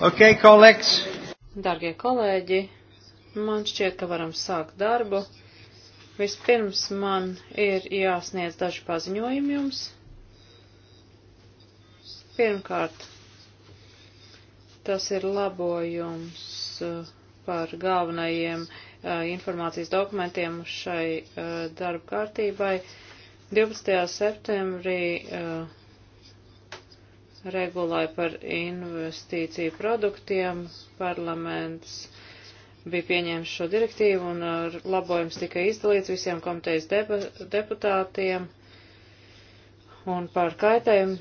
Ok, kolēģis. Dargie kolēģi, man šķiet, ka varam sākt darbu. Vispirms man ir jāsniedz daži paziņojumi jums. Pirmkārt, tas ir labojums uh, par galvenajiem uh, informācijas dokumentiem šai uh, darba kārtībai. 12. septembrī uh, regulai par investīciju produktiem parlaments bija pieņēmis šo direktīvu un labojums tika izdalīts visiem komitejas deputātiem un par kaitējumu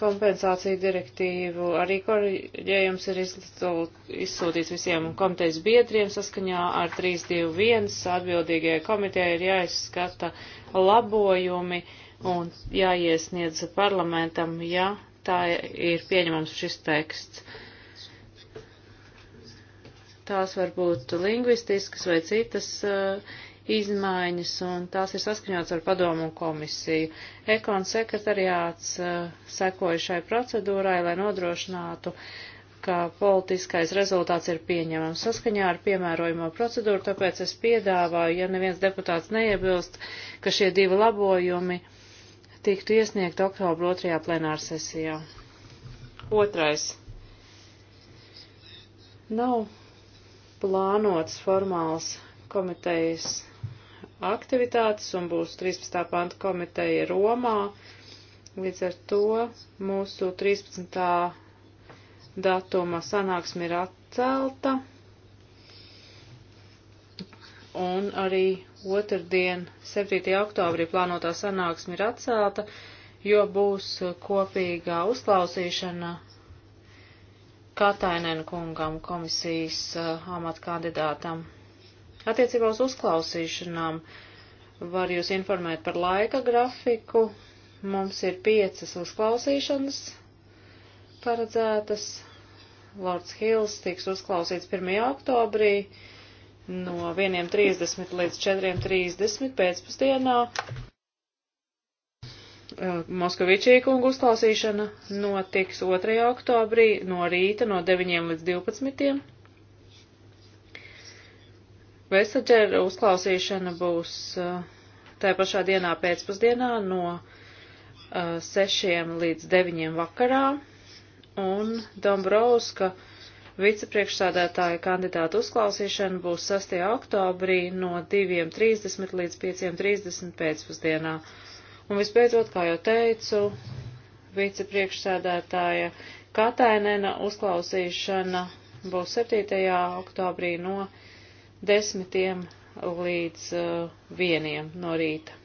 kompensāciju direktīvu. Arī korģējums ir izsūtīts visiem komitejas biedriem saskaņā ar 321. Atbildīgajai komitejai ir jāizskata labojumi un jāiesniedz parlamentam, ja tā ir pieņemams šis teksts. Tās var būt lingvistiskas vai citas uh, izmaiņas, un tās ir saskaņots ar padomu komisiju. Ekon sekretariāts uh, sekoja šai procedūrai, lai nodrošinātu, ka politiskais rezultāts ir pieņemams saskaņā ar piemērojamo procedūru, tāpēc es piedāvāju, ja neviens deputāts neiebilst, ka šie divi labojumi uh, tiktu iesniegt oktobra otrajā plenārsesijā. Otrais. Nav plānots formāls komitejas aktivitātes un būs 13. panta komiteja Romā. Līdz ar to mūsu 13. datuma sanāksme ir atcelta un arī otrdien, 7. oktobrī, plānotā sanāksme ir atcelta, jo būs kopīgā uzklausīšana Katainen kungam, komisijas uh, amatkandidātam. Attiecībā uz uzklausīšanām var jūs informēt par laika grafiku. Mums ir piecas uzklausīšanas paredzētas. Lords Hills tiks uzklausīts 1. oktobrī. Uh, no 1.30 līdz 4.30 pēcpusdienā. Eh, Moskavičī kungu uzklausīšana notiks 2. oktobrī no rīta no 9 līdz 12. Vesaģera uzklausīšana būs eh, tā pašā dienā pēcpusdienā no 6 eh, līdz 9 vakarā un Dombrovska kungu Vicepriekšsādātāja kandidāta uzklausīšana būs 6. oktobrī no 2.30 līdz 5.30 pēcpusdienā. Un visbeidzot, kā jau teicu, vicepriekšsēdētāja Katainena uzklausīšana būs 7. oktobrī no 10. līdz 1. Uh, no rīta.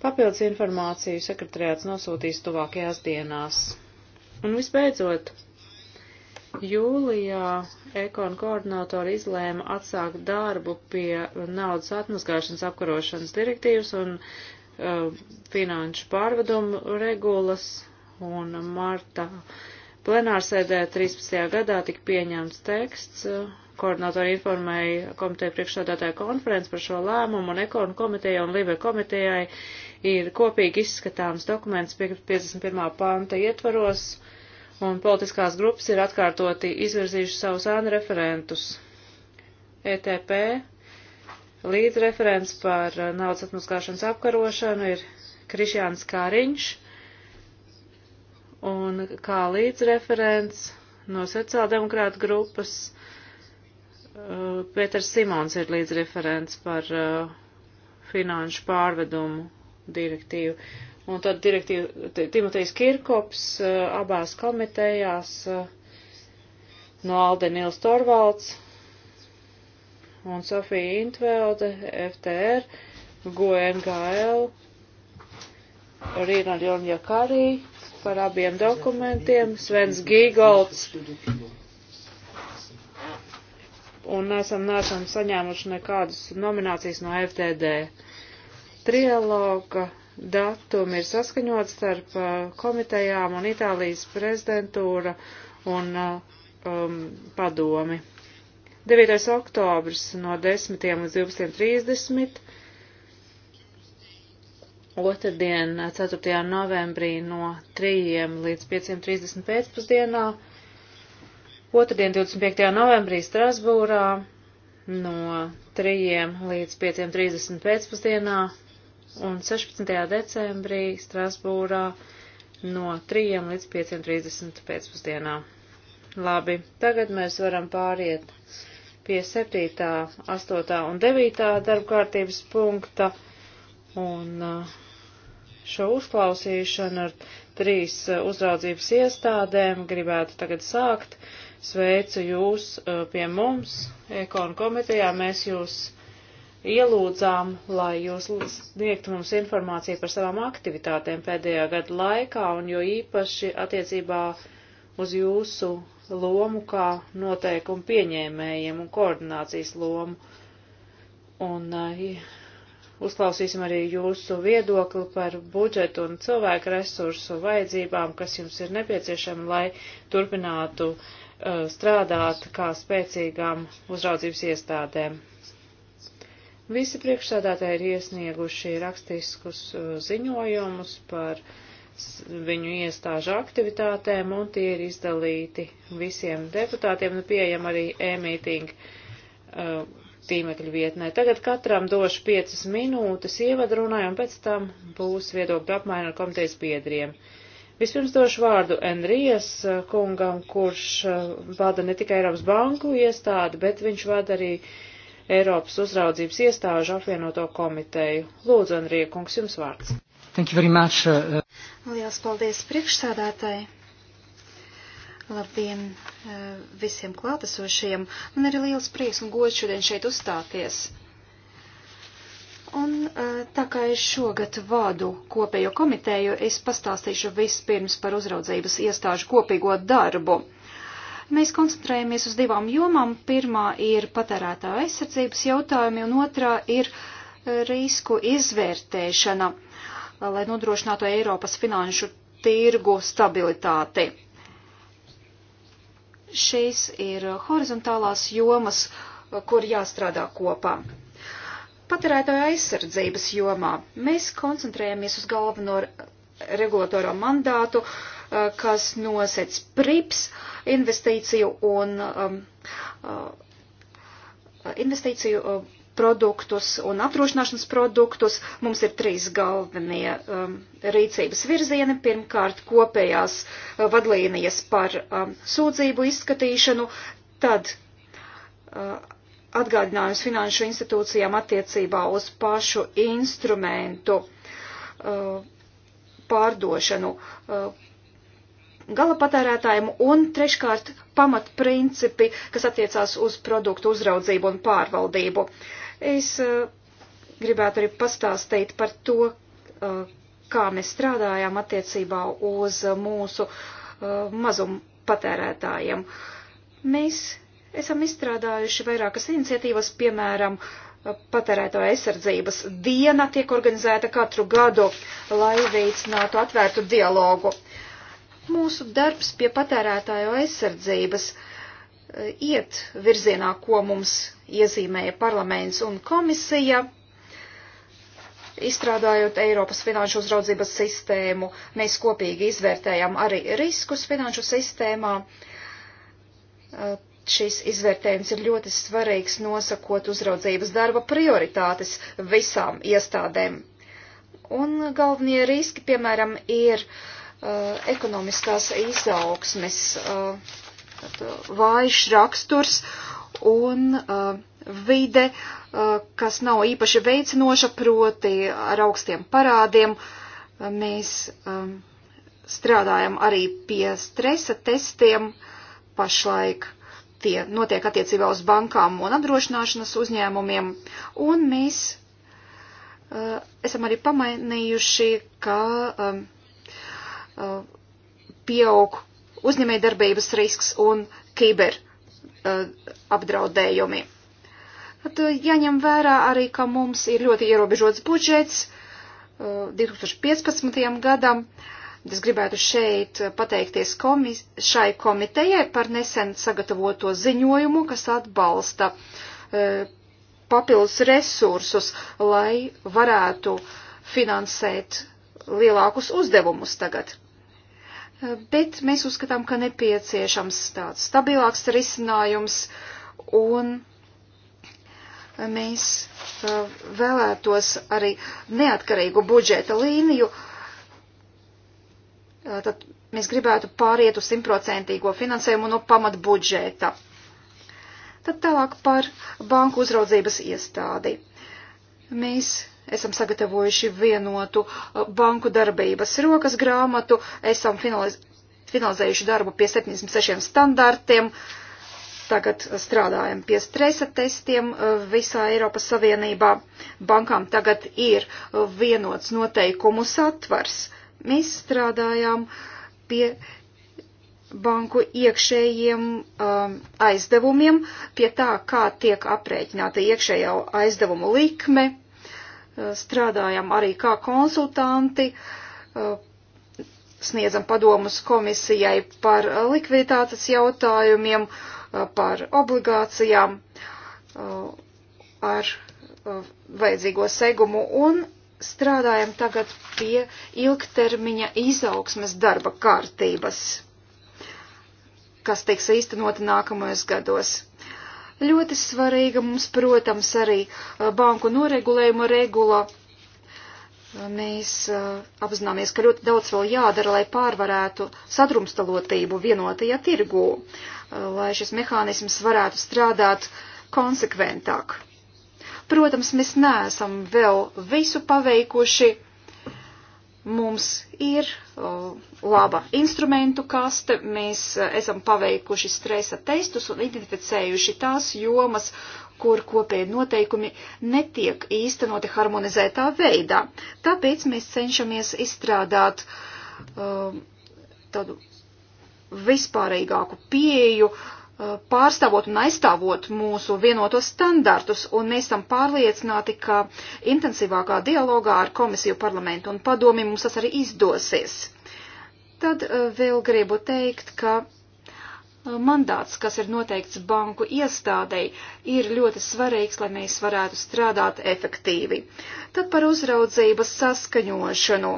Papildus informāciju sekretariāts nosūtīs tuvākajās dienās. Un visbeidzot, jūlijā ekonu koordinātori izlēma atsākt darbu pie naudas atmaskāšanas apkarošanas direktīvas un uh, finanšu pārvedumu regulas, un martā plenārsēdē 13. gadā tika pieņemts teksts, uh, koordinātori informēja komiteju priekšsādātāju konferenci par šo lēmumu, un Ekonu komiteja un Libe komitejai ir kopīgi izskatāms dokuments 51. panta ietvaros, un politiskās grupas ir atkārtoti izvirzījuši savus ānu referentus. ETP līdzreferents par naudas atmaskāšanas apkarošanu ir Krišjāns Kāriņš, un kā līdzreferents no sociāldemokrāta grupas Eh, Pēters Simons ir līdzreferents par uh, finanšu pārvedumu direktīvu. Un tad direktīva Timotejs Kirkops uh, abās komitejās uh, no Alde Nils Torvalds un Sofija Intvelde, FTR, GoNGL, e Rīna Ļonja Karī par abiem dokumentiem, Svens Gīgolds un esam nesam saņēmuši nekādas nominācijas no FTD. Trialoga datumi ir saskaņots starp uh, komitejām un Itālijas prezidentūra un uh, um, padomi. 9. oktobrs no 10. līdz 12.30. Otradien, 4. novembrī no 3. līdz 5.30 pēcpusdienā Otradien, 25. novembrī Strasbūrā no 3 līdz 5.30 pēcpusdienā un 16. decembrī Strasbūrā no 3 līdz 5.30 pēcpusdienā. Labi, tagad mēs varam pāriet pie 7., 8. un 9. darbkārtības punkta un uh, šo uzklausīšanu ar trīs uh, uzraudzības iestādēm gribētu tagad sākt. Uh, sveicu jūs uh, pie mums, Ekonu komitejā. Mēs jūs ielūdzām, lai jūs sniegtu mums informāciju par savām aktivitātēm pēdējā gada laikā un jo īpaši attiecībā uz jūsu lomu kā noteikumu pieņēmējiem un koordinācijas lomu. Un uh, uzklausīsim arī jūsu viedokli par budžetu un cilvēku resursu vajadzībām, kas jums ir nepieciešama, lai turpinātu uh, Uh, strādāt kā spēcīgām uzraudzības iestādēm. Visi priekšsēdētāji ir iesnieguši rakstiskus uh, ziņojumus par viņu iestāžu aktivitātēm, un tie ir izdalīti visiem deputātiem, nu pieejam arī e-mītingu uh, tīmekļa vietnē. Tagad katram došu piecas minūtes ievadrunai, un pēc tam būs viedokļu apmaiņa ar komitejas biedriem. Uh, Vispirms došu vārdu Enrijas uh, kungam, kurš uh, vada ne tikai Eiropas banku iestādi, bet viņš vada arī Eiropas uzraudzības iestāžu apvienoto komiteju. Lūdzu, Enrija kungs, jums vārds. Thank you very much. Uh, Lielas paldies priekšsādātāji. Labdien visiem klātesošajiem. Man ir liels prieks un gods šodien šeit uzstāties. Un eh, tā kā es šogad vādu kopējo komiteju, es pastāstīšu vispirms par uzraudzības iestāžu kopīgo darbu. Mēs koncentrējamies uz divām jomām. Pirmā ir patērētā aizsardzības jautājumi, un otrā ir eh, risku izvērtēšana, eh, lai nodrošinātu Eiropas finanšu tirgu stabilitāti. Šīs ir horizontālās jomas, kur jāstrādā kopā patērētāju aizsardzības jomā mēs koncentrējamies uz galveno regulatoro mandātu, eh, kas nosec prips investīciju un um, eh, investīciju eh, produktus un apdrošināšanas produktus. Mums ir trīs galvenie um, rīcības virzieni. Pirmkārt, kopējās vadlīnijas par um, sūdzību izskatīšanu, tad uh, atgādinājums finanšu institūcijām attiecībā uz pašu instrumentu uh, pārdošanu uh, gala patērētājiem un treškārt pamatprincipi, kas attiecās uz produktu uzraudzību un pārvaldību. Es uh, gribētu arī pastāstīt par to, uh, kā mēs strādājām attiecībā uz mūsu uh, mazumu patērētājiem. Mēs Esam izstrādājuši vairākas iniciatīvas, piemēram, patērētāja aizsardzības diena tiek organizēta katru gadu, lai veicinātu atvērtu dialogu. Mūsu darbs pie patērētāja aizsardzības e, iet virzienā, ko mums iezīmēja parlaments un komisija izstrādājot Eiropas finanšu uzraudzības sistēmu, mēs kopīgi izvērtējam arī riskus finanšu sistēmā. E, Šis izvērtējums ir ļoti svarīgs nosakot uzraudzības darba prioritātes visām iestādēm. Un galvenie riski, piemēram, ir uh, ekonomiskās izaugsmes, uh, vājš raksturs un uh, vide, uh, kas nav īpaši veicinoša, proti ar augstiem parādiem. Mēs uh, strādājam arī pie stresa testiem pašlaik tie notiek attiecībā uz bankām un apdrošināšanas uzņēmumiem, un mēs uh, esam arī pamainījuši, ka um, uh, pieaug uzņēmējdarbības risks un kiber uh, apdraudējumi. Tad jāņem vērā arī, ka mums ir ļoti ierobežots budžets uh, 2015. gadam. Uh, Es gribētu šeit pateikties komis, šai komitejai par nesen sagatavoto ziņojumu, kas atbalsta e, papildus resursus, lai varētu finansēt lielākus uzdevumus tagad. E, bet mēs uzskatām, ka nepieciešams tāds stabilāks risinājums un mēs e, vēlētos arī neatkarīgu budžeta līniju, uh, tad mēs gribētu pāriet uz simtprocentīgo finansējumu no pamat budžeta. Tad tālāk par banku uzraudzības iestādi. Mēs esam sagatavojuši vienotu banku darbības rokas grāmatu, esam finaliz finalizējuši darbu pie 76 standartiem, tagad strādājam pie stresa testiem visā Eiropas Savienībā. Bankām tagad ir vienots noteikumu satvars Mēs strādājām pie banku iekšējiem um, aizdevumiem, pie tā, kā tiek aprēķināta iekšējā aizdevumu likme. Uh, strādājam arī kā konsultanti, uh, sniedzam padomus komisijai par likviditātes jautājumiem, uh, par obligācijām ar vajadzīgo segumu un strādājam tagad pie ilgtermiņa izaugsmes darba kārtības, kas tiks īstenota nākamajos gados. Ļoti svarīga mums, protams, arī banku noregulējuma regula. Mēs apzināmies, ka ļoti daudz vēl jādara, lai pārvarētu sadrumstalotību vienotajā tirgū, lai šis mehānisms varētu strādāt konsekventāk Protams, mēs neesam vēl visu paveikuši. Mums ir uh, laba instrumentu kaste, mēs uh, esam paveikuši stresa testus un identificējuši tās jomas, kur kopēji noteikumi netiek īstenoti harmonizētā veidā. Tāpēc mēs cenšamies izstrādāt uh, tādu vispārīgāku pieju uh, pārstāvot un aizstāvot mūsu vienotos standartus, un mēs esam pārliecināti, ka intensīvākā dialogā ar komisiju parlamentu un padomi mums tas arī izdosies. Tad eh, vēl gribu teikt, ka eh, mandāts, kas ir noteikts banku iestādei, ir ļoti svarīgs, lai mēs varētu strādāt efektīvi. Tad par uzraudzības saskaņošanu.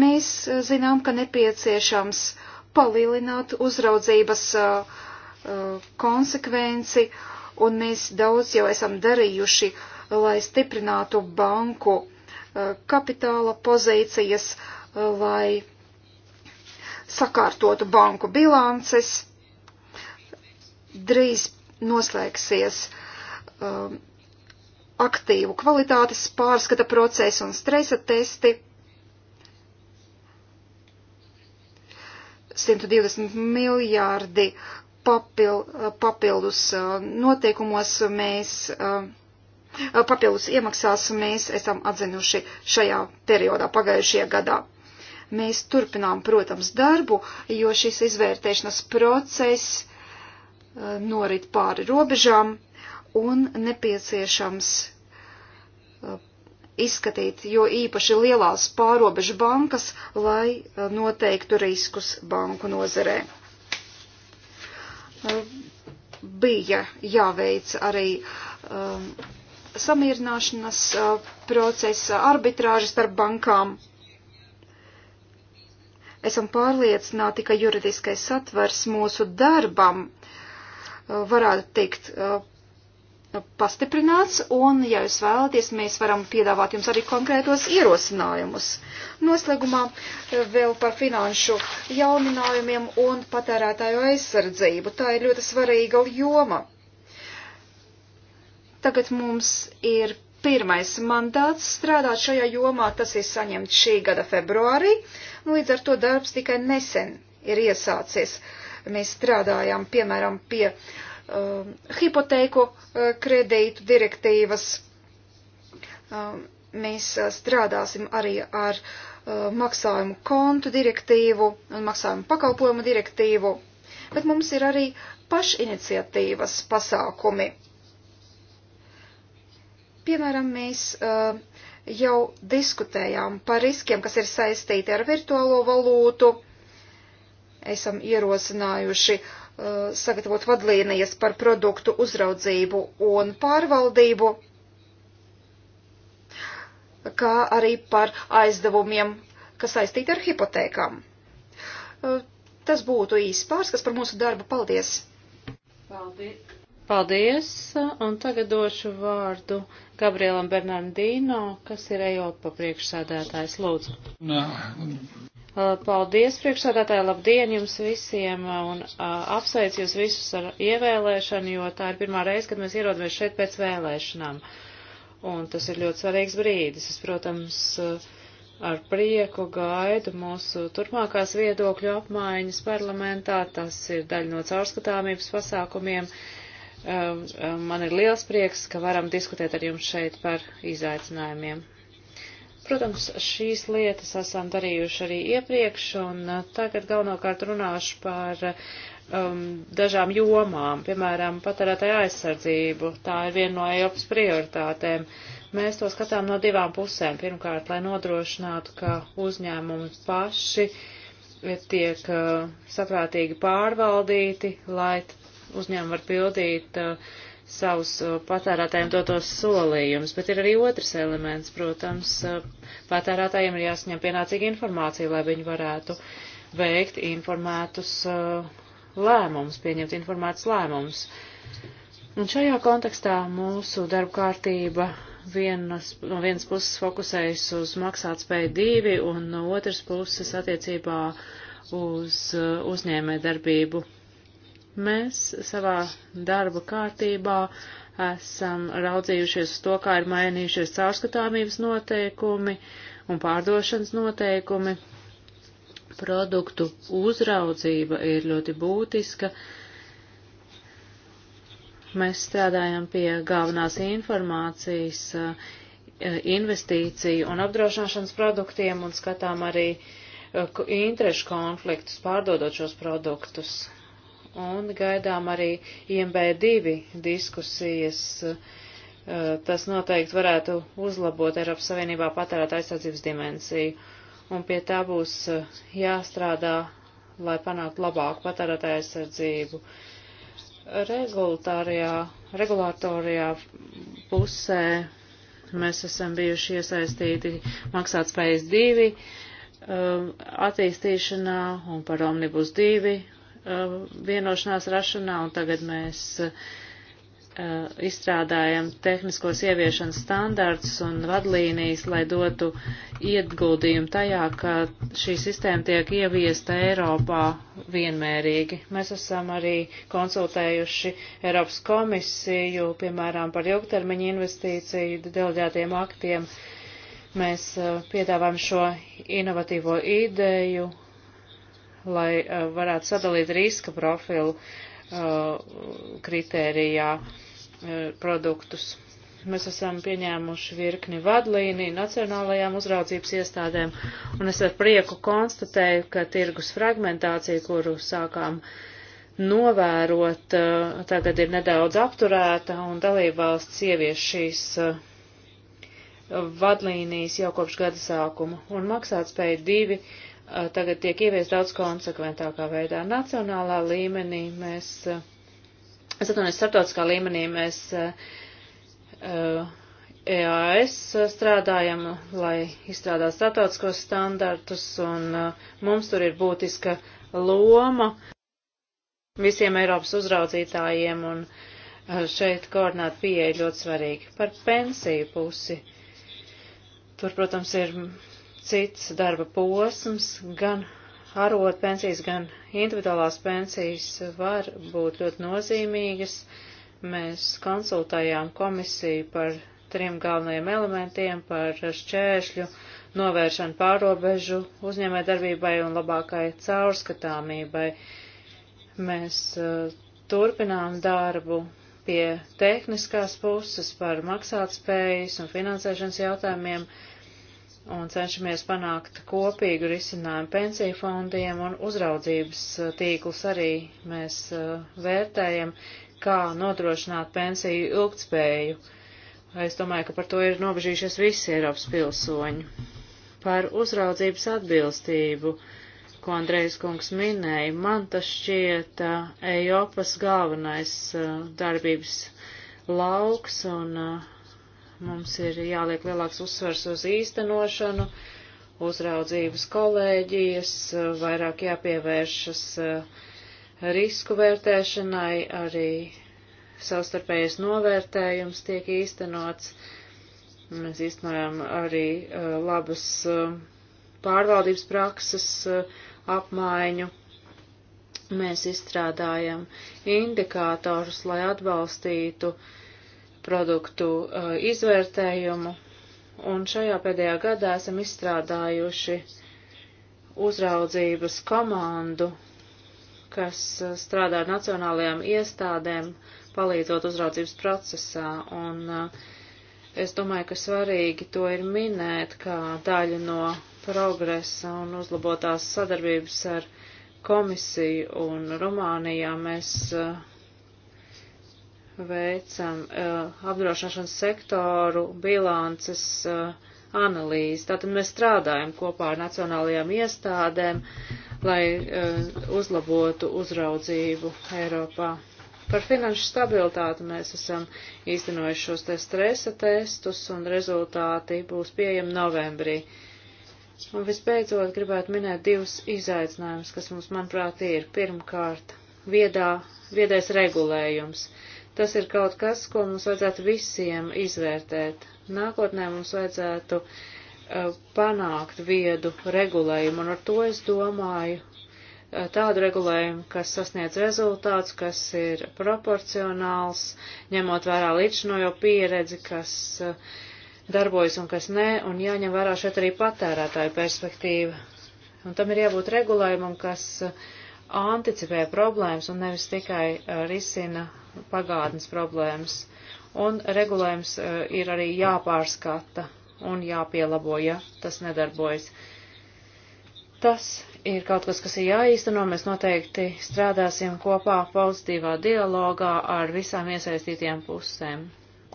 Mēs eh, zinām, ka nepieciešams uh, palielināt uzraudzības uh, uh, konsekvenci, un mēs daudz jau esam darījuši, lai stiprinātu banku uh, kapitāla pozīcijas, lai sakārtotu banku bilances. Drīz noslēgsies um, aktīvu kvalitātes pārskata process un stresa testi. 120 miljārdi papil, papildus uh, noteikumos mēs, uh, uh, papildus iemaksās mēs esam atzinuši šajā periodā pagājušajā gadā. Mēs turpinām, protams, darbu, jo šis izvērtēšanas process norit pāri robežām un nepieciešams izskatīt, jo īpaši lielās pārobežu bankas, lai eh, noteiktu riskus banku nozarē. Eh, bija jāveic arī um, samierināšanas uh, procesa arbitrāžas starp bankām. Esam pārliecināti, ka juridiskais satvers mūsu darbam uh, varētu tikt uh, pastiprināts, un, ja jūs vēlaties, mēs varam piedāvāt jums arī konkrētos ierosinājumus. Noslēgumā e, vēl par finanšu jauninājumiem un patērētāju aizsardzību. Tā ir ļoti svarīga joma. Tagad mums ir pirmais mandāts strādāt šajā jomā, tas ir saņemts šī gada februārī, nu, līdz ar to darbs tikai nesen ir iesācies. Mēs strādājām, piemēram, pie uh, uh, um, hipoteiku uh, kredītu direktīvas. Uh, mēs uh, strādāsim arī ar uh, maksājumu kontu direktīvu un maksājumu pakalpojumu direktīvu, bet mums ir arī pašiniciatīvas pasākumi. Piemēram, mēs uh, jau diskutējām par riskiem, kas ir saistīti ar virtuālo valūtu. Esam ierosinājuši uh, Uh, sagatavot vadlīnijas par produktu uzraudzību un pārvaldību, kā arī par aizdevumiem, kas saistīti ar hipotēkām. Uh, tas būtu īsts pārskats par mūsu darbu. Paldies! Paldies! Paldies! Un tagad došu vārdu Gabrielam Bernardino, kas ir Eiropa priekšsēdētājs. Lūdzu! Nā. Uh, paldies priekšsādātāji, labdien jums visiem uh, un uh, apsveicu jūs visus ar ievēlēšanu, jo tā ir pirmā reize, kad mēs ierodamies šeit pēc vēlēšanām. Un tas ir ļoti svarīgs brīdis. Es, protams, ar prieku gaidu mūsu turpmākās viedokļu apmaiņas parlamentā. Tas ir daļa no caurskatāmības pasākumiem. Man ir liels prieks, ka varam diskutēt ar jums šeit par izaicinājumiem. Protams, šīs lietas esam darījuši arī iepriekš, un uh, tagad galvenokārt runāšu par um, dažām jomām, piemēram, patērētāja aizsardzību. Tā ir viena no Eiropas prioritātēm. Mēs to skatām no divām pusēm. Pirmkārt, lai nodrošinātu, ka uzņēmumi paši tiek uh, saprātīgi pārvaldīti, lai uzņēmumi var pildīt uh, savus uh, patērētājiem dotos solījumus, bet ir arī otrs elements, protams, uh, patērētājiem ir jāsaņem pienācīga informācija, lai viņi varētu veikt informētus uh, lēmumus, pieņemt informētus lēmumus. Un šajā kontekstā mūsu darba kārtība vienas, no vienas puses fokusējas uz maksātspēju divi un no otras puses attiecībā uz uzņēmē darbību Mēs savā darba kārtībā esam raudzījušies uz to, kā ir mainījušies caurskatāmības noteikumi un pārdošanas noteikumi. Produktu uzraudzība ir ļoti būtiska. Mēs strādājam pie galvenās informācijas, investīciju un apdrošināšanas produktiem un skatām arī eh, interešu konfliktus pārdodot šos produktus un gaidām arī IMB2 diskusijas. Eh, tas noteikti varētu uzlabot Eiropas Savienībā patērēt aizsardzības dimensiju, un pie tā būs eh, jāstrādā, lai panāktu labāku patērētāju aizsardzību. Regulatorijā pusē mēs esam bijuši iesaistīti maksātspējas divi eh, attīstīšanā un par omnibus divi Uh, vienošanās rašanā, un tagad mēs uh, izstrādājam tehniskos ieviešanas standārts un vadlīnijas, lai dotu ieguldījumu tajā, ka šī sistēma tiek ieviesta Eiropā vienmērīgi. Mēs esam arī konsultējuši Eiropas komisiju, piemēram, par ilgtermiņa investīciju deleģētiem aktiem. Mēs uh, piedāvājam šo inovatīvo ideju lai eh, varētu sadalīt riska profilu eh, kritērijā eh, produktus. Mēs esam pieņēmuši virkni vadlīniju nacionālajām uzraudzības iestādēm, un es ar prieku konstatēju, ka tirgus fragmentācija, kuru sākām novērot, tagad ir nedaudz apturēta, un dalībvalsts ievies šīs vadlīnijas jau kopš gada sākuma, un maksātspēja divi tagad tiek ievies daudz konsekventākā veidā. Nacionālā līmenī mēs, es atvainojos, starptautiskā līmenī mēs EAS strādājam, lai izstrādātu starptautiskos standartus, un mums tur ir būtiska loma visiem Eiropas uzraudzītājiem, un šeit koordinēt pieeja ļoti svarīgi. Par pensiju pusi. Tur, protams, ir cits darba posms, gan arot pensijas, gan individuālās pensijas var būt ļoti nozīmīgas. Mēs konsultējām komisiju par trim galvenajiem elementiem - par šķēršļu novēršanu pārobežu uzņēmē darbībai un labākai caurskatāmībai. Mēs uh, turpinām darbu pie tehniskās puses par maksātspējas un finansēšanas jautājumiem. Uh, un cenšamies panākt kopīgu risinājumu pensiju fondiem un uzraudzības eh, tīklus arī mēs eh, vērtējam, kā nodrošināt pensiju ilgtspēju. Es domāju, ka par to ir nobežījušies visi Eiropas pilsoņi. Par uzraudzības atbilstību, ko Andrejas kungs minēja, man tas šķiet Eiropas eh, galvenais darbības lauks un uh, Mums ir jāliek lielāks uzsvars uz īstenošanu, uzraudzības kolēģijas, vairāk jāpievēršas eh, risku vērtēšanai, arī savstarpējais novērtējums tiek īstenots. Mēs īstenojam arī eh, labas eh, pārvaldības prakses apmaiņu. Mēs izstrādājam indikātorus, lai atbalstītu uh, produktu uh, izvērtējumu, un šajā pēdējā gadā esam izstrādājuši uzraudzības komandu, kas uh, strādā ar nacionālajām iestādēm, palīdzot uzraudzības procesā, un uh, es domāju, ka svarīgi to ir minēt kā daļu no progresa un uzlabotās sadarbības ar komisiju un Rumānijā mēs uh, veicam uh, apdrošināšanas sektoru bilances uh, analīzi. Tātad mēs strādājam kopā ar nacionālajām iestādēm, lai uh, uzlabotu uzraudzību Eiropā. Par finanšu stabilitāti mēs esam īstenojuši šos te stresa testus un rezultāti būs pieejami novembrī. Un visbeidzot gribētu minēt divus izaicinājumus, kas mums, manuprāt, ir. Pirmkārt, viedā, viedais regulējums. Uh, Tas ir kaut kas, ko mums vajadzētu visiem izvērtēt. Nākotnē mums vajadzētu uh, panākt viedu regulējumu, un ar to es domāju uh, tādu regulējumu, kas sasniedz rezultāts, kas ir proporcionāls, ņemot vērā līdzinojo pieredzi, kas uh, darbojas un kas nē, un jāņem vērā šeit arī patērētāju perspektīva. Un tam ir jābūt regulējumam, kas uh, anticipē problēmas un nevis tikai uh, risina pagātnes problēmas. Un regulējums uh, ir arī jāpārskata un jāpielabo, ja tas nedarbojas. Tas ir kaut kas, kas ir jāīsteno. Mēs noteikti strādāsim kopā pozitīvā dialogā ar visām iesaistītajām pusēm.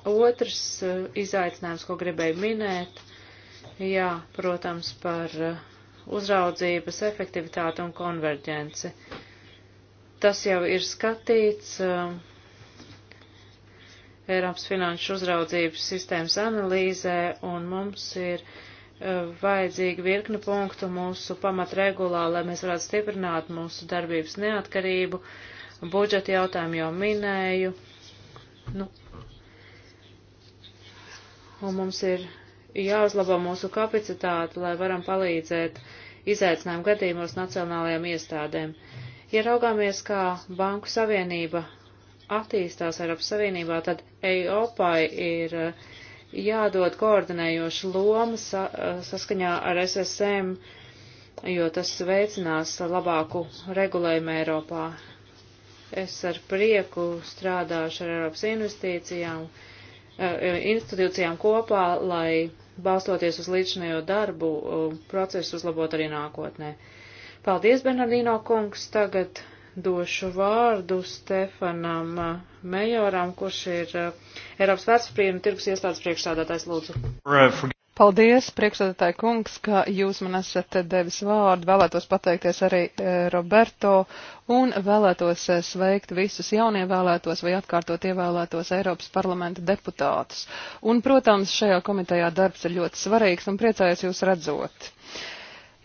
Otrs uh, izaicinājums, ko gribēju minēt, jā, protams, par uh, uzraudzības efektivitāti un konverģenci. Tas jau ir skatīts uh, Eiropas finanšu uzraudzības sistēmas analīzē, un mums ir uh, eh, vajadzīgi virkni punktu mūsu pamatregulā, lai mēs varētu stiprināt mūsu darbības neatkarību. Budžeta jautājumu jau minēju. Nu, un mums ir jāuzlabo mūsu kapacitāti, lai varam palīdzēt izaicinājumu gadījumos nacionālajām iestādēm. Ja raugāmies, kā Banku Savienība attīstās Eiropas Savienībā, tad EIOPAI ir eh, jādod koordinējoša loma sa eh, saskaņā ar SSM, jo tas veicinās labāku regulējumu Eiropā. Es ar prieku strādāšu ar Eiropas investīcijām, eh, institūcijām kopā, lai balstoties uz līdzinējo darbu, uh, procesu uzlabot arī nākotnē. Paldies, Bernardino kungs, tagad došu vārdu Stefanam uh, Mejoram, kurš ir uh, Eiropas vērtspapīra un tirgus iestādes priekšstādātājs lūdzu. Paldies, priekšsēdētāji kungs, ka jūs man esat devis vārdu. Vēlētos pateikties arī eh, Roberto un vēlētos eh, sveikt visus jaunievēlētos vai atkārtot ievēlētos Eiropas parlamenta deputātus. Un, protams, šajā komitejā darbs ir ļoti svarīgs un priecājos jūs redzot.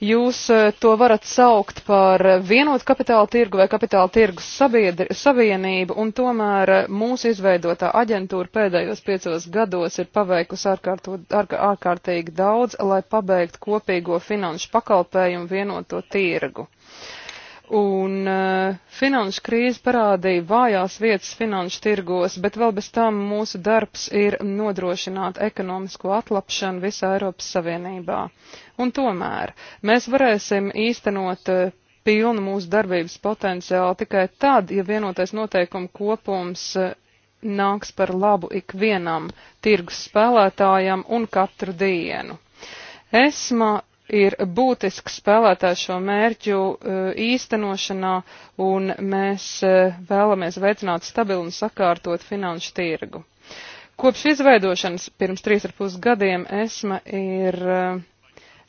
Jūs e, to varat saukt par vienotu kapitāla tirgu vai kapitāla tirgus sabiedri, savienību, un tomēr e, mūsu izveidotā aģentūra pēdējos piecos gados ir paveikusi ārkārto, ārk, ārkārtīgi daudz, lai pabeigtu kopīgo finanšu pakalpējumu vienoto tirgu. Un uh, finanšu krīze parādīja vājās vietas finanšu tirgos, bet vēl bez tam mūsu darbs ir nodrošināt ekonomisko atlapšanu visā Eiropas Savienībā. Un tomēr mēs varēsim īstenot eh, pilnu mūsu darbības potenciālu tikai tad, ja vienotais noteikumu kopums eh, nāks par labu ikvienam tirgus spēlētājam un katru dienu. ESMA ir būtisks spēlētājs šo mērķu eh, īstenošanā, un mēs vēlamies veicināt stabilu un sakārtot finanšu tirgu. Kopš izveidošanas pirms 3,5 gadiem ESMA ir uh,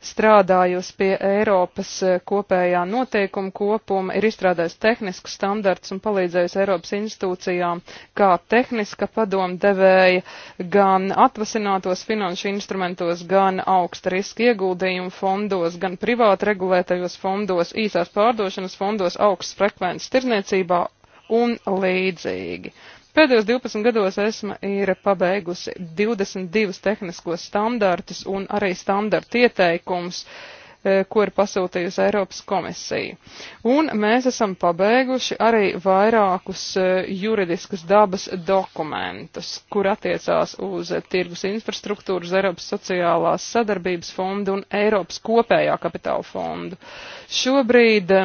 strādājusi pie Eiropas e, kopējā noteikuma kopuma, ir izstrādājusi tehnisku standarts un palīdzējusi Eiropas institūcijām kā tehniska padomdevēja gan atvasinātos finanšu instrumentos, gan augsta riska ieguldījumu fondos, gan privāti regulētajos fondos, īsās pārdošanas fondos, augsts frekvences tirniecībā un līdzīgi. Pēdējos 12 gados esma ir pabeigusi 22 tehniskos standartus un arī standartu ieteikumus. Uh, E, ko ir pasūtījusi Eiropas komisija. Un mēs esam pabeiguši arī vairākus e, juridiskas dabas dokumentus, kur attiecās uz tirgus infrastruktūras, Eiropas sociālās sadarbības fondu un Eiropas kopējā kapitāla fondu. Šobrīd e,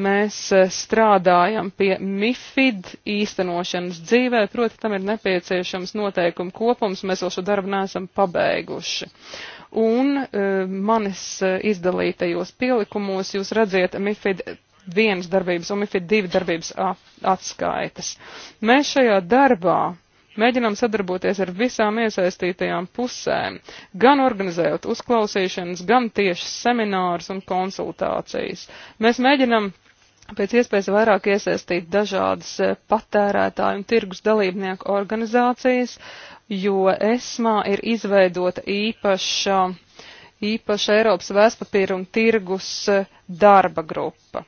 mēs strādājam pie MIFID īstenošanas dzīvē, proti tam ir nepieciešams noteikumu kopums, mēs vēl šo darbu neesam pabeiguši. Uh, un e, manis e, izdalītajos pielikumos jūs redziet MIFID vienas darbības un MIFID divi darbības atskaitas. Mēs šajā darbā mēģinām sadarboties ar visām iesaistītajām pusēm, gan organizējot uzklausīšanas, gan tieši seminārus un konsultācijas. Mēs mēģinām pēc iespējas vairāk iesaistīt dažādas e, patērētāju un tirgus dalībnieku organizācijas, jo ESMA ir izveidota īpaša, īpaša Eiropas vēstpapīra un tirgus eh, darba grupa.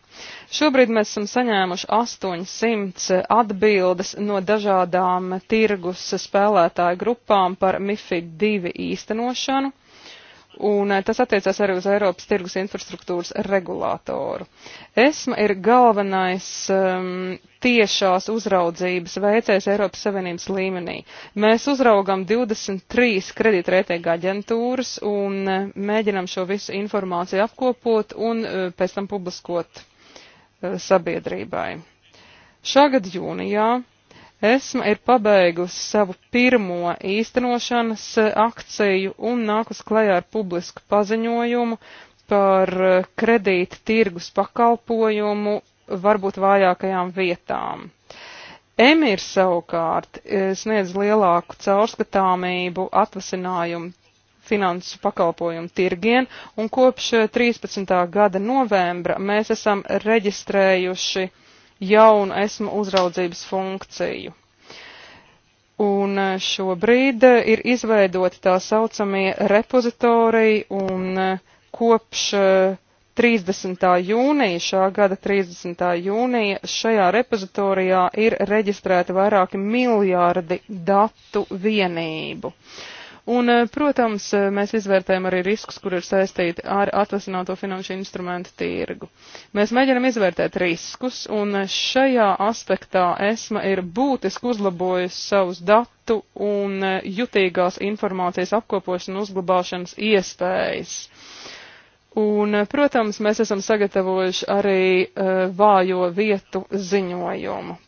Šobrīd mēs esam saņēmuši 800 atbildes no dažādām tirgus spēlētāju grupām par MIFID 2 īstenošanu un eh, tas attiecās arī uz Eiropas tirgus infrastruktūras regulātoru. ESMA ir galvenais um, tiešās uzraudzības veicējs Eiropas Savienības līmenī. Mēs uzraugam 23 kredītreitinga aģentūras un eh, mēģinam šo visu informāciju apkopot un eh, pēc tam publiskot sabiedrībai. Šogad jūnijā Esma ir pabeigusi savu pirmo īstenošanas eh, akciju un nākus klajā ar publisku paziņojumu par eh, kredīta tirgus pakalpojumu varbūt vājākajām vietām. Emir savukārt eh, sniedz lielāku caurskatāmību atvasinājumu finansu pakalpojumu tirgien, un kopš 13. gada novembra mēs esam reģistrējuši jaunu esmu uzraudzības funkciju. Un eh, šobrīd eh, ir izveidoti tā saucamie repozitoriji un eh, kopš 30. jūnija, šā gada 30. jūnija, šajā repozitorijā ir reģistrēti vairāki miljārdi datu vienību. Uh, Un, eh, protams, eh, mēs izvērtējam arī riskus, kur ir saistīti ar atvasināto finanšu instrumentu tirgu. Mēs mēģinam izvērtēt riskus, un eh, šajā aspektā ESMA ir būtiski uzlabojusi savus datu un jutīgās informācijas apkopošanu uzglabāšanas iespējas. Un, protams, mēs esam sagatavojuši arī uh, vājo vietu ziņojumu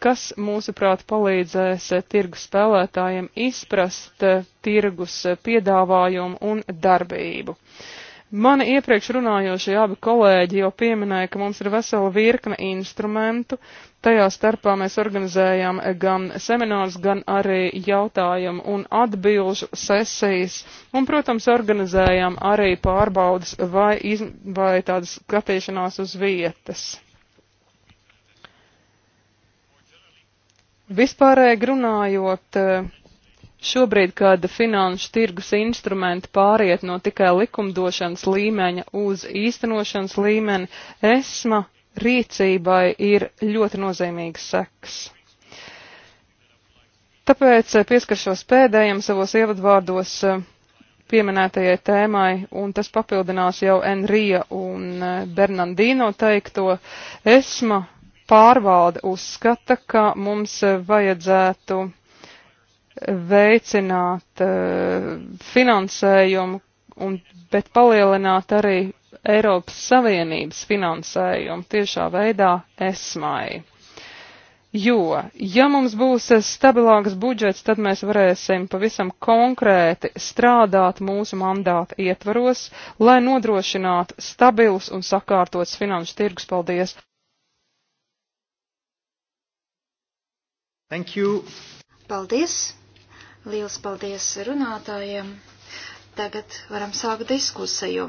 kas, mūsuprāt, palīdzēs tirgus spēlētājiem izprast eh, tirgus eh, piedāvājumu un darbību. Mani iepriekš runājošie abi kolēģi jau pieminēja, ka mums ir vesela virkne instrumentu. Tajā starpā mēs organizējam eh, gan seminārus, gan arī jautājumu un atbilžu sesijas. Un, protams, organizējam arī pārbaudas vai, iz, vai tādas skatīšanās uz vietas. Vispārēji runājot, e, šobrīd, kad finanšu tirgus instrumenti pāriet no tikai likumdošanas līmeņa uz īstenošanas līmeni, esma rīcībai ir ļoti nozīmīgs seks. Tāpēc e, pieskaršos pēdējiem savos ievadvārdos e, pieminētajai tēmai, un tas papildinās jau Enrija un Bernardino teikto. Esma pārvalde uzskata, ka mums vajadzētu veicināt uh, finansējumu, un, bet palielināt arī Eiropas Savienības finansējumu tiešā veidā esmai. Jo, ja mums būs stabilāks budžets, tad mēs varēsim pavisam konkrēti strādāt mūsu mandāta ietvaros, lai nodrošinātu stabilus un sakārtots finanšu tirgus. Paldies! Thank you. Paldies. Liels paldies runātājiem. Tagad varam sākt diskusiju.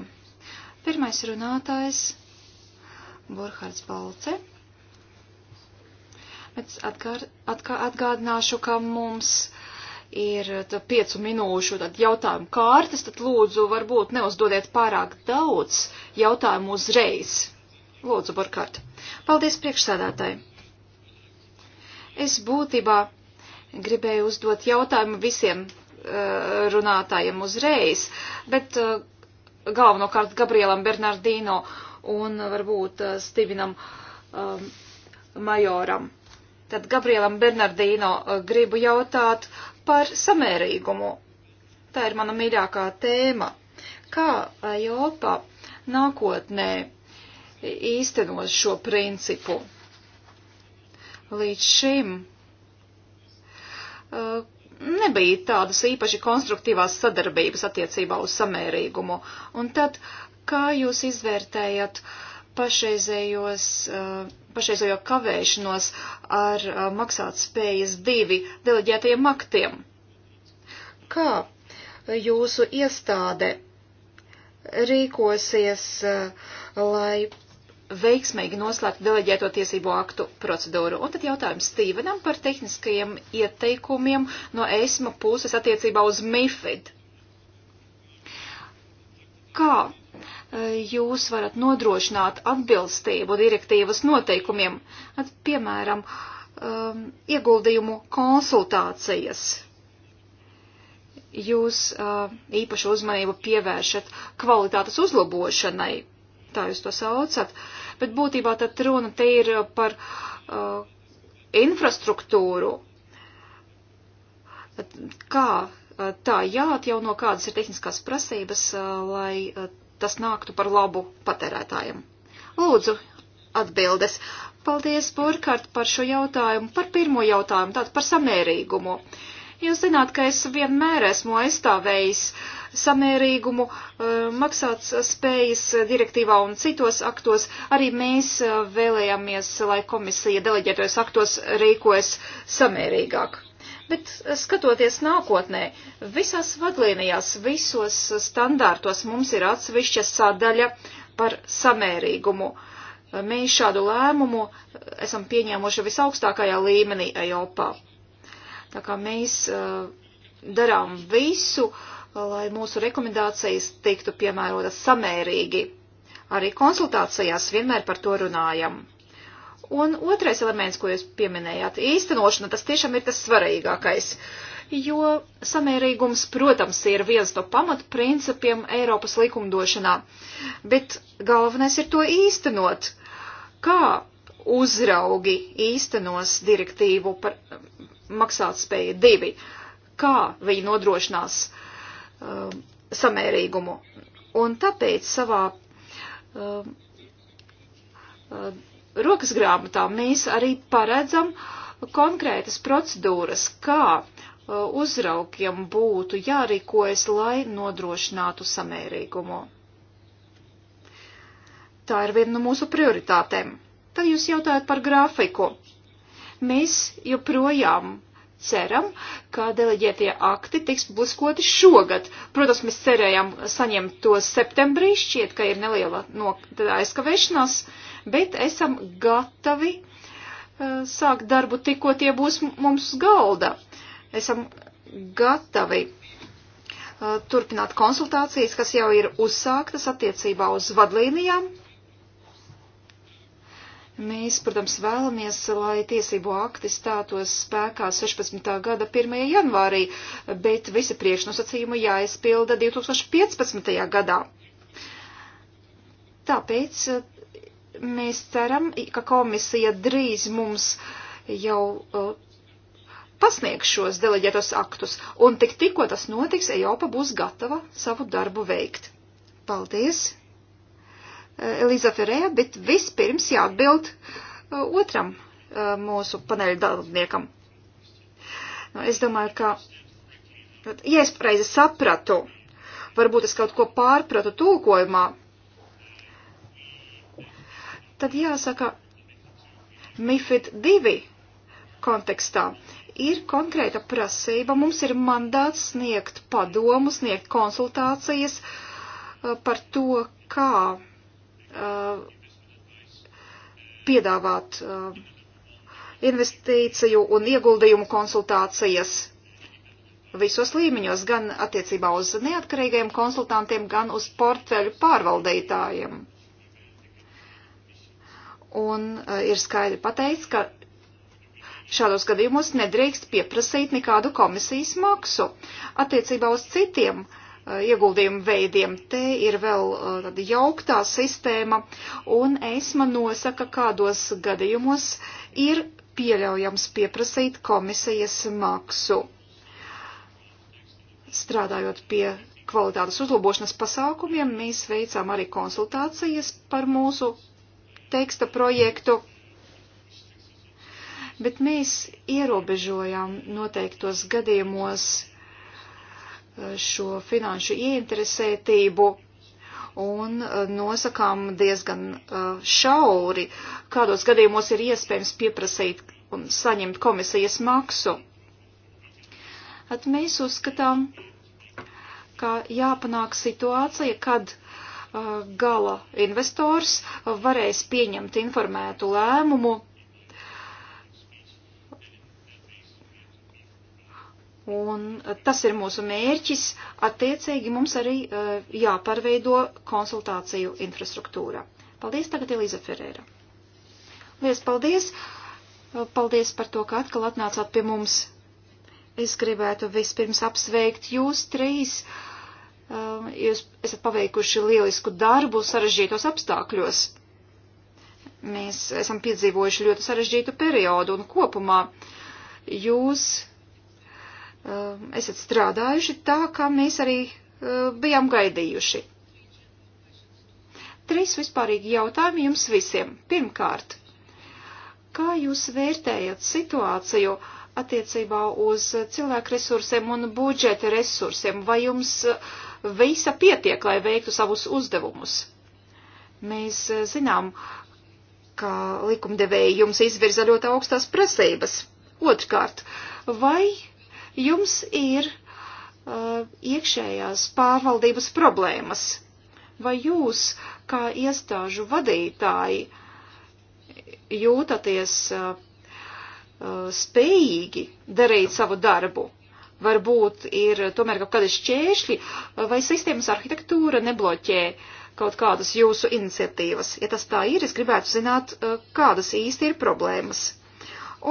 Pirmais runātājs - Burhards Balce. Bet atgār, atgā, atgādināšu, ka mums ir piecu minūšu jautājumu kārtas, tad lūdzu varbūt neuzdodiet pārāk daudz jautājumu uzreiz. Lūdzu, Burkhard. Paldies priekšsādātāji. Es būtībā gribēju uzdot jautājumu visiem uh, runātājiem uzreiz, bet uh, galvenokārt Gabrielam Bernardino un varbūt uh, eh, Stivinam um, Majoram. Tad Gabrielam Bernardino gribu jautāt par samērīgumu. Tā ir mana mīļākā tēma. Kā Jopa nākotnē īstenos šo principu? līdz šim uh, nebija tādas īpaši konstruktīvās sadarbības attiecībā uz samērīgumu. Un tad, kā jūs izvērtējat pašreizējos, uh, pašreizējo kavēšanos ar uh, maksāt spējas divi deleģētajiem aktiem? Kā jūsu iestāde rīkosies, lai veiksmīgi noslēgt deleģēto tiesību aktu procedūru. Un tad jautājums Stīvenam par tehniskajiem ieteikumiem no ESMA puses attiecībā uz MIFID. Kā e, jūs varat nodrošināt atbilstību direktīvas noteikumiem, at, piemēram, um, ieguldījumu konsultācijas? Jūs uh, īpašu uzmanību pievēršat kvalitātes uzlabošanai tā jūs to saucat, bet būtībā tad runa te ir par uh, infrastruktūru. Kā uh, tā jāatjauno, kādas ir tehniskās prasības, uh, lai uh, tas nāktu par labu patērētājiem? Lūdzu, atbildes. Paldies, Burkārt, par šo jautājumu, par pirmo jautājumu, tātad par samērīgumu. Jūs zināt, ka es vienmēr esmu aizstāvējis uh, samērīgumu eh, maksāts spējas direktīvā un citos aktos. Arī mēs eh, vēlējāmies, lai komisija deleģētojas aktos rīkojas samērīgāk. Bet eh, skatoties nākotnē, visās vadlīnijās, visos standārtos mums ir atsevišķa sadaļa par samērīgumu. Mēs šādu lēmumu esam pieņēmuši visaugstākajā līmenī Eiropā. Tā kā mēs uh, darām visu, lai mūsu rekomendācijas tiktu piemērotas samērīgi. Arī konsultācijās vienmēr par to runājam. Un otrais elements, ko jūs pieminējāt, īstenošana, tas tiešām ir tas svarīgākais, jo samērīgums, protams, ir viens no pamatprincipiem Eiropas likumdošanā, bet galvenais ir to īstenot. Kā uzraugi īstenos direktīvu par maksātspēju divi? Kā viņi nodrošinās uh, uh, samērīgumu. Un tāpēc savā uh, uh, rokas grāmatā mēs arī paredzam konkrētas procedūras, kā uh, uzraugiem būtu jārīkojas, lai nodrošinātu samērīgumu. Tā ir viena no mūsu prioritātēm. Tad jūs jautājat par grafiku. Mēs joprojām ceram, ka deleģētie akti tiks buskoti šogad. Protams, mēs cerējām saņemt tos septembrī, šķiet, ka ir neliela no, aizkavēšanās, bet esam gatavi uh, sākt darbu tikko tie būs mums galda. Esam gatavi uh, turpināt konsultācijas, kas jau ir uzsāktas attiecībā uz vadlīnijām Mēs, protams, vēlamies, lai tiesību akti stātos spēkā 16. gada 1. janvārī, bet visi priekšnosacījumi jāizpilda 2015. gadā. Tāpēc eh, mēs ceram, ka komisija drīz mums jau eh, pasniegs šos deleģētos aktus, un tik tikko tas notiks, Eiropa būs gatava savu darbu veikt. Paldies! Eliza Ferēja, bet vispirms jāatbild uh, otram uh, mūsu paneļa dalībniekam. Nu, es domāju, ka, ja es pareizi sapratu, varbūt es kaut ko pārpratu tūkojumā, tad jāsaka, MIFID 2 kontekstā ir konkrēta prasība, mums ir mandāts sniegt padomu, sniegt konsultācijas uh, par to, kā Uh, piedāvāt uh, investīciju un ieguldījumu konsultācijas visos līmeņos, gan attiecībā uz neatkarīgiem konsultantiem, gan uz portfeļu pārvaldītājiem. Un uh, ir skaidri pateikts, ka Šādos gadījumos nedrīkst pieprasīt nekādu komisijas maksu. Attiecībā uz citiem Uh, ieguldījumu veidiem. Te ir vēl uh, tāda jauktā sistēma, un ESMA nosaka, kādos gadījumos ir pieļaujams pieprasīt komisijas maksu. Strādājot pie kvalitātes uzlabošanas pasākumiem, mēs veicām arī konsultācijas par mūsu teksta projektu bet mēs ierobežojām noteiktos gadījumos šo finanšu ieinteresētību un e, nosakām diezgan e, šauri, kādos gadījumos ir iespējams pieprasīt un saņemt komisijas maksu. At mēs uzskatām, ka jāpanāk situācija, kad e, gala investors varēs pieņemt informētu lēmumu Un eh, tas ir mūsu mērķis, attiecīgi mums arī eh, jāparveido konsultāciju infrastruktūra. Paldies tagad Elīza Ferēra. Lies paldies! Eh, paldies par to, ka atkal atnācāt pie mums. Es gribētu vispirms apsveikt jūs trīs. Jūs esat paveikuši lielisku darbu sarežģītos apstākļos. Mēs esam piedzīvojuši ļoti sarežģītu periodu un kopumā jūs Um, esat strādājuši tā, kā mēs arī uh, bijām gaidījuši. Trīs vispārīgi jautājumi jums visiem. Pirmkārt, kā jūs vērtējat situāciju attiecībā uz cilvēku resursiem un budžeta resursiem? Vai jums uh, visa pietiek, lai veiktu savus uzdevumus? Mēs uh, zinām, ka likumdevēji jums izvirza ļoti augstās prasības. Otrkārt, vai Jums ir uh, iekšējās pārvaldības problēmas. Vai jūs, kā iestāžu vadītāji, jūtaties uh, uh, spējīgi darīt savu darbu? Varbūt ir tomēr kaut kādi šķēršļi, uh, vai sistēmas arhitektūra nebloķē uh, kaut kādas jūsu iniciatīvas. Ja tas tā ir, es gribētu zināt, uh, kādas īsti ir problēmas.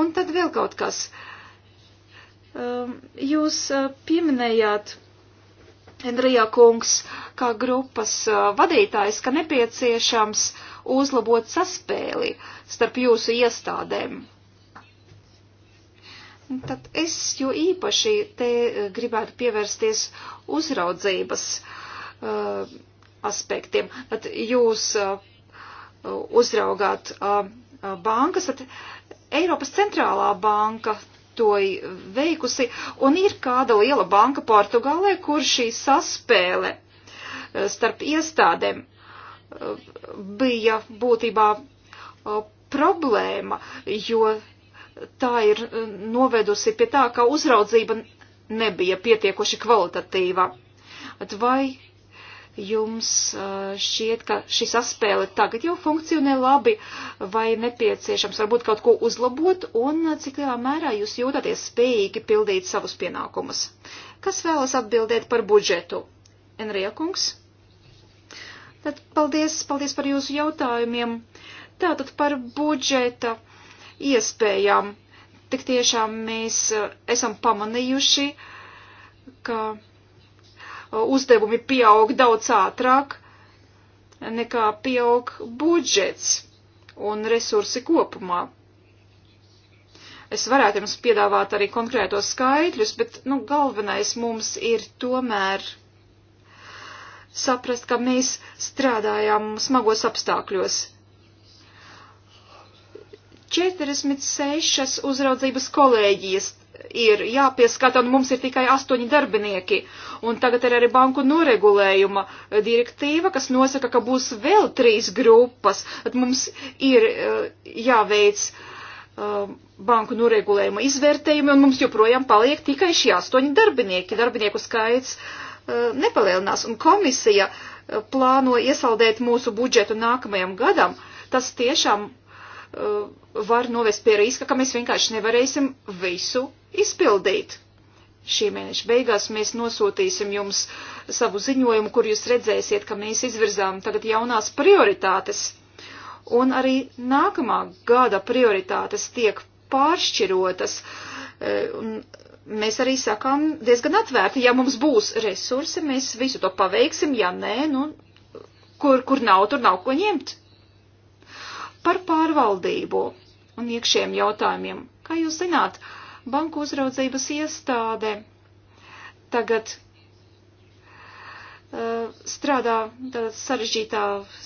Un tad vēl kaut kas. Um, jūs uh, pieminējāt, Enrija kungs, kā grupas uh, vadītājs, ka nepieciešams uzlabot saspēli starp jūsu iestādēm. Tad es jo īpaši te uh, gribētu pievērsties uzraudzības uh, aspektiem. Tad jūs uh, uzraugāt uh, bankas, tad Eiropas centrālā banka to veikusi, un ir kāda liela banka Portugālē, kur šī saspēle eh, starp iestādēm eh, bija būtībā eh, problēma, jo tā ir novedusi pie tā, ka uzraudzība nebija pietiekoši kvalitatīva. Vai jums šķiet, ka šī saspēle tagad jau funkcionē labi vai nepieciešams varbūt kaut ko uzlabot un cik lielā mērā jūs jūtaties spējīgi pildīt savus pienākumus. Kas vēlas atbildēt par budžetu? Enrija kungs? Tad paldies, paldies par jūsu jautājumiem. Tātad par budžeta iespējām. Tik tiešām mēs esam pamanījuši, ka uzdevumi pieaug daudz ātrāk nekā pieaug budžets un resursi kopumā. Es varētu jums piedāvāt arī konkrētos skaitļus, bet nu, galvenais mums ir tomēr saprast, ka mēs strādājām smagos apstākļos. 46 uzraudzības kolēģijas ir jāpieskata, un mums ir tikai astoņi darbinieki. Un tagad ir arī banku noregulējuma direktīva, kas nosaka, ka būs vēl trīs grupas. Tad mums ir eh, jāveic uh, banku noregulējuma izvērtējumi, un mums joprojām paliek tikai šie astoņi darbinieki. Darbinieku skaits uh, nepalielinās, un komisija uh, plāno iesaldēt mūsu budžetu nākamajam gadam. Tas tiešām var novest pie riska, ka mēs vienkārši nevarēsim visu izpildīt. Šī mēneša beigās mēs nosūtīsim jums savu ziņojumu, kur jūs redzēsiet, ka mēs izvirzām tagad jaunās prioritātes. Un arī nākamā gada prioritātes tiek pāršķirotas. E, un mēs arī sakām diezgan atvērti, ja mums būs resursi, mēs visu to paveiksim, ja nē, nu, kur, kur nav, tur nav ko ņemt. Par pārvaldību un iekšiem jautājumiem. Kā jūs zināt, banku uzraudzības iestāde tagad uh, strādā tādā sarežģītā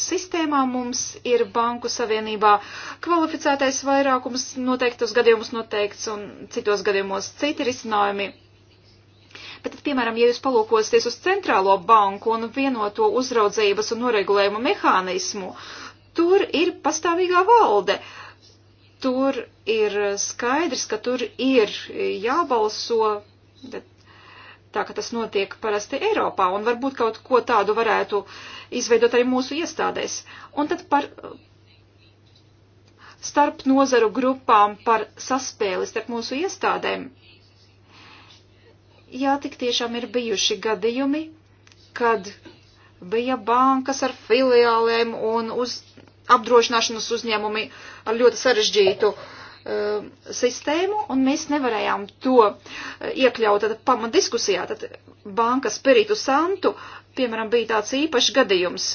sistēmā. Mums ir banku savienībā kvalificētais vairākums, noteiktos gadījumus noteikts un citos gadījumos citi risinājumi. Bet, tad, piemēram, ja jūs palūkosieties uz centrālo banku un vienoto uzraudzības un noregulējumu mehānismu, uh, tur ir pastāvīgā valde. Tur ir skaidrs, ka tur ir jābalso, bet tā, ka tas notiek parasti Eiropā, un varbūt kaut ko tādu varētu izveidot arī mūsu iestādēs. Un tad par starp nozaru grupām par saspēli starp mūsu iestādēm. Jā, tik tiešām ir bijuši gadījumi, kad bija bankas ar filiālēm un uz apdrošināšanas uzņēmumi ar ļoti sarežģītu uh, sistēmu, un mēs nevarējām to eh, iekļaut tad, pamat diskusijā. Tad banka Spiritu Santu, piemēram, bija tāds īpašs gadījums,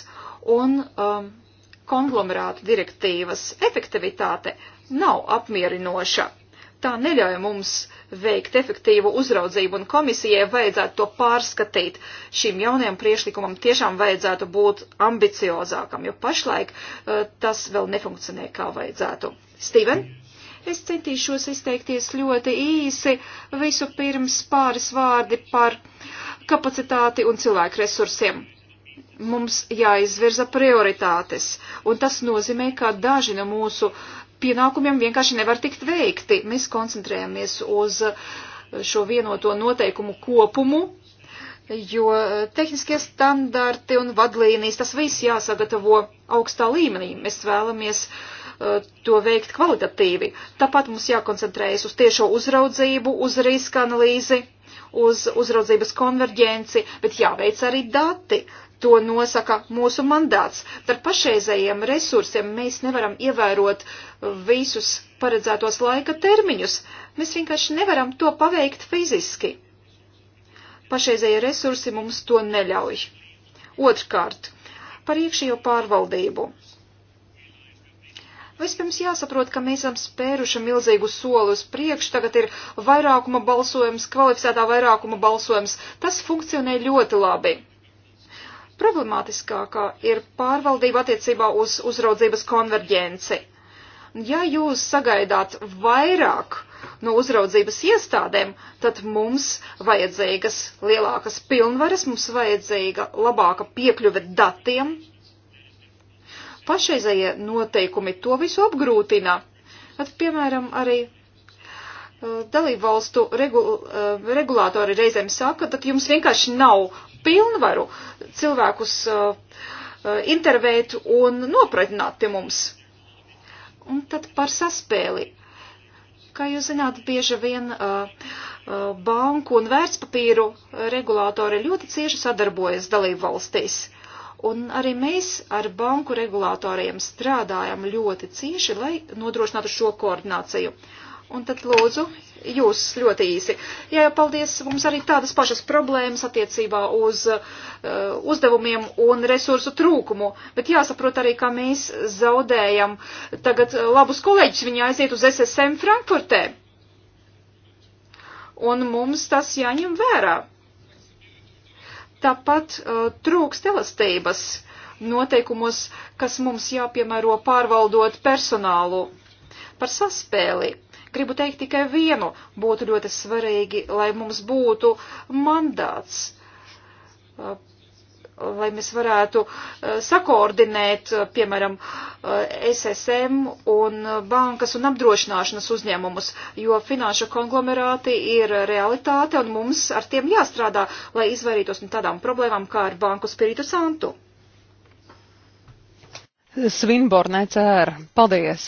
un um, konglomerātu direktīvas efektivitāte nav apmierinoša. Tā neļauj mums veikt efektīvu uzraudzību, un komisijai vajadzētu to pārskatīt. Šim jaunajam priešlikumam tiešām vajadzētu būt ambiciozākam, jo pašlaik uh, tas vēl nefunkcionē kā vajadzētu. Steven? Es centīšos izteikties ļoti īsi, visu pirms pāris vārdi par kapacitāti un cilvēku resursiem mums jāizvirza prioritātes, un tas nozīmē, ka daži no mūsu pienākumiem vienkārši nevar tikt veikti. Mēs koncentrējamies uz šo vienoto noteikumu kopumu, jo tehniskie standarti un vadlīnijas, tas viss jāsagatavo augstā līmenī. Mēs vēlamies uh, to veikt kvalitatīvi. Tāpat mums jākoncentrējas uz tiešo uzraudzību, uz riska analīzi, uz uzraudzības konverģenci, bet jāveic arī dati. To nosaka mūsu mandāts. Ar pašreizējiem resursiem mēs nevaram ievērot visus paredzētos laika termiņus. Mēs vienkārši nevaram to paveikt fiziski. Pašreizējie resursi mums to neļauj. Otrkārt, par iekšējo pārvaldību. Vispirms jāsaprot, ka mēs esam spēruši milzīgu soli uz priekšu, tagad ir vairākuma balsojums, kvalificētā vairākuma balsojums. Tas funkcionē ļoti labi problemātiskākā ir pārvaldība attiecībā uz uzraudzības konverģenci. Ja jūs sagaidāt vairāk no uzraudzības iestādēm, tad mums vajadzīgas lielākas pilnvaras, mums vajadzīga labāka piekļuve datiem. Pašreizējie noteikumi to visu apgrūtina. At, piemēram, arī uh, dalībvalstu regul, uh, regulātori reizēm saka, ka jums vienkārši nav pilnvaru cilvēkus uh, uh, intervēt un nopratināt pie mums. Un tad par saspēli. Kā jūs zināt, bieži vien uh, banku un vērtspapīru regulātori ļoti cieši sadarbojas dalību valstīs. Un arī mēs ar banku regulātoriem strādājam ļoti cieši, lai nodrošinātu šo koordināciju. Un tad lūdzu, jūs ļoti īsi. Jā, paldies, mums arī tādas pašas problēmas attiecībā uz uh, uzdevumiem un resursu trūkumu, bet jāsaprot arī, ka mēs zaudējam tagad labus kolēģus, viņi aiziet uz SSM Frankfurtē. Un mums tas jāņem vērā. Tāpat uh, trūkst elastības noteikumos, kas mums jāpiemēro pārvaldot personālu par saspēli Gribu teikt tikai vienu. Būtu ļoti svarīgi, lai mums būtu mandāts, uh, lai mēs varētu uh, sakoordinēt, uh, piemēram, SSM un bankas un apdrošināšanas uzņēmumus, jo finanšu konglomerāti ir realitāte un mums ar tiem jāstrādā, lai izvairītos no tādām problēmām kā ar banku spiritu santu. Svinbornē cēra. Paldies!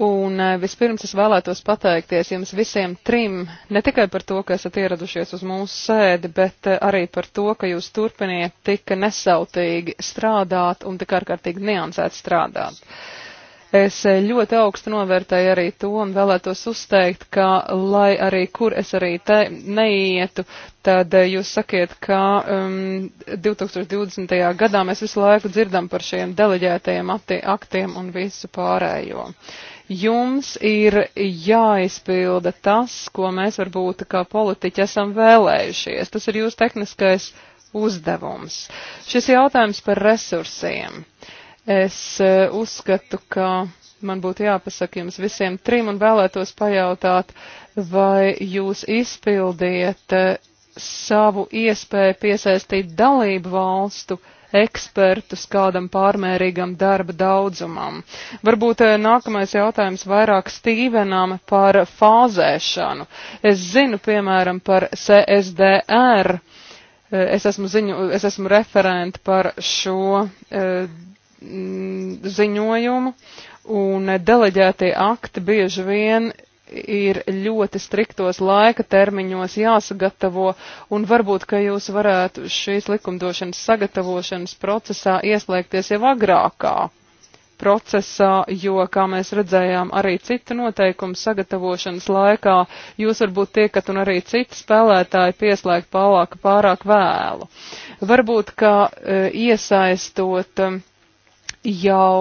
Un eh, vispirms es vēlētos pateikties jums visiem trim, ne tikai par to, ka esat ieradušies uz mūsu sēdi, bet eh, arī par to, ka jūs turpiniet tik nesautīgi strādāt un tik ārkārtīgi niansēt strādāt. Es eh, ļoti augstu novērtēju arī to un vēlētos uzteikt, ka, lai arī kur es arī te neietu, tad jūs sakiet, ka um, 2020. gadā mēs visu laiku dzirdam par šiem deleģētajiem aktiem un visu pārējo. Jums ir jāizpilda tas, ko mēs varbūt kā politiķi esam vēlējušies. Tas ir jūsu tehniskais uzdevums. Šis jautājums par resursiem. Es eh, uzskatu, ka man būtu jāpasaka jums visiem trim un vēlētos pajautāt, vai jūs izpildiet eh, savu iespēju piesaistīt dalību valstu uh, ekspertus kādam pārmērīgam darba daudzumam. Varbūt eh, nākamais jautājums vairāk Stīvenam par fāzēšanu. Es zinu, piemēram, par CSDR. Eh, es esmu, ziņu, es esmu referenti par šo eh, ziņojumu, un deleģētie akti bieži vien ir ļoti striktos laika termiņos jāsagatavo, un varbūt, ka jūs varētu šīs likumdošanas sagatavošanas procesā ieslēgties jau agrākā procesā, jo, kā mēs redzējām, arī citu noteikumu sagatavošanas laikā jūs varbūt tiekat un arī citi spēlētāji pieslēgt pārāk, pārāk vēlu. Varbūt, ka e, iesaistot e, jau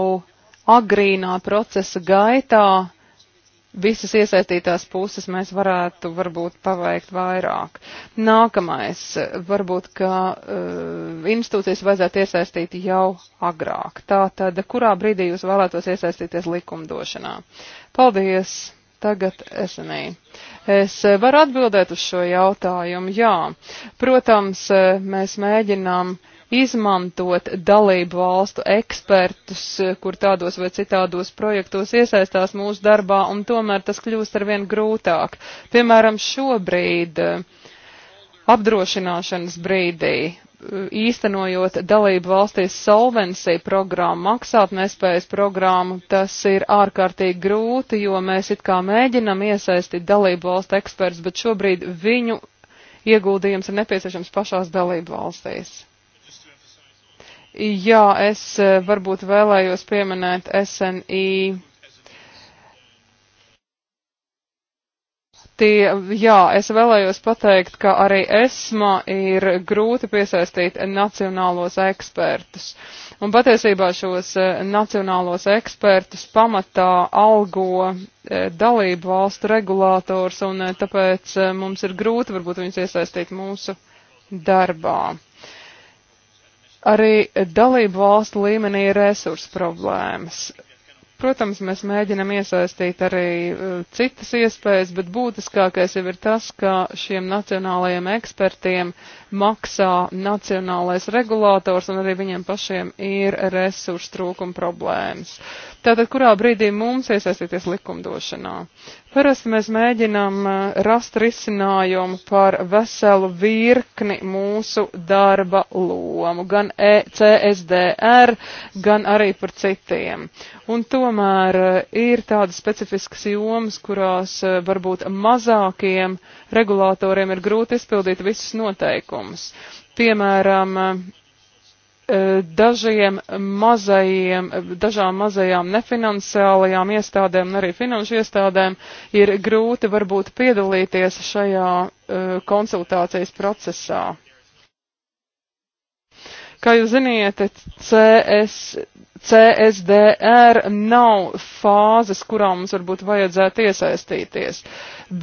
agrīnā procesa gaitā visas iesaistītās puses mēs varētu varbūt paveikt vairāk. Nākamais, varbūt, ka uh, institūcijas vajadzētu iesaistīt jau agrāk. Tātad, kurā brīdī jūs vēlētos iesaistīties likumdošanā? Paldies! Tagad esenī. Es uh, varu atbildēt uz šo jautājumu, jā. Protams, uh, mēs mēģinām uh, izmantot dalību valstu ekspertus, eh, kur tādos vai citādos projektos iesaistās mūsu darbā, un tomēr tas kļūst arvien grūtāk. Piemēram, šobrīd eh, apdrošināšanas brīdī eh, īstenojot dalību valstīs solvency programmu, maksātnespējas programmu, tas ir ārkārtīgi grūti, jo mēs it kā mēģinam iesaistīt dalību valstu eksperts, bet šobrīd viņu ieguldījums ir nepieciešams pašās dalību valstīs. Jā, es e, varbūt vēlējos pieminēt SNI. Tie, jā, es vēlējos pateikt, ka arī ESMA ir grūti piesaistīt nacionālos ekspertus. Un patiesībā šos e, nacionālos ekspertus pamatā algo e, dalību valstu regulātors, un tāpēc mums ir grūti varbūt viņus iesaistīt mūsu darbā. Arī dalību valstu līmenī ir resursu problēmas. Protams, mēs mēģinam iesaistīt arī eh, citas iespējas, bet būtiskākais jau ir tas, ka šiem nacionālajiem ekspertiem maksā nacionālais regulators un arī viņiem pašiem ir resursu trūkuma problēmas. Tātad, kurā brīdī mums iesaistīties likumdošanā? Parasti mēs mēģinām eh, rast risinājumu par veselu virkni mūsu darba lomu, gan e CSDR, gan arī par citiem. Un tomēr eh, ir tādas specifiskas jomas, kurās eh, varbūt mazākiem regulātoriem ir grūti izpildīt visus noteikumus. Piemēram, E, dažiem mazajiem, dažām mazajām nefinanciālajām iestādēm un arī finanšu iestādēm ir grūti varbūt piedalīties šajā e, konsultācijas procesā. Kā jūs ziniet, CS, CSDR nav fāzes, kurā mums varbūt vajadzētu iesaistīties.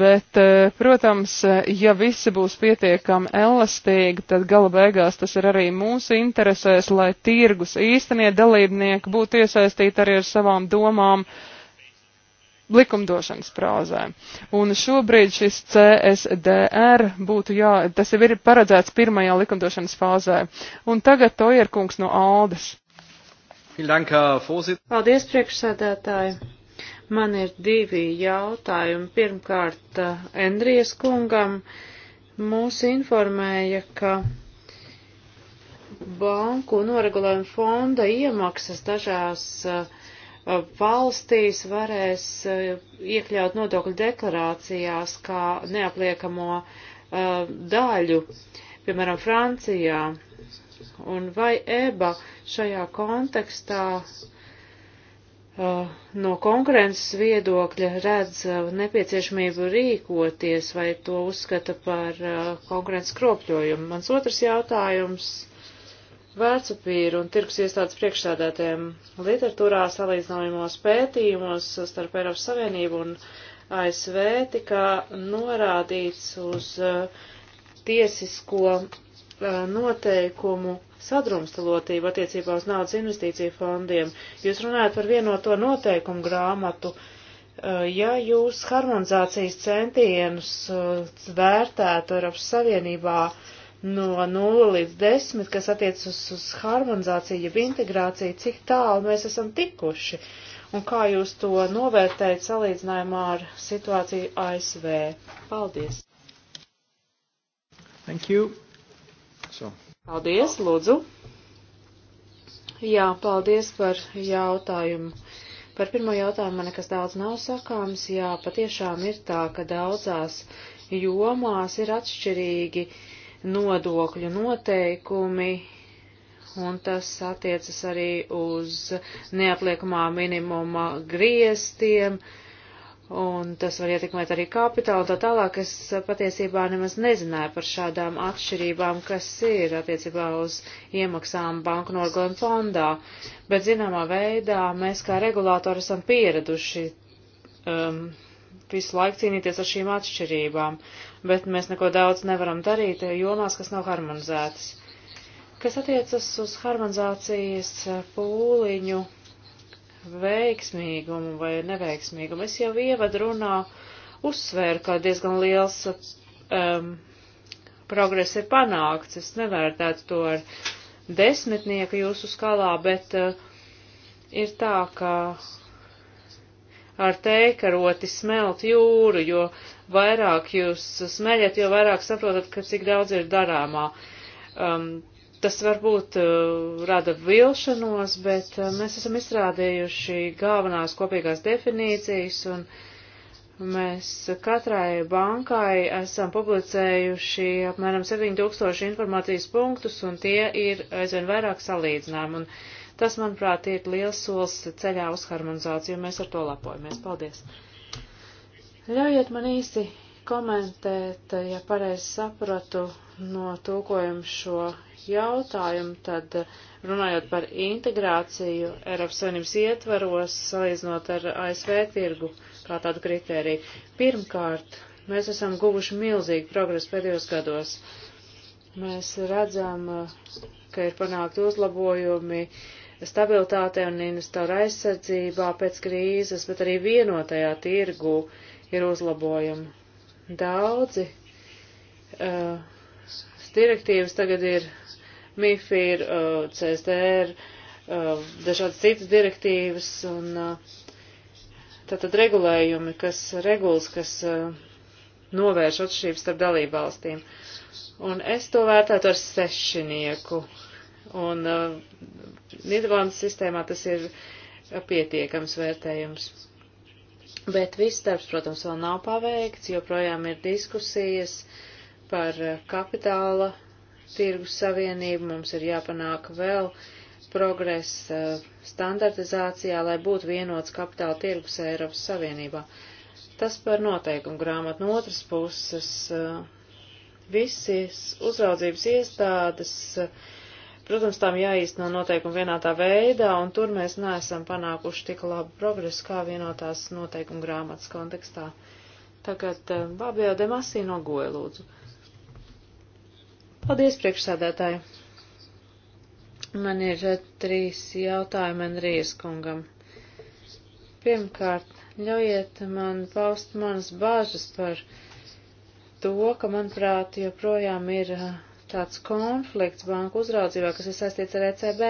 Bet, eh, protams, ja visi būs pietiekami elastīgi, tad gala beigās tas ir arī mūsu interesēs, lai tirgus īstenie dalībnieki būtu iesaistīti arī ar savām domām likumdošanas prāzē. Un šobrīd šis CSDR būtu jā, tas jau ir paredzēts pirmajā likumdošanas fāzē. Un tagad to ir kungs no Aldes. Paldies, priekšsēdētāji. Man ir divi jautājumi. Pirmkārt, eh, Endrijas kungam mūs informēja, ka banku noregulējuma fonda iemaksas dažās uh, valstīs varēs eh, iekļaut nodokļu deklarācijās kā neapliekamo eh, daļu, piemēram, Francijā. Un vai EBA šajā kontekstā eh, no konkurences viedokļa redz nepieciešamību rīkoties vai to uzskata par konkurences kropļojumu? Mans otrs jautājums vērtspapīru un tirgus iestādes priekšsēdētiem literatūrā salīdzinājumos pētījumos starp Eiropas Savienību un ASV tika norādīts uz eh, tiesisko eh, noteikumu sadrumstalotību attiecībā uz naudas investīciju fondiem. Jūs runājat par vienoto noteikumu grāmatu. Eh, ja jūs harmonizācijas centienus vērtētu Eiropas Savienībā, uh, no 0 līdz 10, kas attiecas uz, uz harmonizāciju, jeb integrāciju, cik tālu mēs esam tikuši un kā jūs to novērtējat salīdzinājumā ar situāciju ASV. Paldies! Thank you. So. Paldies, lūdzu. Jā, paldies par jautājumu. Par pirmo jautājumu man nekas daudz nav sakāms. Jā, patiešām ir tā, ka daudzās jomās ir atšķirīgi uh, nodokļu noteikumi, un tas attiecas arī uz neatliekamā minimuma griestiem, un tas var ietekmēt arī kapitālu un tā tālāk. Es patiesībā nemaz nezināju par šādām atšķirībām, kas ir attiecībā uz iemaksām banku noregulējumu fondā, bet zināmā veidā mēs kā regulātori esam pieraduši. Um, visu laiku cīnīties ar šīm atšķirībām bet mēs neko daudz nevaram darīt eh, jomās, kas nav harmonizētas. Kas attiecas uz harmonizācijas eh, pūliņu veiksmīgumu vai neveiksmīgumu, es jau ievadu runā uzsvēru, ka diezgan liels um, progress ir panākts. Es nevērtētu to ar desmitnieku jūsu skalā, bet uh, ir tā, ka ar tēkaroti smelt jūru, jo vairāk jūs smeļat, jo vairāk saprotat, ka cik daudz ir darāmā. Um, tas varbūt uh, rada vilšanos, bet uh, mēs esam izstrādējuši galvenās kopīgās definīcijas un mēs katrai bankai esam publicējuši apmēram 7000 informācijas punktus un tie ir aizvien vairāk salīdzinājumi. Un tas, manuprāt, ir liels solis ceļā uz harmonizāciju. Mēs ar to lepojamies. Paldies! Ļaujiet man īsi komentēt, ja pareizi sapratu no tūkojumu šo jautājumu, tad runājot par integrāciju Eiropas Savienības ietvaros, salīdzinot ar ASV tirgu kā tādu kritēriju. Pirmkārt, mēs esam guvuši milzīgu progresu pēdējos gados. Mēs redzam, ka ir panākti uzlabojumi stabilitātē un investoru aizsardzībā pēc krīzes, bet arī vienotajā tirgu. Uh, ir uzlabojumi. Daudzi uh, direktīvas tagad ir MIFIR, uh, CSDR, uh, dažādas citas direktīvas un uh, tātad regulējumi, kas regulas, kas uh, novērš atšķirības starp dalībvalstīm. Un es to vērtētu ar sešinieku. Un uh, Nīderlandes sistēmā tas ir pietiekams vērtējums. Bet viss darbs, protams, vēl nav paveikts, joprojām ir diskusijas par eh, kapitāla tirgus savienību. Mums ir jāpanāk vēl progress eh, standartizācijā, lai būtu vienots kapitāla tirgus Eiropas Savienībā. Tas par noteikumu grāmatu. No otras puses, eh, visas uzraudzības iestādes uh, Protams, tam jāīsteno noteikumi vienādā veidā, un tur mēs neesam panākuši tik labu progresu kā vienotās noteikumu grāmatas kontekstā. Tagad eh, Bābijā Demasī nogoja lūdzu. Paldies, priekšsēdētāji. Man ir eh, trīs jautājumi Enrijas kungam. Pirmkārt, ļaujiet man paust manas bāžas par to, ka, manuprāt, joprojām ir eh, tāds konflikts banku uzraudzībā, kas ir saistīts ar ECB,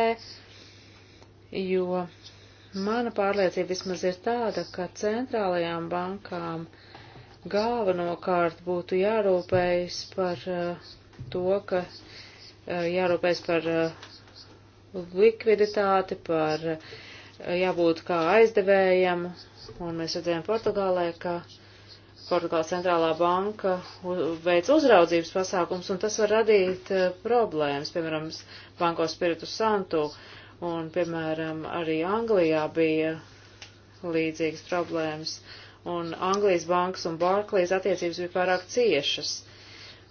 jo mana pārliecība vismaz ir tāda, ka centrālajām bankām galvenokārt būtu jārūpējas par uh, to, ka uh, jārūpējas par uh, likviditāti, par uh, jābūt kā aizdevējam, un mēs redzējām Portugālē, ka uh, Portugāla centrālā banka veic uzraudzības pasākums, un tas var radīt eh, problēmas, piemēram, Banko Spiritu Santu, un, piemēram, arī Anglijā bija līdzīgas problēmas, un Anglijas bankas un Barclays attiecības bija pārāk ciešas.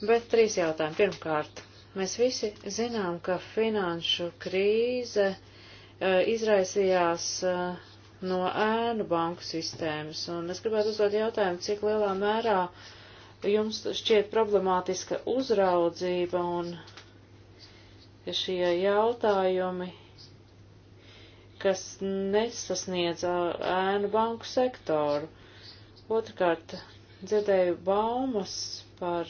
Bet trīs jautājumi. Pirmkārt, mēs visi zinām, ka finanšu krīze uh, izraisījās uh, no ēnu banku sistēmas. Un es gribētu uzdot jautājumu, cik lielā mērā jums šķiet problemātiska uzraudzība un ja šie jautājumi, kas nesasniedz ēnu banku sektoru. Otrkārt, dzirdēju baumas par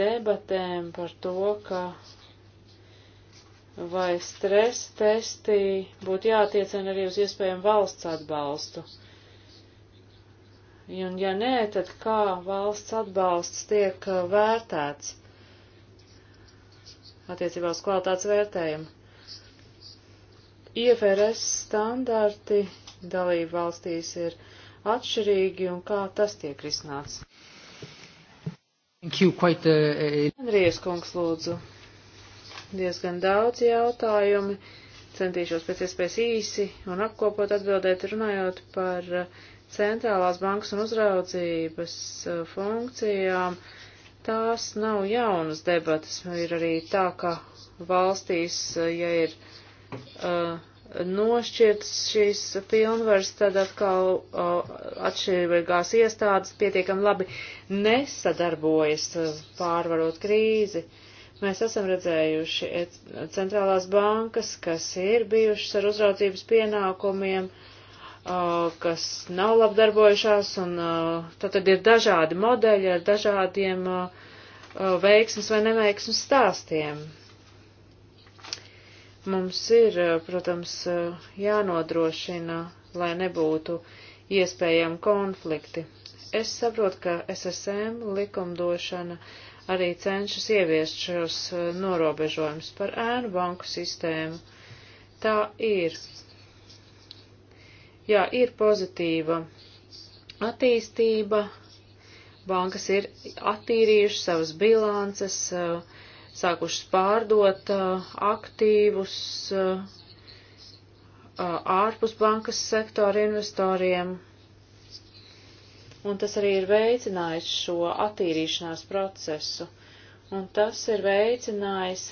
debatēm par to, ka vai stresa testi būtu jātiecina arī uz iespējamu valsts atbalstu. Un ja nē, tad kā valsts atbalsts tiek uh, vērtēts attiecībā uz kvalitātes vērtējumu? IFRS standarti dalību valstīs ir atšķirīgi un kā tas tiek risināts? Thank you, quite, uh, uh Andrijas kungs lūdzu diezgan daudz jautājumi. Centīšos pēc iespējas īsi un apkopot atbildēt runājot par uh, centrālās bankas un uzraudzības uh, funkcijām. Tās nav jaunas debatas. Ir arī tā, ka valstīs, uh, ja ir uh, nošķirtas šīs pilnvaras, tad atkal atšķirīgās iestādes pietiekami labi nesadarbojas pārvarot krīzi. Mēs esam redzējuši centrālās bankas, kas ir bijušas ar uzraudzības pienākumiem, kas nav labdarbojušās, un tātad ir dažādi modeļi ar dažādiem veiksmes vai neveiksmes stāstiem. Mums ir, protams, jānodrošina, lai nebūtu iespējami konflikti. Es saprotu, ka SSM likumdošana uh, arī cenšas ieviest šos uh, norobežojumus par ēnu banku sistēmu. Tā ir. Jā, ir pozitīva attīstība. Bankas ir attīrījušas savas bilances, uh, sākušas pārdot uh, aktīvus ārpus bankas sektora investoriem un tas arī ir veicinājis šo attīrīšanās procesu, un tas ir veicinājis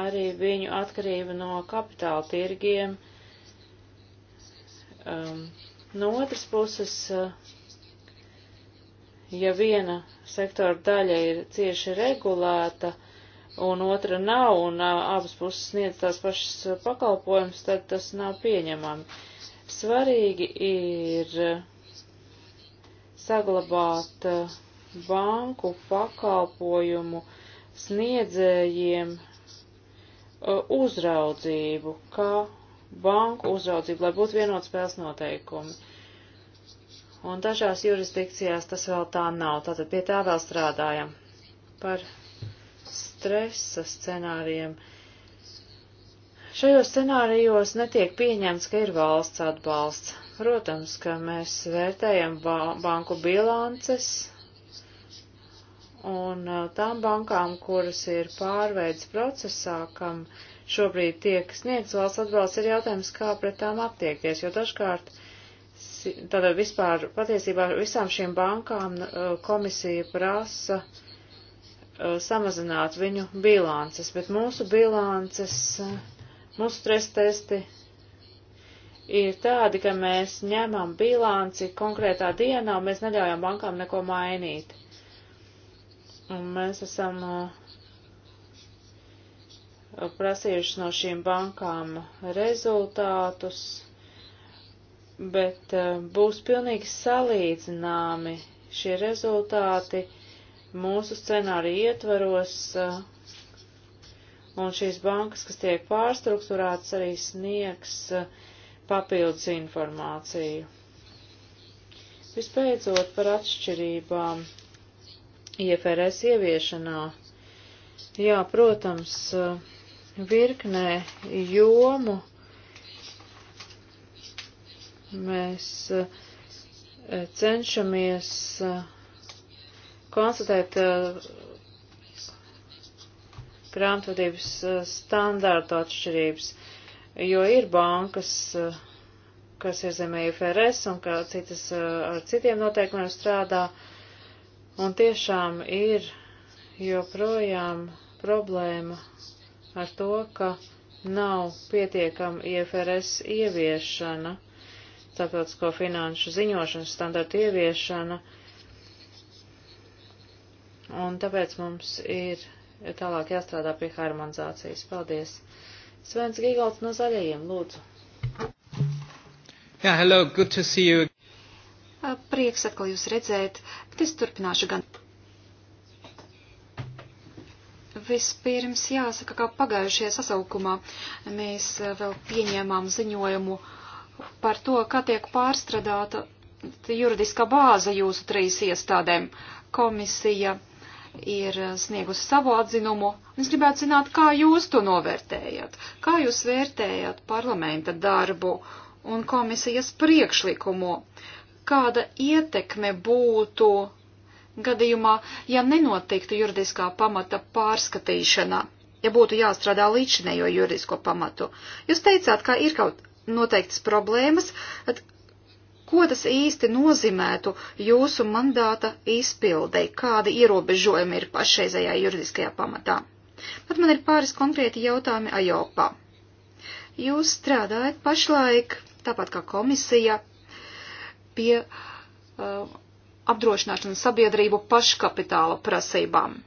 arī viņu atkarību no kapitāla tirgiem. Um, no otras puses, uh, ja viena sektora daļa ir cieši regulēta, un otra nav, un uh, abas puses sniedz tās pašas uh, pakalpojumus, tad tas nav pieņemami. Svarīgi ir saglabāt eh, banku pakalpojumu sniedzējiem eh, uzraudzību, kā banku uzraudzību, lai būtu vienot spēles noteikumi. Un dažās jurisdikcijās tas vēl tā nav, tātad pie tā vēl strādājam. Par stresa scenārijiem. Šajos scenārijos netiek pieņemts, ka ir valsts atbalsts. Protams, ka mēs vērtējam ba banku bilances un tām bankām, kuras ir pārveids procesā, kam šobrīd tiek sniegts valsts atbalsts, ir jautājums, kā pret tām attiekties, jo dažkārt tātad vispār patiesībā visām šīm bankām komisija prasa samazināt viņu bilances, bet mūsu bilances, mūsu stresa testi ir tādi, ka mēs ņemam bilanci konkrētā dienā un mēs neļaujam bankām neko mainīt. Un mēs esam uh, prasījuši no šīm bankām rezultātus, bet uh, būs pilnīgi salīdzināmi šie rezultāti mūsu scenāriju ietvaros, uh, un šīs bankas, kas tiek pārstruktūrētas, arī sniegs uh, papildus informāciju. Vispēcot par atšķirībām IFRS ieviešanā, jā, protams, virknē jomu mēs eh, cenšamies eh, konstatēt eh, grāmatvedības standārtu atšķirības jo ir bankas, eh, kas ir zem IFRS un kā citas eh, ar citiem noteikumiem strādā, un tiešām ir joprojām problēma ar to, ka nav pietiekama IFRS ieviešana, starptautisko finanšu ziņošanas standartu ieviešana, un tāpēc mums ir tālāk jāstrādā pie harmonizācijas. Paldies! Svens Gigalds no zaļajiem, lūdzu. Jā, yeah, hello, good to see you. Prieks atkal jūs redzēt, bet es turpināšu gan. Vispirms jāsaka, ka pagājušajā sasaukumā mēs vēl pieņēmām ziņojumu par to, kā tiek pārstrādāta juridiskā bāze jūsu trīs iestādēm - komisija, ir eh, sniegusi savu atzinumu. Es gribētu zināt, kā jūs to novērtējat, kā jūs vērtējat parlamenta darbu un komisijas priekšlikumu, kāda ietekme būtu gadījumā, ja nenotiktu juridiskā pamata pārskatīšana, ja būtu jāstrādā līdzinējo juridisko pamatu. Jūs teicāt, ka ir kaut noteiktas problēmas, tad Ko tas īsti nozīmētu jūsu mandāta izpildei? Kādi ierobežojumi ir pašreizējā juridiskajā pamatā? Pat man ir pāris konkrēti jautājumi AJOPA. Jūs strādājat pašlaik, tāpat kā komisija, pie uh, apdrošināšanas sabiedrību paškapitāla prasībām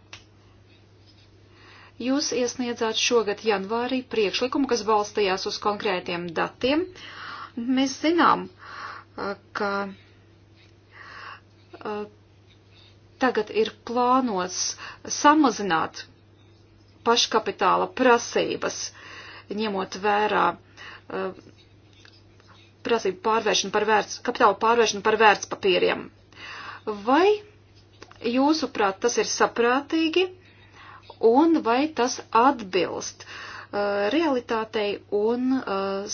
jūs iesniedzāt šogad janvārī priekšlikumu, kas balstījās uz konkrētiem datiem. Mēs zinām, ka tagad ir plānots samazināt paškapitāla prasības, ņemot vērā prasību pārvēršanu par vērts, kapitāla pārvēršanu par vērtspapīriem. Vai jūsuprāt tas ir saprātīgi un vai tas atbilst uh, realitātei un uh,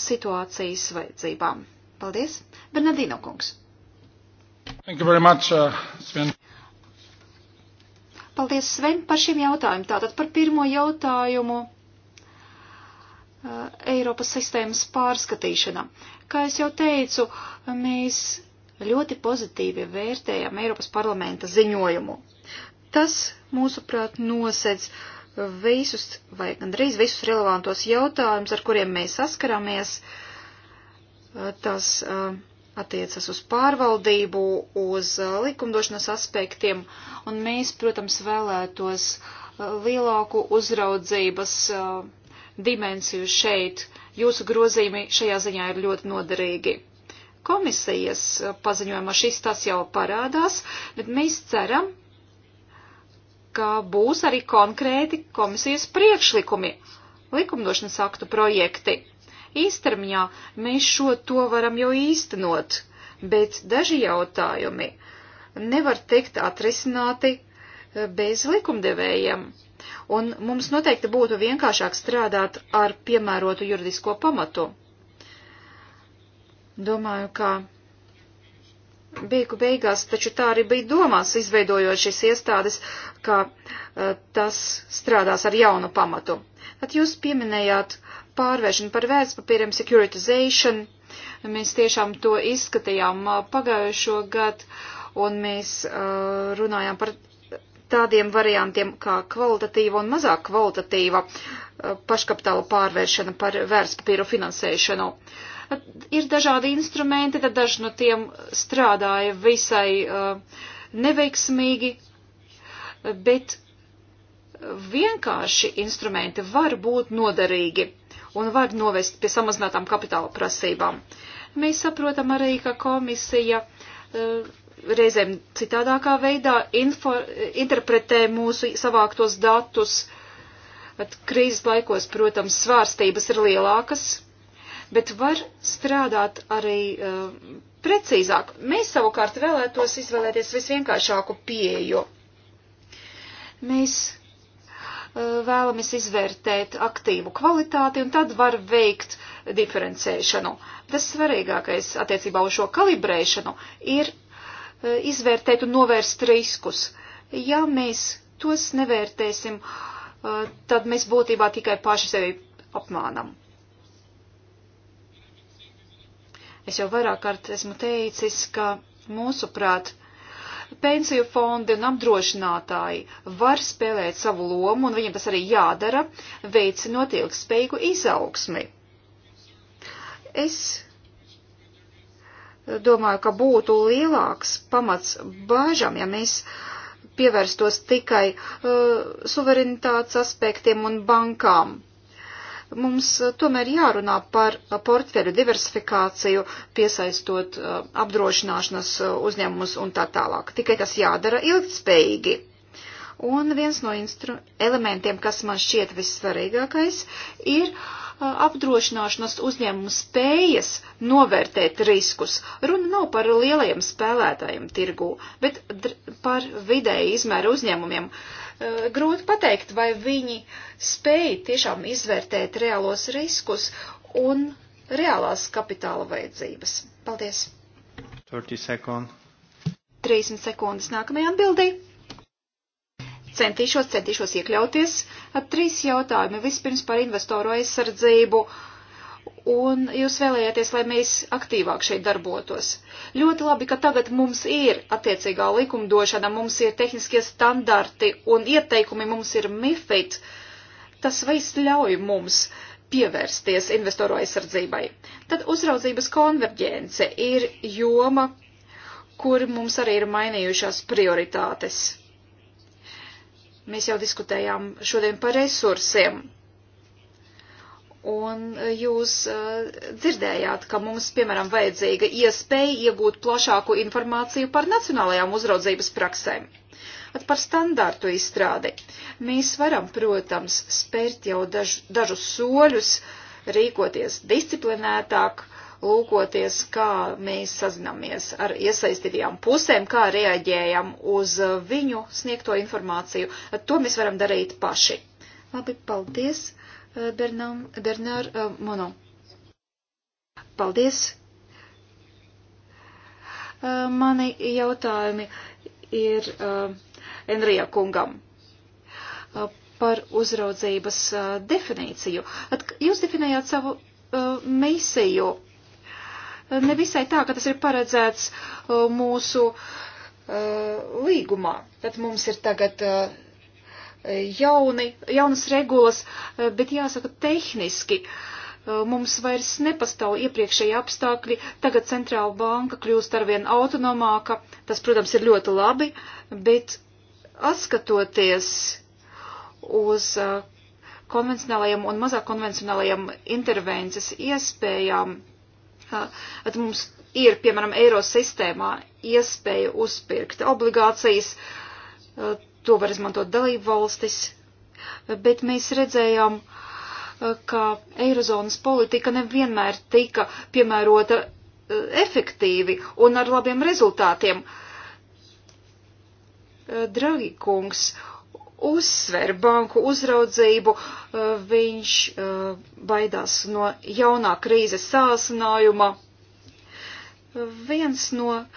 situācijas vajadzībām? Paldies! Bernardino kungs. Much, uh, Sven. Paldies, Sven, par šiem jautājumiem. Tātad par pirmo jautājumu uh, Eiropas sistēmas pārskatīšana. Kā es jau teicu, mēs ļoti pozitīvi vērtējam Eiropas parlamenta ziņojumu. Tas, mūsuprāt, nosedz visus vai gandrīz visus relevantos jautājumus, ar kuriem mēs saskaramies. Uh, tas uh, attiecas uz pārvaldību, uz uh, likumdošanas aspektiem, un mēs, protams, vēlētos uh, lielāku uzraudzības uh, dimensiju šeit. Jūsu grozījumi šajā ziņā ir ļoti noderīgi. Komisijas paziņojumā šis tas jau parādās, bet mēs ceram, ka būs arī konkrēti komisijas priekšlikumi, likumdošanas aktu projekti īstermiņā mēs šo to varam jau īstenot, bet daži jautājumi nevar teikt atrisināti eh, bez likumdevējiem. Un mums noteikti būtu vienkāršāk strādāt ar piemērotu juridisko pamatu. Domāju, ka beigu beigās taču tā arī bija domās, izveidojot šīs iestādes, ka uh, tas strādās ar jaunu pamatu. Tad jūs pieminējāt uh, pārvēršanu par vērtspapīriem, securitization. Mēs tiešām to izskatījām uh, pagājušo gadu, un mēs uh, runājām par tādiem variantiem kā kvalitatīva un mazāk kvalitatīva uh, paškapitāla pārvēršana par vērtspapīru finansēšanu. At, ir dažādi instrumenti, tad daži no tiem strādāja visai uh, neveiksmīgi, bet vienkārši instrumenti var būt noderīgi un var novest pie samazinātām kapitāla prasībām. Mēs saprotam arī, ka komisija eh, reizēm citādākā veidā info, interpretē mūsu savāktos datus. At krīzes laikos, protams, svārstības ir lielākas, bet var strādāt arī uh, precīzāk. Mēs savukārt vēlētos izvēlēties visvienkāršāku pieeju. Mēs Eh, vēlamies izvērtēt aktīvu kvalitāti un tad var veikt diferencēšanu. Tas svarīgākais attiecībā uz šo kalibrēšanu ir eh, izvērtēt un novērst riskus. Ja mēs tos nevērtēsim, eh, tad mēs būtībā tikai paši sevi apmānam. Es jau vairāk kārt esmu teicis, ka mūsuprāt, pensiju fondi un apdrošinātāji var spēlēt savu lomu, un viņiem tas arī jādara, veicinot ilgspējīgu izaugsmi. Es domāju, ka būtu lielāks pamats bāžam, ja mēs pievērstos tikai uh, suverenitātes aspektiem un bankām. Mums eh, tomēr jārunā par eh, portfeļu diversifikāciju, piesaistot eh, apdrošināšanas uzņēmumus un tā tālāk. Tikai tas jādara ilgtspējīgi. Un viens no instru elementiem, kas man šķiet vissvarīgākais, ir apdrošināšanas uzņēmumu spējas novērtēt riskus. Runa nav par lielajiem spēlētājiem tirgū, bet par vidēji izmēru uzņēmumiem, uh, Eh, grūti pateikt, vai viņi spēj tiešām izvērtēt reālos riskus un reālās kapitāla vajadzības. Paldies! 30 sekundes. 30 sekundes nākamajā atbildī. Centīšos, centīšos iekļauties ar trīs jautājumi. Vispirms par investoru aizsardzību. Uh, un jūs vēlējāties, lai mēs aktīvāk šeit darbotos. Ļoti labi, ka tagad mums ir attiecīgā likumdošana, mums ir tehniskie standarti un ieteikumi, mums ir MIFID. Tas viss ļauj mums pievērsties investoru aizsardzībai. Tad uzraudzības konverģence ir joma, kur mums arī ir mainījušās prioritātes. Mēs jau diskutējām šodien par resursiem Un e, jūs uh, dzirdējāt, ka mums, piemēram, vajadzīga iespēja iegūt plašāku informāciju par nacionālajām uzraudzības praksēm. At par standārtu izstrādi. Mēs varam, protams, spērt jau daž, dažus soļus, rīkoties disciplinētāk, lūkoties, kā mēs sazināmies ar iesaistītajām pusēm, kā reaģējam uz e, viņu sniegto informāciju. At to mēs varam darīt paši. Labi, paldies! Bernam, Bernard eh, Mono. Paldies! Eh, mani jautājumi ir eh, Enrija kungam par uzraudzības definīciju. Jūs definējāt savu misiju nevisai tā, ka tas ir paredzēts mūsu līgumā. Tad mums ir tagad jauni, jaunas regulas, eh, bet jāsaka tehniski. Eh, mums vairs nepastāv iepriekšēji apstākļi, tagad centrāla banka kļūst arvien autonomāka, tas, protams, ir ļoti labi, bet atskatoties uz eh, konvencionālajiem un mazāk konvencionālajiem intervences iespējām, tad mums ir, piemēram, eiro sistēmā iespēja uzpirkt obligācijas, to var izmantot dalību valstis, bet mēs redzējām, ka eirozonas politika nevienmēr tika piemērota eh, efektīvi un ar labiem rezultātiem. Eh, Dragi kungs uzsver banku uzraudzību, eh, viņš baidās no jaunā krīzes sāsinājuma Viens no uh,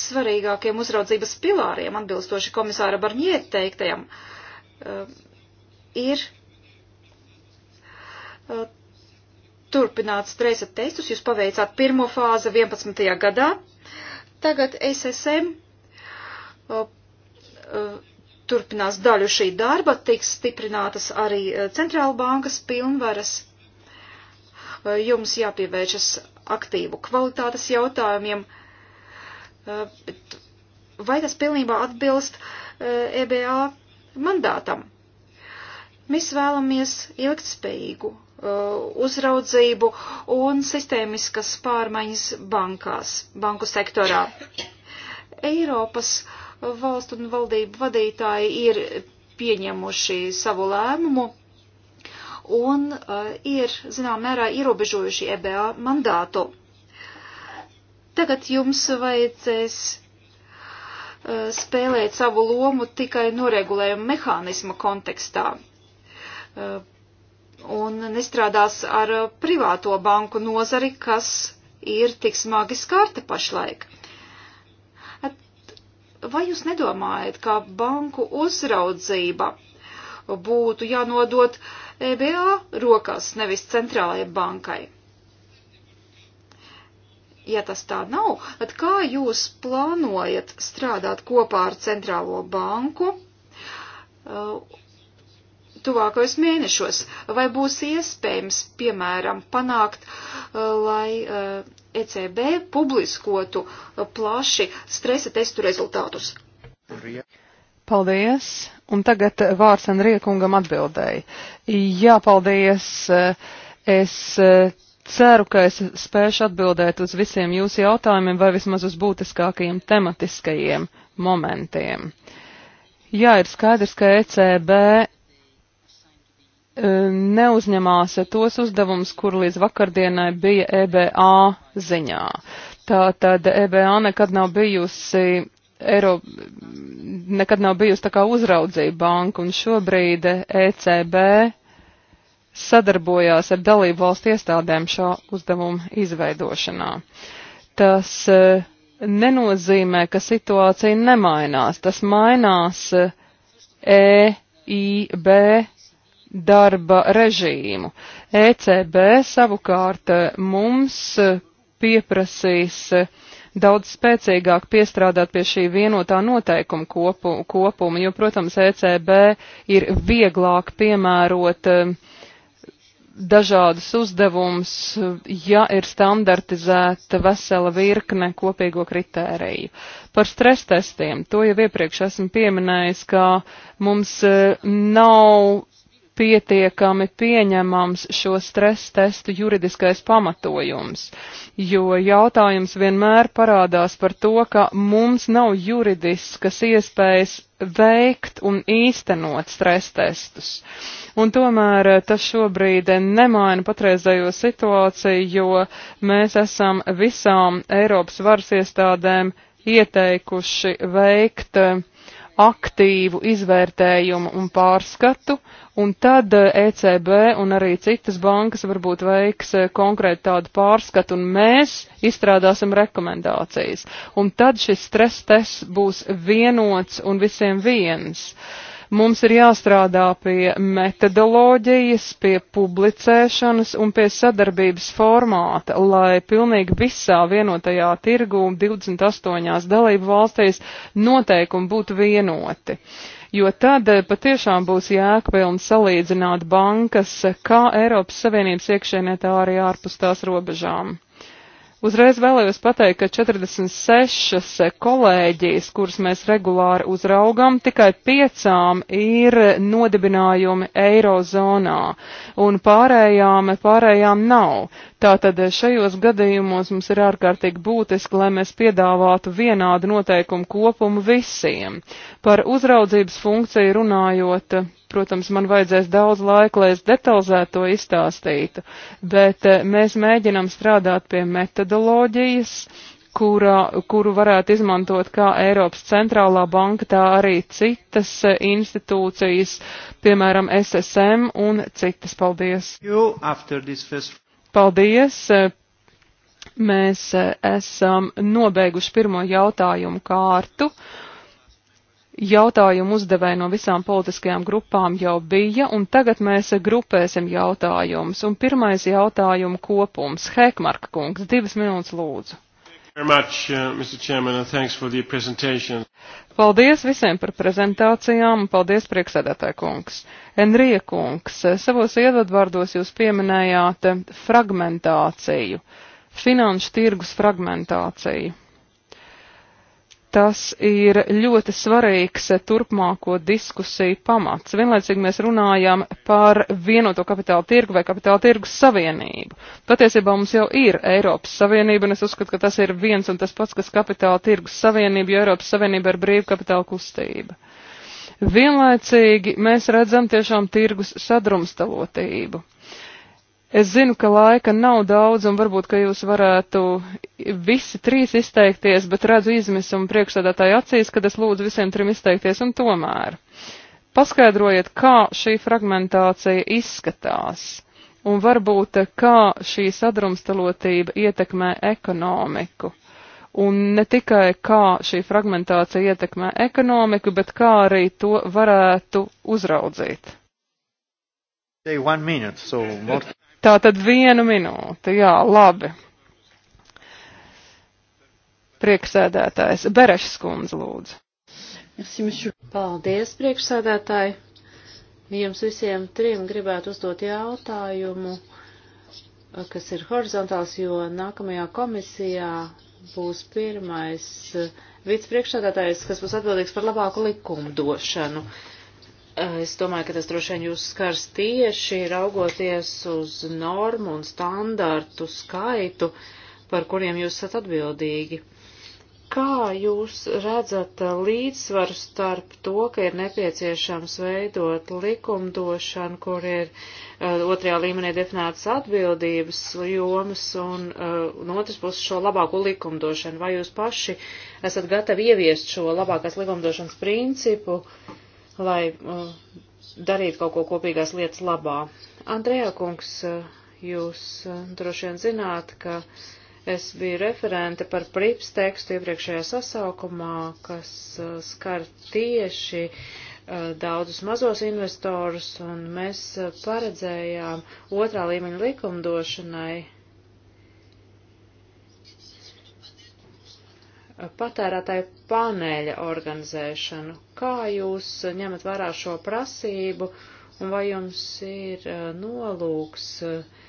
svarīgākiem uzraudzības pilāriem, atbilstoši komisāra Barņē teiktajam, uh, ir uh, turpināt stresa testus. Jūs paveicāt pirmo fāzi 11. gadā. Tagad SSM uh, uh, turpinās daļu šī darba, tiks stiprinātas arī centrāla bankas pilnvaras. Jums jāpievēršas aktīvu kvalitātes jautājumiem. Vai tas pilnībā atbilst EBA mandātam? Mēs vēlamies ilgtspējīgu uzraudzību un sistēmiskas pārmaiņas bankās, banku sektorā. Eiropas valstu un valdību vadītāji ir pieņemuši savu lēmumu un uh, ir, zinām, mērā ierobežojuši EBA mandātu. Tagad jums vajadzēs uh, spēlēt savu lomu tikai noregulējuma mehānisma kontekstā uh, un nestrādās ar uh, privāto banku nozari, kas ir tik smagi skarta pašlaik. At, vai jūs nedomājat, ka banku uzraudzība būtu jānodot EBA rokās, nevis centrālajai bankai. Ja tas tā nav, tad kā jūs plānojat strādāt kopā ar centrālo banku uh, tuvākajos mēnešos? Vai būs iespējams, piemēram, panākt, uh, lai uh, ECB publiskotu plaši stresa testu rezultātus? Paldies! Un tagad eh, vārds Enriekungam atbildēja. Jā, paldies! Eh, es eh, ceru, ka es spēšu atbildēt uz visiem jūsu jautājumiem vai vismaz uz būtiskākajiem tematiskajiem momentiem. Jā, ir skaidrs, ka ECB neuzņemās tos uzdevums, kur līdz vakardienai bija EBA ziņā. Tātad EBA nekad nav bijusi Eiropa nekad nav bijusi tā kā uzraudzība banka, un šobrīd ECB sadarbojās ar dalību valstu iestādēm šo uzdevumu izveidošanā. Tas eh, nenozīmē, ka situācija nemainās. Tas mainās EIB darba režīmu. ECB savukārt eh, mums eh, pieprasīs uh, daudz spēcīgāk piestrādāt pie šī vienotā noteikuma kopu, kopuma, jo, protams, ECB ir vieglāk piemērot eh, dažādus uzdevumus, ja ir standartizēta vesela virkne kopīgo kritēriju. Par stres testiem, to jau iepriekš esmu pieminējis, ka mums eh, nav pietiekami pieņemams šo stres testu juridiskais pamatojums, jo jautājums vienmēr parādās par to, ka mums nav juridiskas iespējas veikt un īstenot stres testus. Un tomēr eh, tas šobrīd nemaina patreizējo situāciju, jo mēs esam visām Eiropas varas iestādēm ieteikuši veikt uh, aktīvu izvērtējumu un pārskatu, un tad ECB eh, e un arī citas bankas varbūt veiks eh, konkrēti tādu pārskatu, un mēs izstrādāsim rekomendācijas. Un tad šis stress tests būs vienots un visiem viens. Uh, Mums ir jāstrādā pie metodoloģijas, pie publicēšanas un pie sadarbības formāta, lai pilnīgi visā vienotajā tirgū 28 dalību valstīs noteikumi būtu vienoti jo tad eh, patiešām būs jēgpilni salīdzināt bankas kā Eiropas Savienības iekšēnē, tā arī ārpus tās robežām. Uzreiz vēlējos pateikt, ka 46 kolēģijas, kuras mēs regulāri uzraugam, tikai piecām ir nodibinājumi eirozonā, un pārējām, pārējām nav. Tātad šajos gadījumos mums ir ārkārtīgi būtiski, lai mēs piedāvātu vienādu noteikumu kopumu visiem. Par uzraudzības funkciju runājot, Protams, man vajadzēs daudz laika, lai es detalizētu to izstāstītu, bet eh, mēs mēģinam strādāt pie metodoloģijas, kurā, kuru varētu izmantot kā Eiropas centrālā banka, tā arī citas eh, institūcijas, piemēram, SSM un citas. Paldies! First... Paldies! Eh, mēs esam nobeiguši pirmo jautājumu kārtu jautājumu uzdevēji no visām politiskajām grupām jau bija, un tagad mēs grupēsim jautājumus. Un pirmais jautājumu kopums. Hekmarka kungs, divas minūtes lūdzu. Much, uh, Chairman, paldies visiem par prezentācijām, un paldies prieksēdētāja kungs. Enrija kungs, savos ievadvārdos jūs pieminējāt fragmentāciju, finanšu tirgus fragmentāciju tas ir ļoti svarīgs turpmāko diskusiju pamats. Vienlaicīgi mēs runājam par vienoto kapitāla tirgu vai kapitāla tirgus savienību. Patiesībā mums jau ir Eiropas Savienība, un es uzskatu, ka tas ir viens un tas pats, kas kapitāla tirgus savienība, jo Eiropas Savienība ir brīva kapitāla kustība. Vienlaicīgi mēs redzam tiešām tirgus sadrumstalotību. Es zinu, ka laika nav daudz, un varbūt, ka jūs varētu visi trīs izteikties, bet redzu izmisumu priekšsēdētāju acīs, kad es lūdzu visiem trim izteikties, un tomēr paskaidrojiet, kā šī fragmentācija izskatās, un varbūt, kā šī sadrumstalotība ietekmē ekonomiku. Un ne tikai kā šī fragmentācija ietekmē ekonomiku, bet kā arī to varētu uzraudzīt. Minute, so more... Tā tad viena minūte, jā, labi. Prieksēdētājs Berešs kundze lūdzu. Paldies, priekšsēdētāji. Jums visiem trim gribētu uzdot jautājumu, kas ir horizontāls, jo nākamajā komisijā būs pirmais vicepriekšsēdētājs, kas būs atbildīgs par labāku likumu došanu. Uh, Es domāju, ka tas droši vien jūs skars tieši raugoties uz normu un standartu skaitu, par kuriem jūs esat atbildīgi. Kā jūs redzat līdzsvaru starp to, ka ir nepieciešams veidot likumdošanu, kur ir uh, otrajā līmenī definētas atbildības jomas un uh, eh, no otras puses šo labāko likumdošanu? Vai jūs paši esat gatavi ieviest šo labākās likumdošanas principu? Uh, lai uh, darītu kaut ko kopīgās lietas labā. Andrejā kungs, uh, jūs uh, droši vien zināt, ka es biju referente par prips tekstu iepriekšējā sasaukumā, kas uh, skar tieši uh, daudzus mazos investorus, un mēs uh, paredzējām otrā līmeņa likumdošanai patērētāju paneļa organizēšanu. Kā jūs ņemat vērā šo prasību un vai jums ir eh, nolūks eh,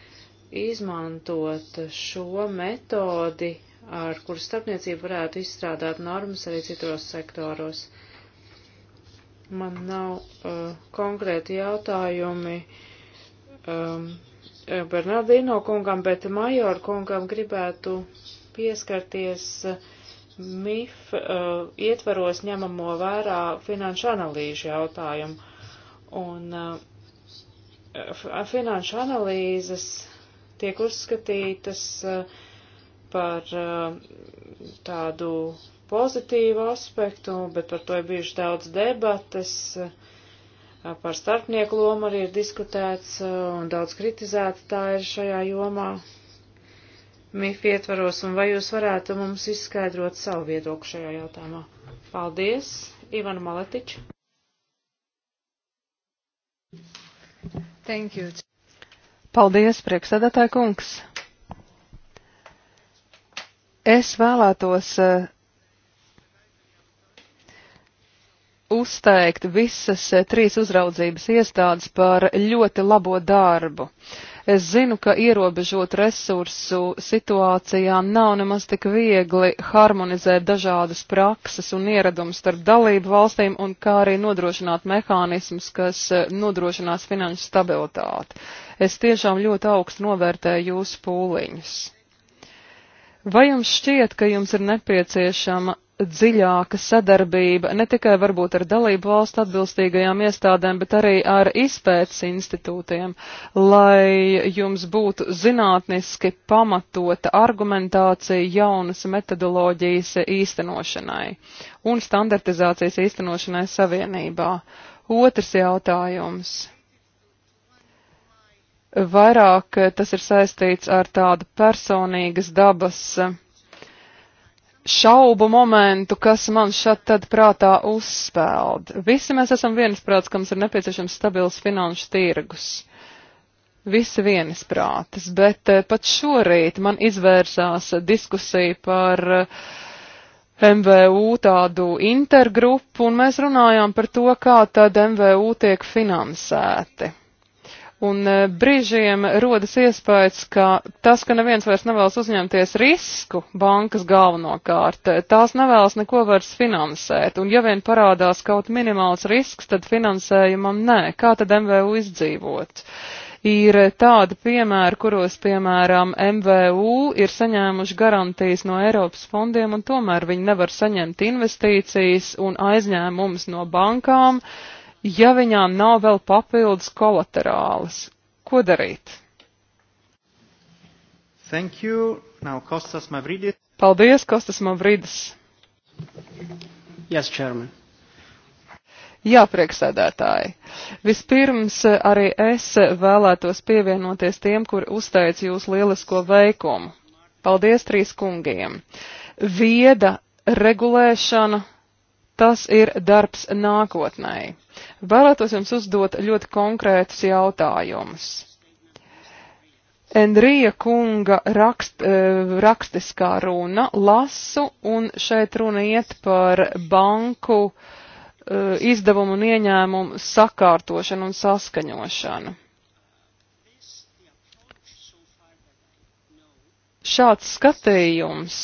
izmantot šo metodi, ar kuru starpniecību varētu izstrādāt normas arī citos sektoros? Man nav uh, konkrēti jautājumi. Um, Bernardino kungam, bet Major kungam gribētu pieskarties uh, MIF uh, eh, ietvaros ņemamo vērā finanšu analīžu jautājumu. Un uh, finanšu analīzes tiek uzskatītas uh, par tādu pozitīvu aspektu, bet par to ir bijuši daudz debates, par starpnieku lomu arī ir diskutēts un daudz kritizēta tā ir šajā jomā. MIF ietvaros, un vai jūs varētu mums izskaidrot savu viedokli šajā jautājumā? Paldies, Ivana Maletiča. Thank you. Paldies, priekšsēdētāja kungs. Es vēlētos uh, uzteikt visas eh, trīs uzraudzības iestādes par ļoti labo darbu. Uh, Es zinu, ka ierobežot resursu situācijā nav nemaz tik viegli harmonizēt dažādas prakses un ieradumus starp dalību valstīm un kā arī nodrošināt mehānismus, kas eh, nodrošinās finanšu stabilitāti. Es tiešām ļoti augstu novērtēju jūsu pūliņus. Vai jums šķiet, ka jums ir nepieciešama dziļāka sadarbība ne tikai varbūt ar dalību valstu atbilstīgajām iestādēm, bet arī ar izpētes institūtiem, lai jums būtu zinātniski pamatota argumentācija jaunas metodoloģijas īstenošanai un standartizācijas īstenošanai savienībā. Otrs jautājums. Vairāk tas ir saistīts ar tādu personīgas dabas uh, šaubu momentu, kas man šad tad prātā uzspēld. Visi mēs esam viensprāts, ka mums ir nepieciešams stabils finanšu tirgus. Visi viensprātis, bet eh, pat šorīt man izvērsās diskusija par uh, eh, MVU tādu intergrupu, un mēs runājām par to, kā tad MVU tiek finansēti. Un eh, brīžiem rodas iespējas, ka tas, ka neviens vairs nevēlas uzņemties risku, bankas galvenokārt, eh, tās nevēlas neko vairs finansēt. Un ja vien parādās kaut minimāls risks, tad finansējumam nē. Kā tad MVU izdzīvot? Ir eh, tādi piemēri, kuros, piemēram, MVU ir saņēmuši garantijas no Eiropas fondiem, un tomēr viņi nevar saņemt investīcijas un aizņēmumus no bankām. Uh, ja viņām nav vēl papildus kolaterālas. Ko darīt? Thank you. Now Kostas Mavridis. Paldies, Kostas Mavridis. Yes, Chairman. Jā, priekšsēdētāji. Vispirms arī es vēlētos pievienoties tiem, kuri uzteica jūsu lielisko veikumu. Paldies trīs kungiem. Vieda regulēšana Tas ir darbs nākotnē. Vēlētos jums uzdot ļoti konkrētus jautājumus. Enrija kunga rakst, e, rakstiskā runa lasu, un šeit runa iet par banku e, izdevumu un ieņēmumu sakārtošanu un saskaņošanu. Šāds skatījums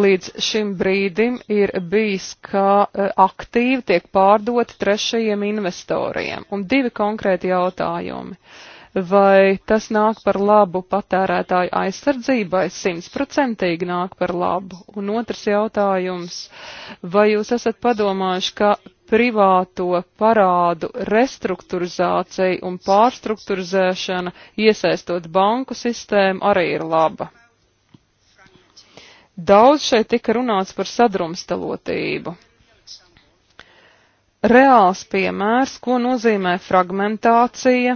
līdz šim brīdim ir bijis, ka e, aktīvi tiek pārdoti trešajiem investoriem. Un divi konkrēti jautājumi. Vai tas nāk par labu patērētāju aizsardzībai? Simtprocentīgi nāk par labu. Un otrs jautājums. Vai jūs esat padomājuši, ka privāto parādu restruktūrizācija un pārstruktūrizēšana, iesaistot banku sistēmu, arī ir laba. Daudz šeit tika runāts par sadrumstalotību. Reāls piemērs, ko nozīmē fragmentācija,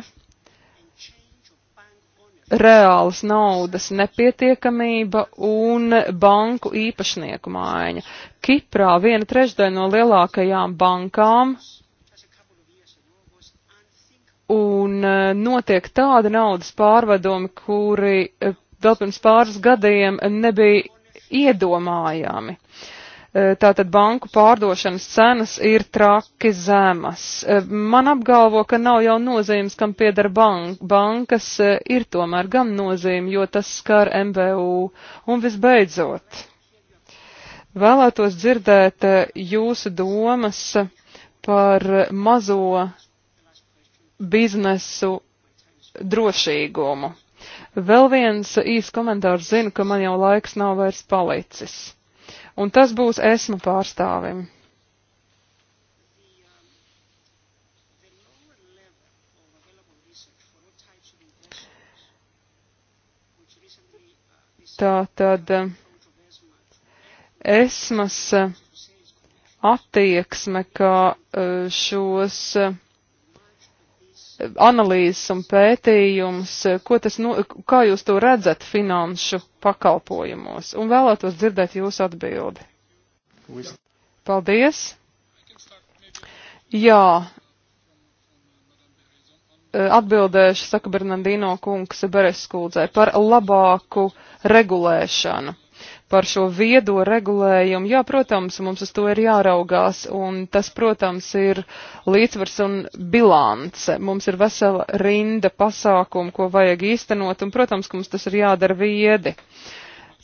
reāls naudas nepietiekamība un banku īpašnieku maiņa. Kiprā viena trešdaļa no lielākajām bankām un e, notiek tādi naudas pārvedumi, kuri e, vēl pirms pāris gadiem nebija iedomājami. E, tātad banku pārdošanas cenas ir traki zemas. E, man apgalvo, ka nav jau nozīmes, kam pieder bank. bankas, e, ir tomēr gan nozīme, jo tas skar MBU. Un visbeidzot, vēlētos dzirdēt jūsu domas par mazo biznesu drošīgumu. Vēl viens īs komentārs zinu, ka man jau laiks nav vairs palicis. Un tas būs esmu pārstāvim. Tā tad eh, esmas eh, attieksme, ka eh, šos analīzes un pētījums, ko tas, nu, kā jūs to redzat finanšu pakalpojumos, un vēlētos dzirdēt jūsu atbildi. Paldies! Jā, atbildēšu, saka Bernardino kungs Bereskuldzē, par labāku regulēšanu par šo viedo regulējumu. Jā, protams, mums uz to ir jāraugās, un tas, protams, ir līdzsvars un bilance. Mums ir vesela rinda pasākumu, ko vajag īstenot, un, protams, ka mums tas ir jādara viedi.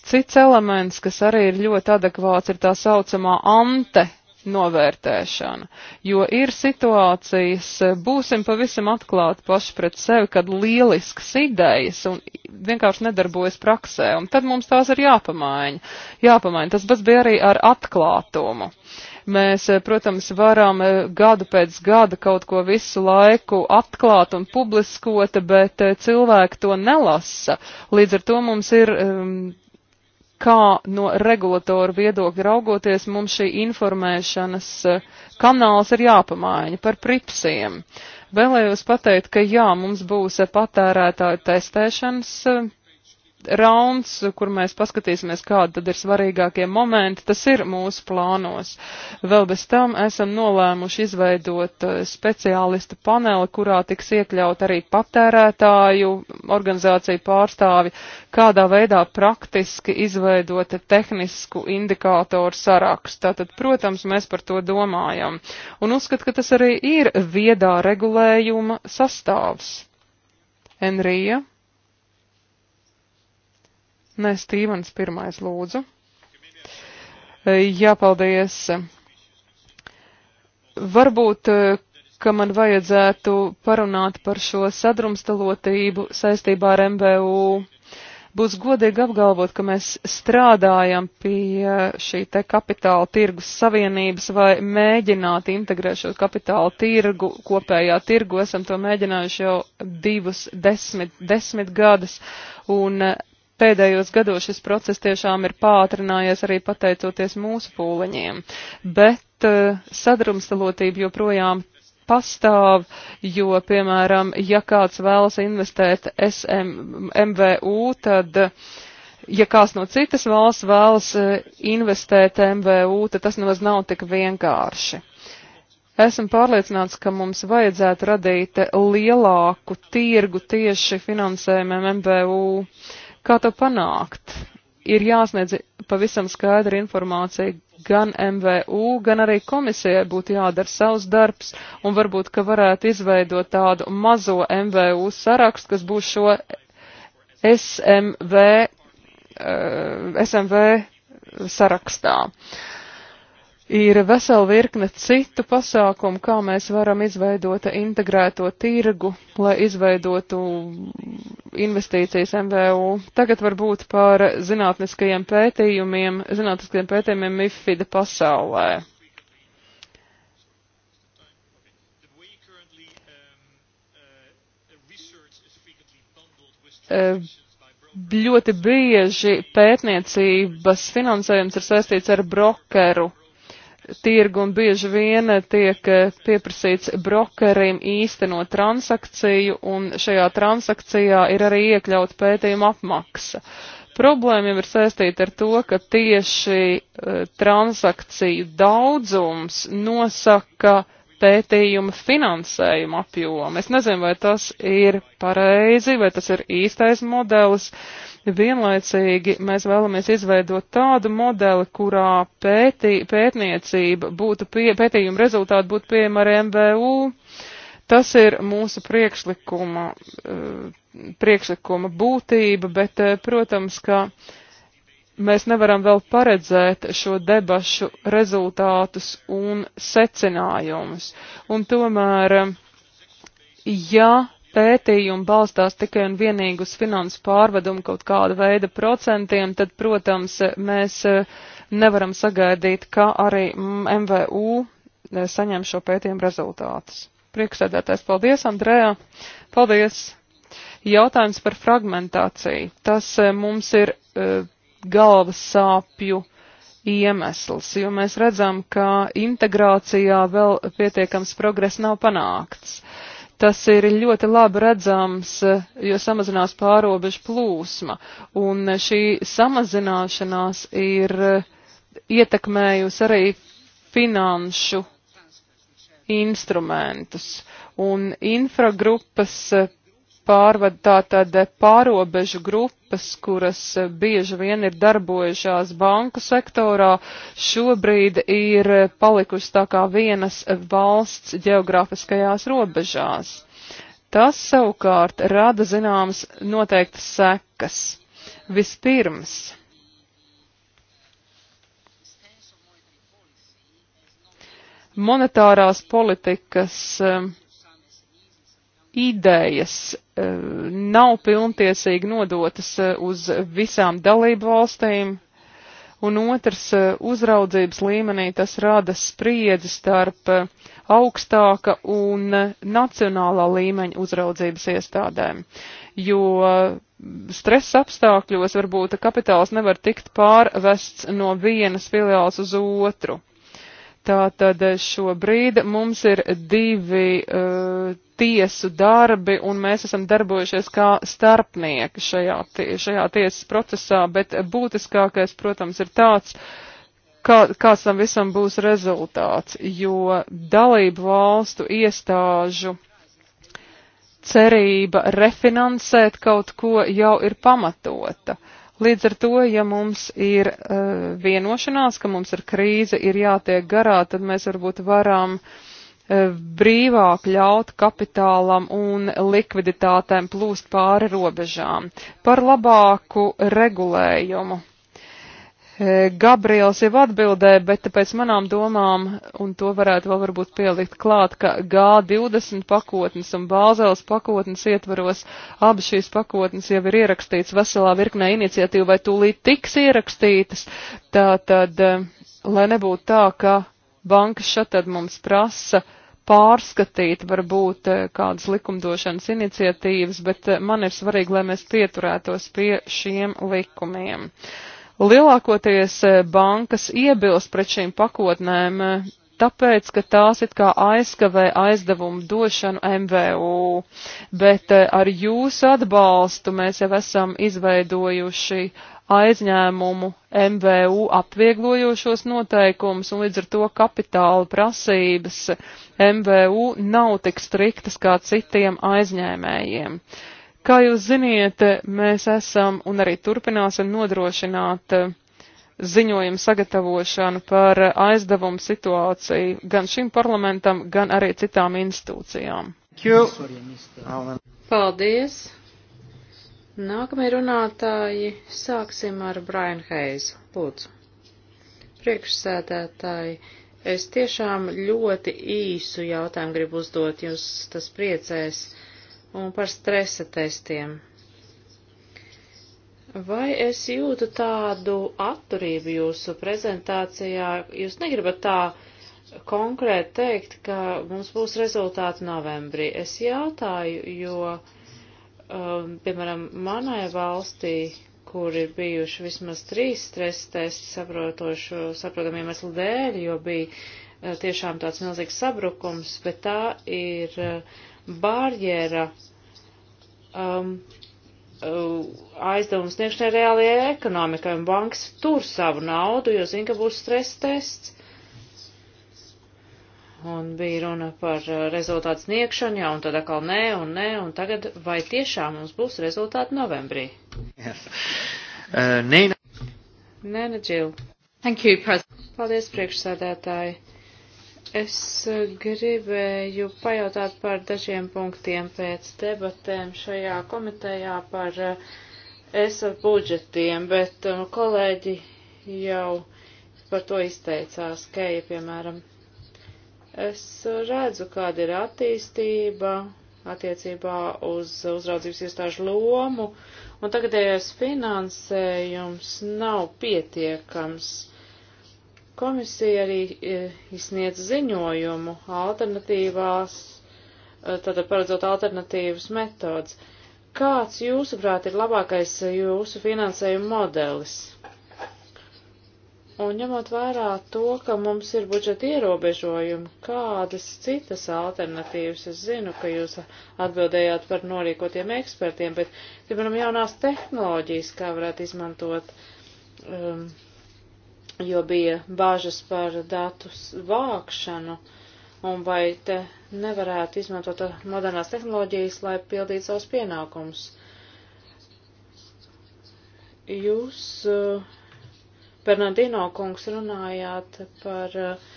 Cits elements, kas arī ir ļoti adekvāts, ir tā saucamā ante novērtēšana. Jo ir situācijas, būsim pavisam atklāti paši pret sevi, kad lielisks idejas un vienkārši nedarbojas praksē, un tad mums tās ir jāpamaina. Jāpamaina. Tas pats bija arī ar atklātumu. Mēs, protams, varam eh, gadu pēc gada kaut ko visu laiku atklāt un publiskot, bet eh, cilvēki to nelasa. Līdz ar to mums ir um, kā no regulatoru viedokļa raugoties mums šī informēšanas eh, kanāls ir jāpamaina par pripsiem. Vēlējos pateikt, ka jā, mums būs patērētāju testēšanas eh, rauns, kur mēs paskatīsimies, kādi tad ir svarīgākie momenti, tas ir mūsu plānos. Vēl bez tam esam nolēmuši izveidot eh, speciālistu paneli, kurā tiks iekļaut arī patērētāju organizāciju pārstāvi, kādā veidā praktiski izveidot tehnisku indikātoru sarakstu. Tātad, protams, mēs par to domājam. Un uzskat, ka tas arī ir viedā regulējuma sastāvs. Enrija. Nē, Stīvens pirmais lūdzu. E, Jāpaldies. Varbūt, e, ka man vajadzētu parunāt par šo sadrumstalotību saistībā ar MBU. Būs godīgi apgalvot, ka mēs strādājam pie šī te kapitāla tirgus savienības vai mēģināt integrēt šo kapitāla tirgu kopējā tirgu. Esam to mēģinājuši jau divus desmit, desmit gadus un pēdējos gados šis process tiešām ir pātrinājies arī pateicoties mūsu pūliņiem, bet eh, sadrumstalotība joprojām pastāv, jo, piemēram, ja kāds vēlas investēt SM, M-M MVU, tad uh, ja kāds no citas valsts vēlas eh, investēt MVU, tad tas nemaz nav tik vienkārši. Esmu pārliecināts, ka mums vajadzētu radīt lielāku tirgu tieši finansējumiem MVU. Uh, Kā to panākt? Ir jāsniedz pavisam skaidra informācija gan MVU, gan arī komisijai būtu jādara savs darbs, un varbūt, ka varētu izveidot tādu mazo MVU sarakstu, kas būs šo SMV, eh, SMV sarakstā. Uh, Ir vesela virkne citu pasākumu, kā mēs varam izveidot integrēto tirgu, lai izveidotu investīcijas MVU. Tagad varbūt par zinātniskajiem pētījumiem, zinātniskajiem pētījumiem MIFID pasaulē. Eh, ļoti bieži pētniecības finansējums ir saistīts ar brokeru tirgu un bieži vien tiek eh, pieprasīts brokerim īstenot transakciju un šajā transakcijā ir arī iekļaut pētījuma apmaksa. Problēma jau ir saistīta ar to, ka tieši uh, transakciju daudzums nosaka uh, pētījuma finansējuma apjomu. Es nezinu, vai tas ir pareizi, vai tas ir īstais modelis. Vienlaicīgi mēs vēlamies izveidot tādu modeli, kurā pētī, pētniecība būtu, pie, pētījuma rezultāti būtu pieejami ar MVU. Tas ir mūsu priekšlikuma, eh, priekšlikuma būtība, bet, eh, protams, ka mēs nevaram vēl paredzēt šo debašu rezultātus un secinājumus. Un tomēr, ja pētījumi balstās tikai un vienīgi uz finansu pārvedumu kaut kāda veida procentiem, tad, protams, mēs eh, nevaram sagaidīt, ka arī MVU eh, saņem šo pētījumu rezultātus. Priekšsēdētājs, paldies, Andrejā! Paldies! Jautājums par fragmentāciju. Tas eh, mums ir galvas sāpju iemesls, jo mēs redzam, ka integrācijā vēl pietiekams progress nav panākts. Tas ir ļoti labi redzams, jo samazinās pārobežu plūsma, un šī samazināšanās ir ietekmējusi arī finanšu instrumentus, un infragrupas pārvada tātad pārobežu grupas, kuras bieži vien ir darbojušās banku sektorā, šobrīd ir palikusi tā kā vienas valsts geografiskajās robežās. Tas savukārt rada zināmas noteiktas sekas. Vispirms. Monetārās politikas uh, idejas eh, nav pilntiesīgi nodotas eh, uz visām dalību valstīm, un otrs eh, uzraudzības līmenī tas rada spriedzi starp augstāka un nacionālā līmeņa uzraudzības iestādēm, jo stresa apstākļos varbūt kapitāls nevar tikt pārvests no vienas filiāls uz otru. Tātad šobrīd mums ir divi uh, tiesu darbi, un mēs esam darbojušies kā starpnieki šajā, šajā tiesas procesā, bet būtiskākais, protams, ir tāds, kā, kāds tam visam būs rezultāts, jo dalību valstu iestāžu cerība refinansēt kaut ko jau ir pamatota. Uh, Līdz ar to, ja mums ir uh, vienošanās, ka mums ar krīze ir jātiek garā, tad mēs varbūt varam uh, brīvāk ļaut kapitālam un likviditātēm plūst pāri robežām par labāku regulējumu. E, Gabriels jau atbildē, bet pēc manām domām, un to varētu vēl varbūt pielikt klāt, ka G20 pakotnes un Bāzeles pakotnes ietvaros abi šīs pakotnes jau ir ierakstīts veselā virknē iniciatīva vai tūlīt tiks ierakstītas. Tā tad, e, lai nebūtu tā, ka bankas šatad mums prasa pārskatīt varbūt e, kādas likumdošanas iniciatīvas, bet man ir svarīgi, lai mēs pieturētos pie šiem likumiem. Uh, Lielākoties eh, bankas iebilst pret šīm pakotnēm, eh, tāpēc, ka tās it kā aizskavē aizdevumu došanu MVU, bet eh, ar jūsu atbalstu mēs jau esam izveidojuši aizņēmumu MVU atvieglojošos noteikumus, un līdz ar to kapitāla prasības MVU nav tik striktas kā citiem aizņēmējiem. Uh, Kā jūs ziniet, mēs esam un arī turpināsim nodrošināt eh, ziņojumu sagatavošanu par aizdevumu situāciju gan šim parlamentam, gan arī citām institūcijām. Paldies! Nākamie runātāji sāksim ar Brian Heizu. Lūdzu. Priekšsēdētāji, es tiešām ļoti īsu jautājumu gribu uzdot, jūs tas priecēs. Uh, un par stresa testiem. Vai es jūtu tādu atturību jūsu prezentācijā? Jūs negribat tā konkrēti teikt, ka mums būs rezultāti novembrī. Es jautāju, jo, um, piemēram, manai valstī, kur ir bijuši vismaz trīs stresa testi saprotamiem iemeslu dēļ, jo bija Eh, tiešām tāds milzīgs sabrukums, bet tā ir eh, barjera um, eh, aizdevumu sniegšanai reālajai ekonomikai, un bankas tur savu naudu, jo zina, ka būs stress tests. Un bija runa par rezultātu sniegšanu, jā, un tad atkal nē, un nē, un tagad vai tiešām mums būs rezultāti novembrī? Yes. Uh, Nina. Nina Džil. Thank you, President. Paldies, priekšsēdētāji. Es eh, gribēju pajautāt par dažiem punktiem pēc debatēm šajā komitejā par eh, ESA budžetiem, bet eh, kolēģi jau par to izteicās, Keja, piemēram. Es redzu, kāda ir attīstība attiecībā uz uzraudzības iestāžu lomu, un tagadējais finansējums nav pietiekams Komisija arī e, izsniedz ziņojumu alternatīvās, e, tātad paredzot alternatīvas metodas. Kāds jūsuprāt ir labākais jūsu finansējuma modelis? Un ņemot vērā to, ka mums ir budžeta ierobežojumi, kādas citas alternatīvas, es zinu, ka jūs atbildējāt par norīkotiem ekspertiem, bet, piemēram, jaunās tehnoloģijas, kā varētu izmantot um, jo bija bāžas par datu vākšanu, un vai te nevarētu izmantot modernās tehnoloģijas, lai pildītu savus pienākumus. Jūs, eh, Bernardino kungs, runājāt par eh,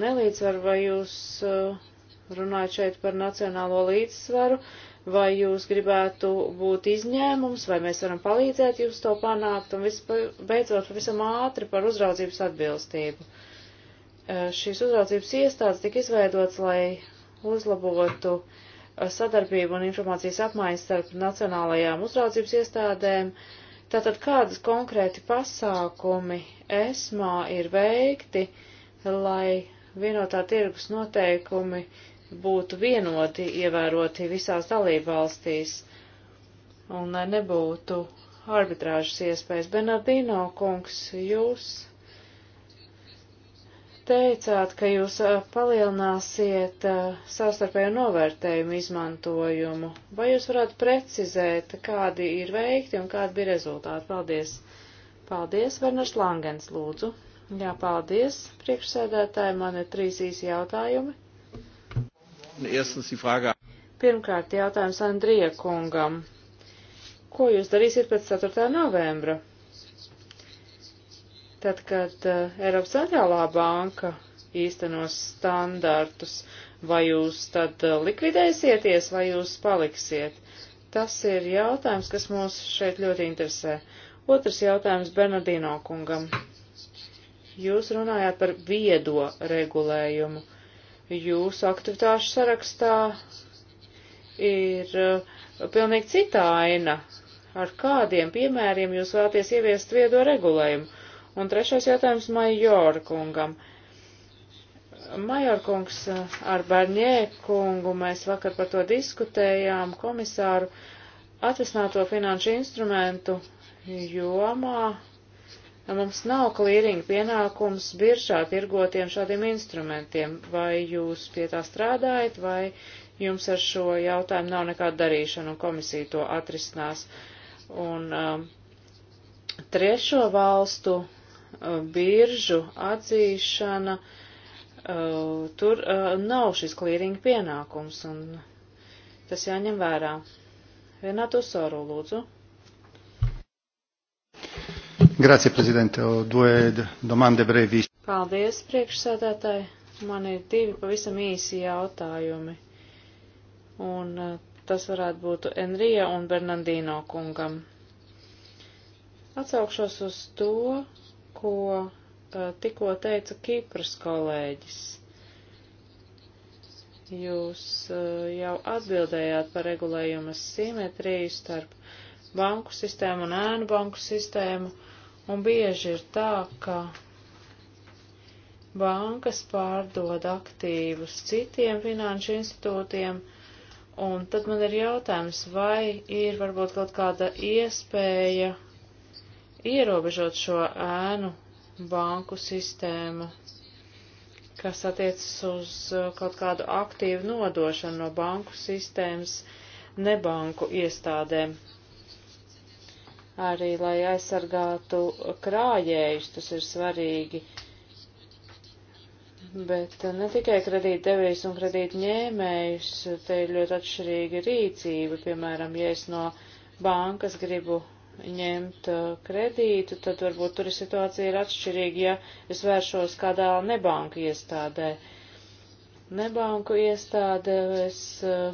nelīdzsvaru, vai jūs eh, runājat šeit par nacionālo līdzsvaru, vai jūs gribētu būt izņēmums, vai mēs varam palīdzēt jums to panākt, un visbeidzot pavisam ātri par uzraudzības atbilstību. Šīs uzraudzības iestādes tika izveidotas, lai uzlabotu sadarbību un informācijas apmaiņas starp nacionālajām uzraudzības iestādēm. Tātad kādas konkrēti pasākumi ESMā ir veikti, lai vienotā tirgus noteikumi uh, būtu vienoti ievēroti visās dalībvalstīs un lai nebūtu arbitrāžas iespējas. Bernardino kungs, jūs teicāt, ka jūs palielināsiet savstarpēju novērtējumu izmantojumu. Vai jūs varētu precizēt, kādi ir veikti un kādi bija rezultāti? Paldies! Paldies, Verners Langens, lūdzu! Jā, paldies, priekšsēdētāji, man ir trīs īsi jautājumi. Pirmkārt, jautājums Andrija kungam. Ko jūs darīsiet pēc 4. novembra? Tad, kad uh, Eiropas centrālā banka īstenos standartus, vai jūs tad uh, likvidēsieties, vai jūs paliksiet? Tas ir jautājums, kas mūs šeit ļoti interesē. Otrs jautājums Bernardino kungam. Jūs runājāt par viedo regulējumu jūsu aktivitāšu sarakstā ir uh, pilnīgi cita aina, ar kādiem piemēriem jūs vēlaties ieviest viedo regulējumu. Un trešais jautājums Majora kungam. Major kungs uh, ar Barņē kungu mēs vakar par to diskutējām komisāru atvesnāto finanšu instrumentu jomā Mums nav klīringa pienākums biržā tirgotiem šādiem instrumentiem. Vai jūs pie tā strādājat, vai jums ar šo jautājumu nav nekāda darīšana un komisija to atrisinās? Un um, trešo valstu uh, biržu atzīšana, uh, tur uh, nav šis klīringa pienākums, un tas jāņem vērā. Vienā to soru lūdzu. Grazie, prezidente, o due domande brevi. Paldies, priekšsādātāji. Man ir divi pavisam īsi jautājumi. Un eh, tas varētu būt Enrija un Bernardino kungam. Atsaukšos uz to, ko eh, tikko teica Kipras kolēģis. Jūs eh, jau atbildējāt par regulējumu simetriju starp banku sistēmu un ēnu banku sistēmu Un bieži ir tā, ka bankas pārdod aktīvus citiem finanšu institūtiem, un tad man ir jautājums, vai ir varbūt kaut kāda iespēja ierobežot šo ēnu banku sistēmu, kas attiecas uz uh, kaut kādu aktīvu nodošanu no banku sistēmas nebanku iestādēm arī, lai aizsargātu krājējus, tas ir svarīgi. Bet uh, ne tikai kredītdevējus un kredītņēmējus, te ir ļoti atšķirīga rīcība. Piemēram, ja es no bankas gribu ņemt uh, kredītu, tad varbūt tur ir situācija ir atšķirīga, ja es vēršos kādā nebanku iestādē. Nebanku iestādē es uh,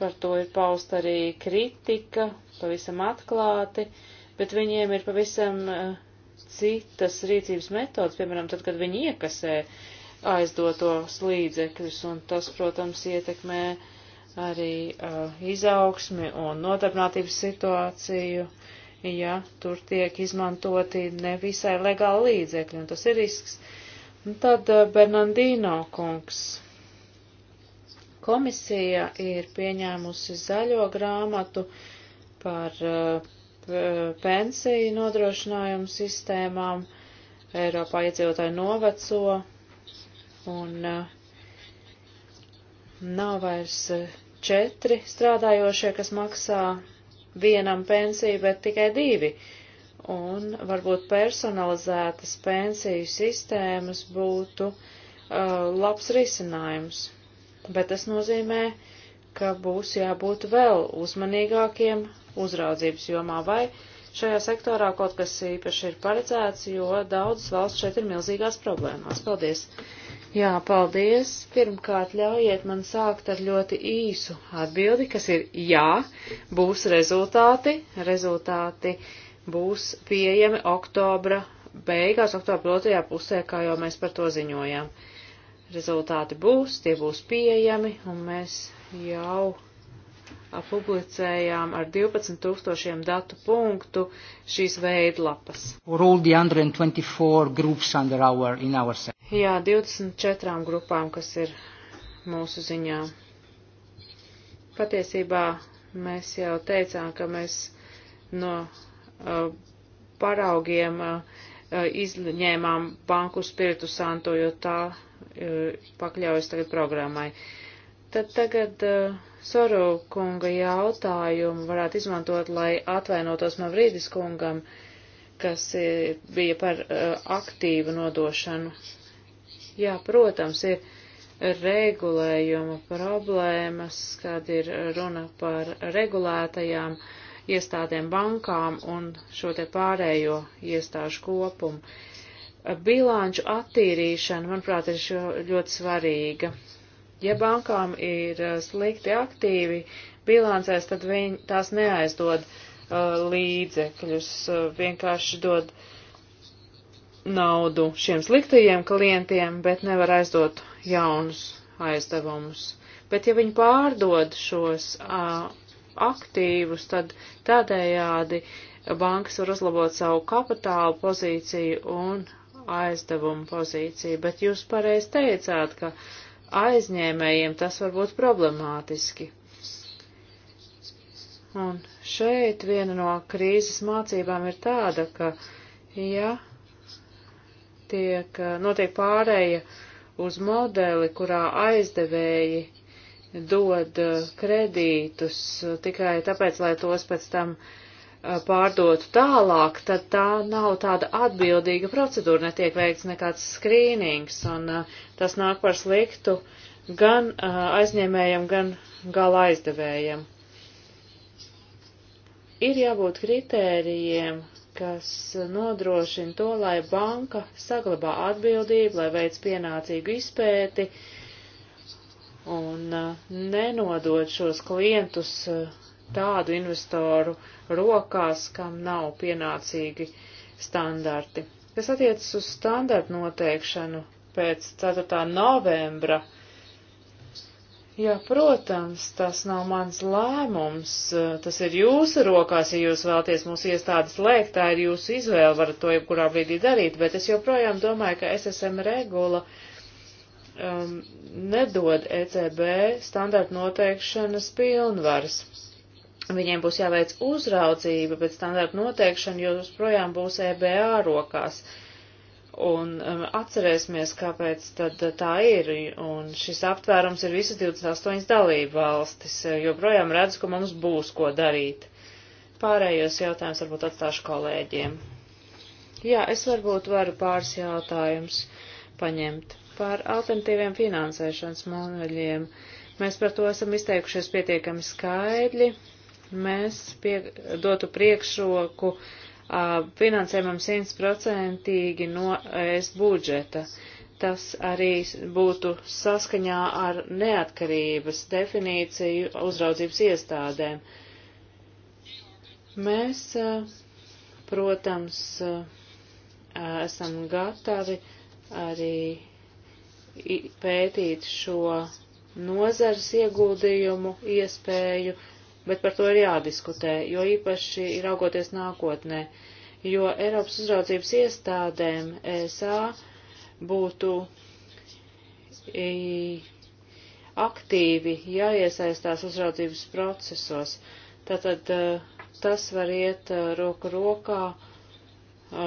par to ir paust arī kritika, pavisam atklāti, bet viņiem ir pavisam eh, citas rīcības metodas, piemēram, tad, kad viņi iekasē aizdotos līdzekļus, un tas, protams, ietekmē arī uh, izaugsmi un nodarbinātības situāciju, ja tur tiek izmantoti nevisai legāli līdzekļi, un tas ir risks. Un tad uh, Bernardino kungs. Komisija ir pieņēmusi zaļo grāmatu, uh, par uh, pensiju nodrošinājumu sistēmām. Eiropā iedzīvotāji noveco un uh, nav vairs uh, četri strādājošie, kas maksā vienam pensiju, bet tikai divi. Un varbūt personalizētas pensiju sistēmas būtu uh, labs risinājums. Bet tas nozīmē, ka būs jābūt vēl uzmanīgākiem uzraudzības jomā, vai šajā sektorā kaut kas īpaši ir paredzēts, jo daudzas valsts šeit ir milzīgās problēmās. Paldies! Jā, paldies! Pirmkārt, ļaujiet man sākt ar ļoti īsu atbildi, kas ir jā, būs rezultāti, rezultāti būs pieejami oktobra beigās, oktobra otrajā pusē, kā jau mēs par to ziņojām. Rezultāti būs, tie būs pieejami, un mēs jau publicējām ar 12 tūkstošiem datu punktu šīs veidlapas. Our, our... Jā, 24 grupām, kas ir mūsu ziņā. Patiesībā mēs jau teicām, ka mēs no uh, paraugiem uh, izņēmām banku spiritu santo, jo tā uh, pakļaujas tagad programmai. Tad tagad uh, Soru kunga jautājumu varētu izmantot, lai atvainotos Mavrīdis kungam, kas bija par e, aktīvu nodošanu. Jā, protams, ir regulējuma problēmas, kad ir runa par regulētajām iestādēm bankām un šo te pārējo iestāžu kopumu bilanču attīrīšana, manuprāt, ir ļoti svarīga. Ja bankām ir eh, slikti aktīvi bilancēs, tad viņi tās neaizdod uh, līdzekļus, uh, vienkārši dod naudu šiem sliktajiem klientiem, bet nevar aizdot jaunus aizdevumus. Bet ja viņi pārdod šos uh, aktīvus, tad tādējādi bankas var uzlabot savu kapitālu pozīciju un aizdevumu pozīciju. Bet jūs pareiz teicāt, ka uh, aizņēmējiem tas var būt problemātiski. Un šeit viena no krīzes mācībām ir tāda, ka, ja tiek, notiek pārēja uz modeli, kurā aizdevēji dod eh, kredītus tikai tāpēc, lai tos pēc tam uh, pārdotu tālāk, tad tā nav tāda atbildīga procedūra, netiek veikts nekāds skrīnings, un uh, tas nāk par sliktu gan uh, aizņēmējiem, gan gala aizdevējiem. Ir jābūt kritērijiem, kas nodrošina to, lai banka saglabā atbildību, lai veic pienācīgu izpēti un uh, nenodot šos klientus uh, tādu investoru rokās, kam nav pienācīgi standarti. Kas attiecas uz standartu noteikšanu pēc 4. novembra, jā, protams, tas nav mans lēmums, tas ir jūsu rokās, ja jūs vēlaties mūsu iestādes lēkt, tā ir jūsu izvēle, varat to jebkurā brīdī darīt, bet es joprojām domāju, ka SSM regula um, nedod ECB standartu noteikšanas pilnvaras. Viņiem būs jāveic uzraudzība, bet standarta noteikšana joprojām būs EBA rokās. Un um, atcerēsimies, kāpēc tad tā ir. Un šis aptvērums ir visas 28 dalība valstis. Joprojām redz, ka mums būs ko darīt. Pārējos jautājumus varbūt atstāšu kolēģiem. Jā, es varbūt varu pāris jautājumus paņemt par alternatīviem finansēšanas modeļiem. Mēs par to esam izteikušies pietiekami skaidri mēs pie, dotu priekšroku finansējumam 100% no ES budžeta. Tas arī būtu saskaņā ar neatkarības definīciju uzraudzības iestādēm. Mēs, protams, esam gatavi arī pētīt šo nozares ieguldījumu iespēju bet par to ir jādiskutē, jo īpaši ir augoties nākotnē, jo Eiropas uzraudzības iestādēm ESA būtu aktīvi jāiesaistās uzraudzības procesos. Tātad e, tas var iet e, roku rokā, e,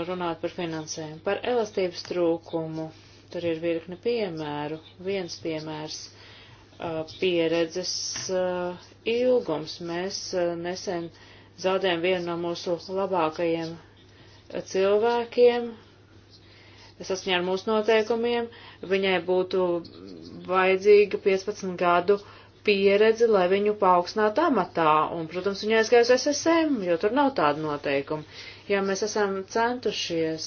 runāt par finansēm. Par elastības trūkumu tur ir virkne piemēru. Viens piemērs pieredzes ilgums. Mēs nesen zaudējam vienu no mūsu labākajiem cilvēkiem, saskaņā ar mūsu noteikumiem, viņai būtu vajadzīga 15 gadu pieredze, lai viņu paaugstinātu amatā, un, protams, viņai aizgājas SSM, jo tur nav tāda noteikuma. Ja mēs esam centušies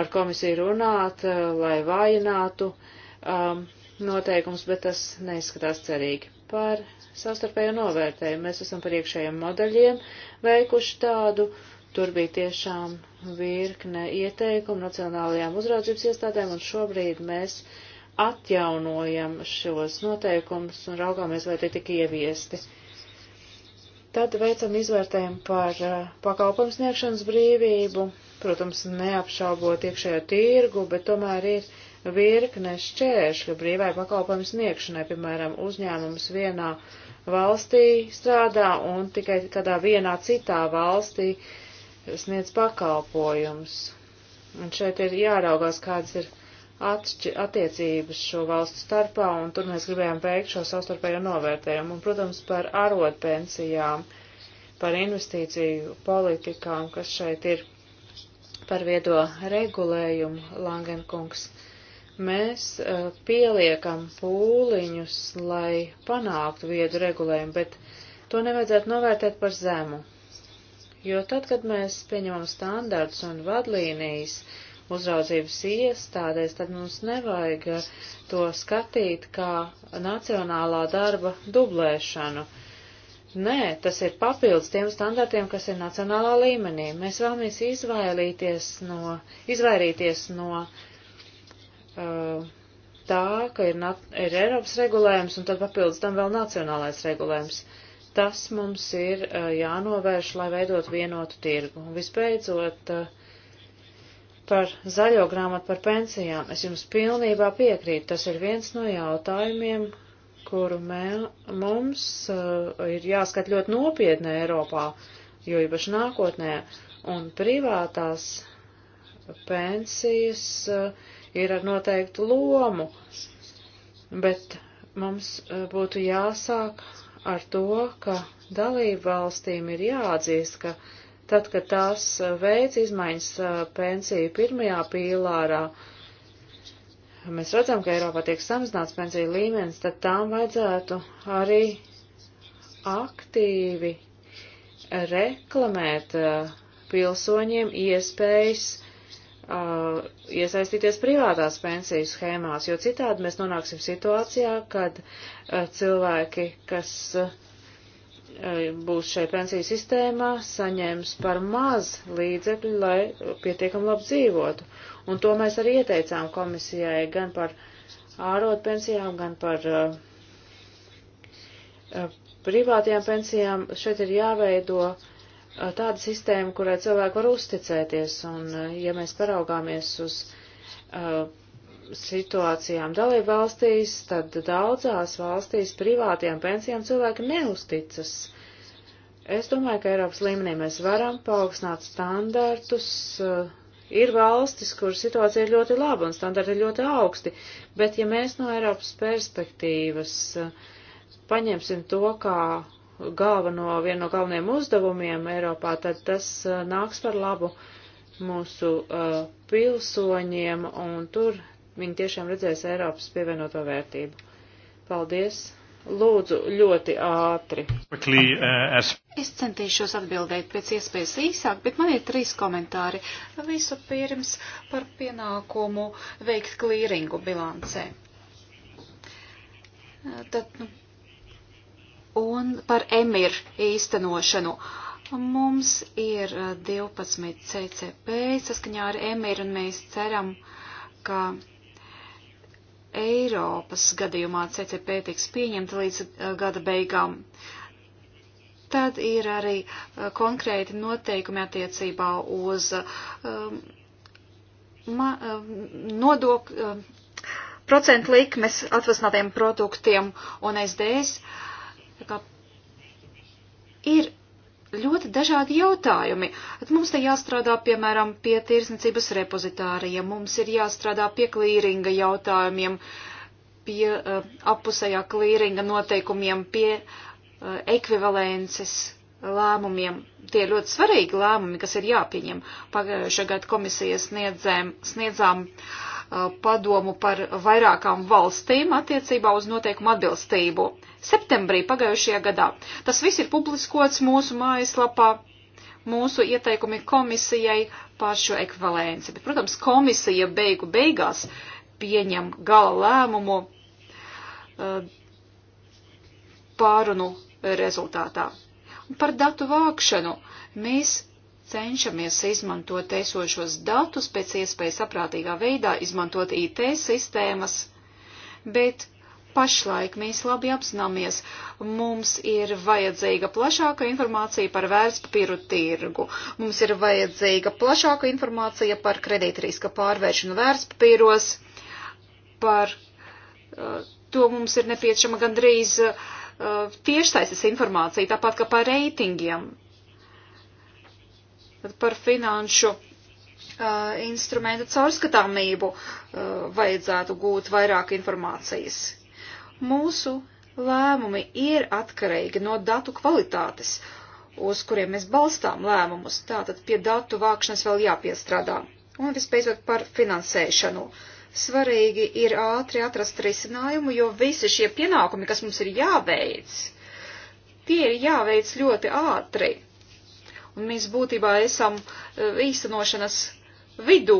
ar komisiju runāt, lai vājinātu um, noteikums, bet tas neizskatās cerīgi. Par savstarpējo novērtējumu mēs esam par iekšējiem modeļiem veikuši tādu. Tur bija tiešām virkne ieteikumu nacionālajām uzraudzības iestādēm, un šobrīd mēs atjaunojam šos noteikumus un raugāmies, vai tie tika ieviesti. Tad veicam izvērtējumu par eh, pakalpojumu sniegšanas brīvību, protams, neapšaubot iekšējo tirgu, bet tomēr ir virkne šķēršļu brīvai pakalpojumu sniegšanai, piemēram, uzņēmums vienā valstī strādā un tikai kādā vienā citā valstī sniedz pakalpojumus. Un šeit ir jāraugās, kādas ir atšķi, attiecības šo valstu starpā, un tur mēs gribējām veikt šo savstarpējo novērtējumu. Un, protams, par arotpensijām, par investīciju politikām, kas šeit ir par viedo regulējumu, Langenkungs mēs uh, pieliekam pūliņus, lai panāktu viedu regulējumu, bet to nevajadzētu novērtēt par zemu. Jo tad, kad mēs pieņemam standartus un vadlīnijas uzraudzības iestādēs, tad mums nevajag eh, to skatīt kā nacionālā darba dublēšanu. Nē, tas ir papildus tiem standartiem, kas ir nacionālā līmenī. Mēs vēlamies izvairīties no, izvairīties no uh, Uh, tā, ka ir, ir Eiropas regulējums un tad papildus tam vēl nacionālais regulējums. Tas mums ir uh, jānovērš, lai veidot vienotu tirgu. Un visbeidzot, uh, par zaļo grāmatu par pensijām es jums pilnībā piekrītu. Tas ir viens no jautājumiem, kuru mē, mums ir jāskat ļoti nopietni Eiropā, jo īpaši nākotnē. Un privātās pensijas uh, ir ar noteiktu lomu, bet mums e, būtu jāsāk ar to, ka dalību valstīm ir jāatzīst, ka tad, kad tās e, veids izmaiņas e, pensiju pirmajā pīlārā, mēs redzam, ka Eiropā tiek samazināts pensiju līmenis, tad tām vajadzētu arī aktīvi reklamēt pilsoņiem iespējas uh, iesaistīties privātās pensiju schēmās, jo citādi mēs nonāksim situācijā, kad uh, cilvēki, kas uh, būs šai pensiju sistēmā, saņems par maz līdzekļu, lai pietiekam labi dzīvotu. Un to mēs arī ieteicām komisijai gan par ārotpensijām, gan par uh, uh, privātajām pensijām. Šeit ir jāveido uh, Eh, tāda sistēma, kurai cilvēki var uzticēties, un eh, ja mēs paraugāmies uz uh, situācijām dalību valstīs, tad daudzās valstīs privātiem pensijām cilvēki neusticas. Es domāju, ka Eiropas līmenī mēs varam paaugstināt standartus, uh, ir valstis, kur situācija ir ļoti laba un standarti ir ļoti augsti, bet ja mēs no Eiropas perspektīvas paņemsim to kā galveno, vienu no galvenajiem uzdevumiem Eiropā, tad tas uh, nāks par labu mūsu uh, pilsoņiem, un tur viņi tiešām redzēs Eiropas pievienoto vērtību. Paldies! Lūdzu, ļoti ātri. Uh, es centīšos atbildēt pēc iespējas īsāk, bet man ir trīs komentāri. Visu pirms par pienākumu veikt klīringu bilancē. Tad nu, un par emir īstenošanu. Mums ir 12 eh, CCP saskaņā ar emir, un mēs ceram, ka Eiropas gadījumā CCP tiks pieņemta līdz eh, gada beigām. Tad ir arī eh, konkrēti noteikumi attiecībā uz um, ma, nodok, um, procentu likmes atvasinātiem produktiem un SDS. Uh, kā ir ļoti dažādi jautājumi. At mums te jāstrādā, piemēram, pie tirsniecības repozitārija, mums ir jāstrādā pie klīringa jautājumiem, pie uh, apusējā klīringa noteikumiem, pie uh, ekvivalences lēmumiem. Tie ir ļoti svarīgi lēmumi, kas ir jāpieņem. Pagājušajā gadā komisijas sniedzēm, sniedzām uh, Uh, padomu par vairākām valstīm attiecībā uz noteikumu atbilstību. Septembrī pagājušajā gadā. Tas viss ir publiskots mūsu mājaslapā, mūsu ieteikumi komisijai par šo ekvivalenci. Bet, protams, komisija beigu beigās pieņem gala lēmumu uh, pārunu rezultātā. Un par datu vākšanu mēs cenšamies izmantot esošos datus pēc iespējas saprātīgā veidā, izmantot IT sistēmas, bet pašlaik mēs labi apzināmies, mums ir vajadzīga plašāka informācija par vērtspapīru tirgu, mums ir vajadzīga plašāka informācija par kredītriska pārvēršanu vērtspapīros, par uh, to mums ir nepieciešama gandrīz uh, tiešsaistes informācija, tāpat kā par reitingiem par finanšu uh, instrumentu caurskatāmību uh, vajadzētu gūt vairāk informācijas. Mūsu lēmumi ir atkarīgi no datu kvalitātes, uz kuriem mēs balstām lēmumus, tātad pie datu vākšanas vēl jāpiestrādā. Un vispēcot par finansēšanu. Svarīgi ir ātri atrast risinājumu, jo visi šie pienākumi, kas mums ir jāveic, tie ir jāveic ļoti ātri un mēs būtībā esam e, īstenošanas vidū.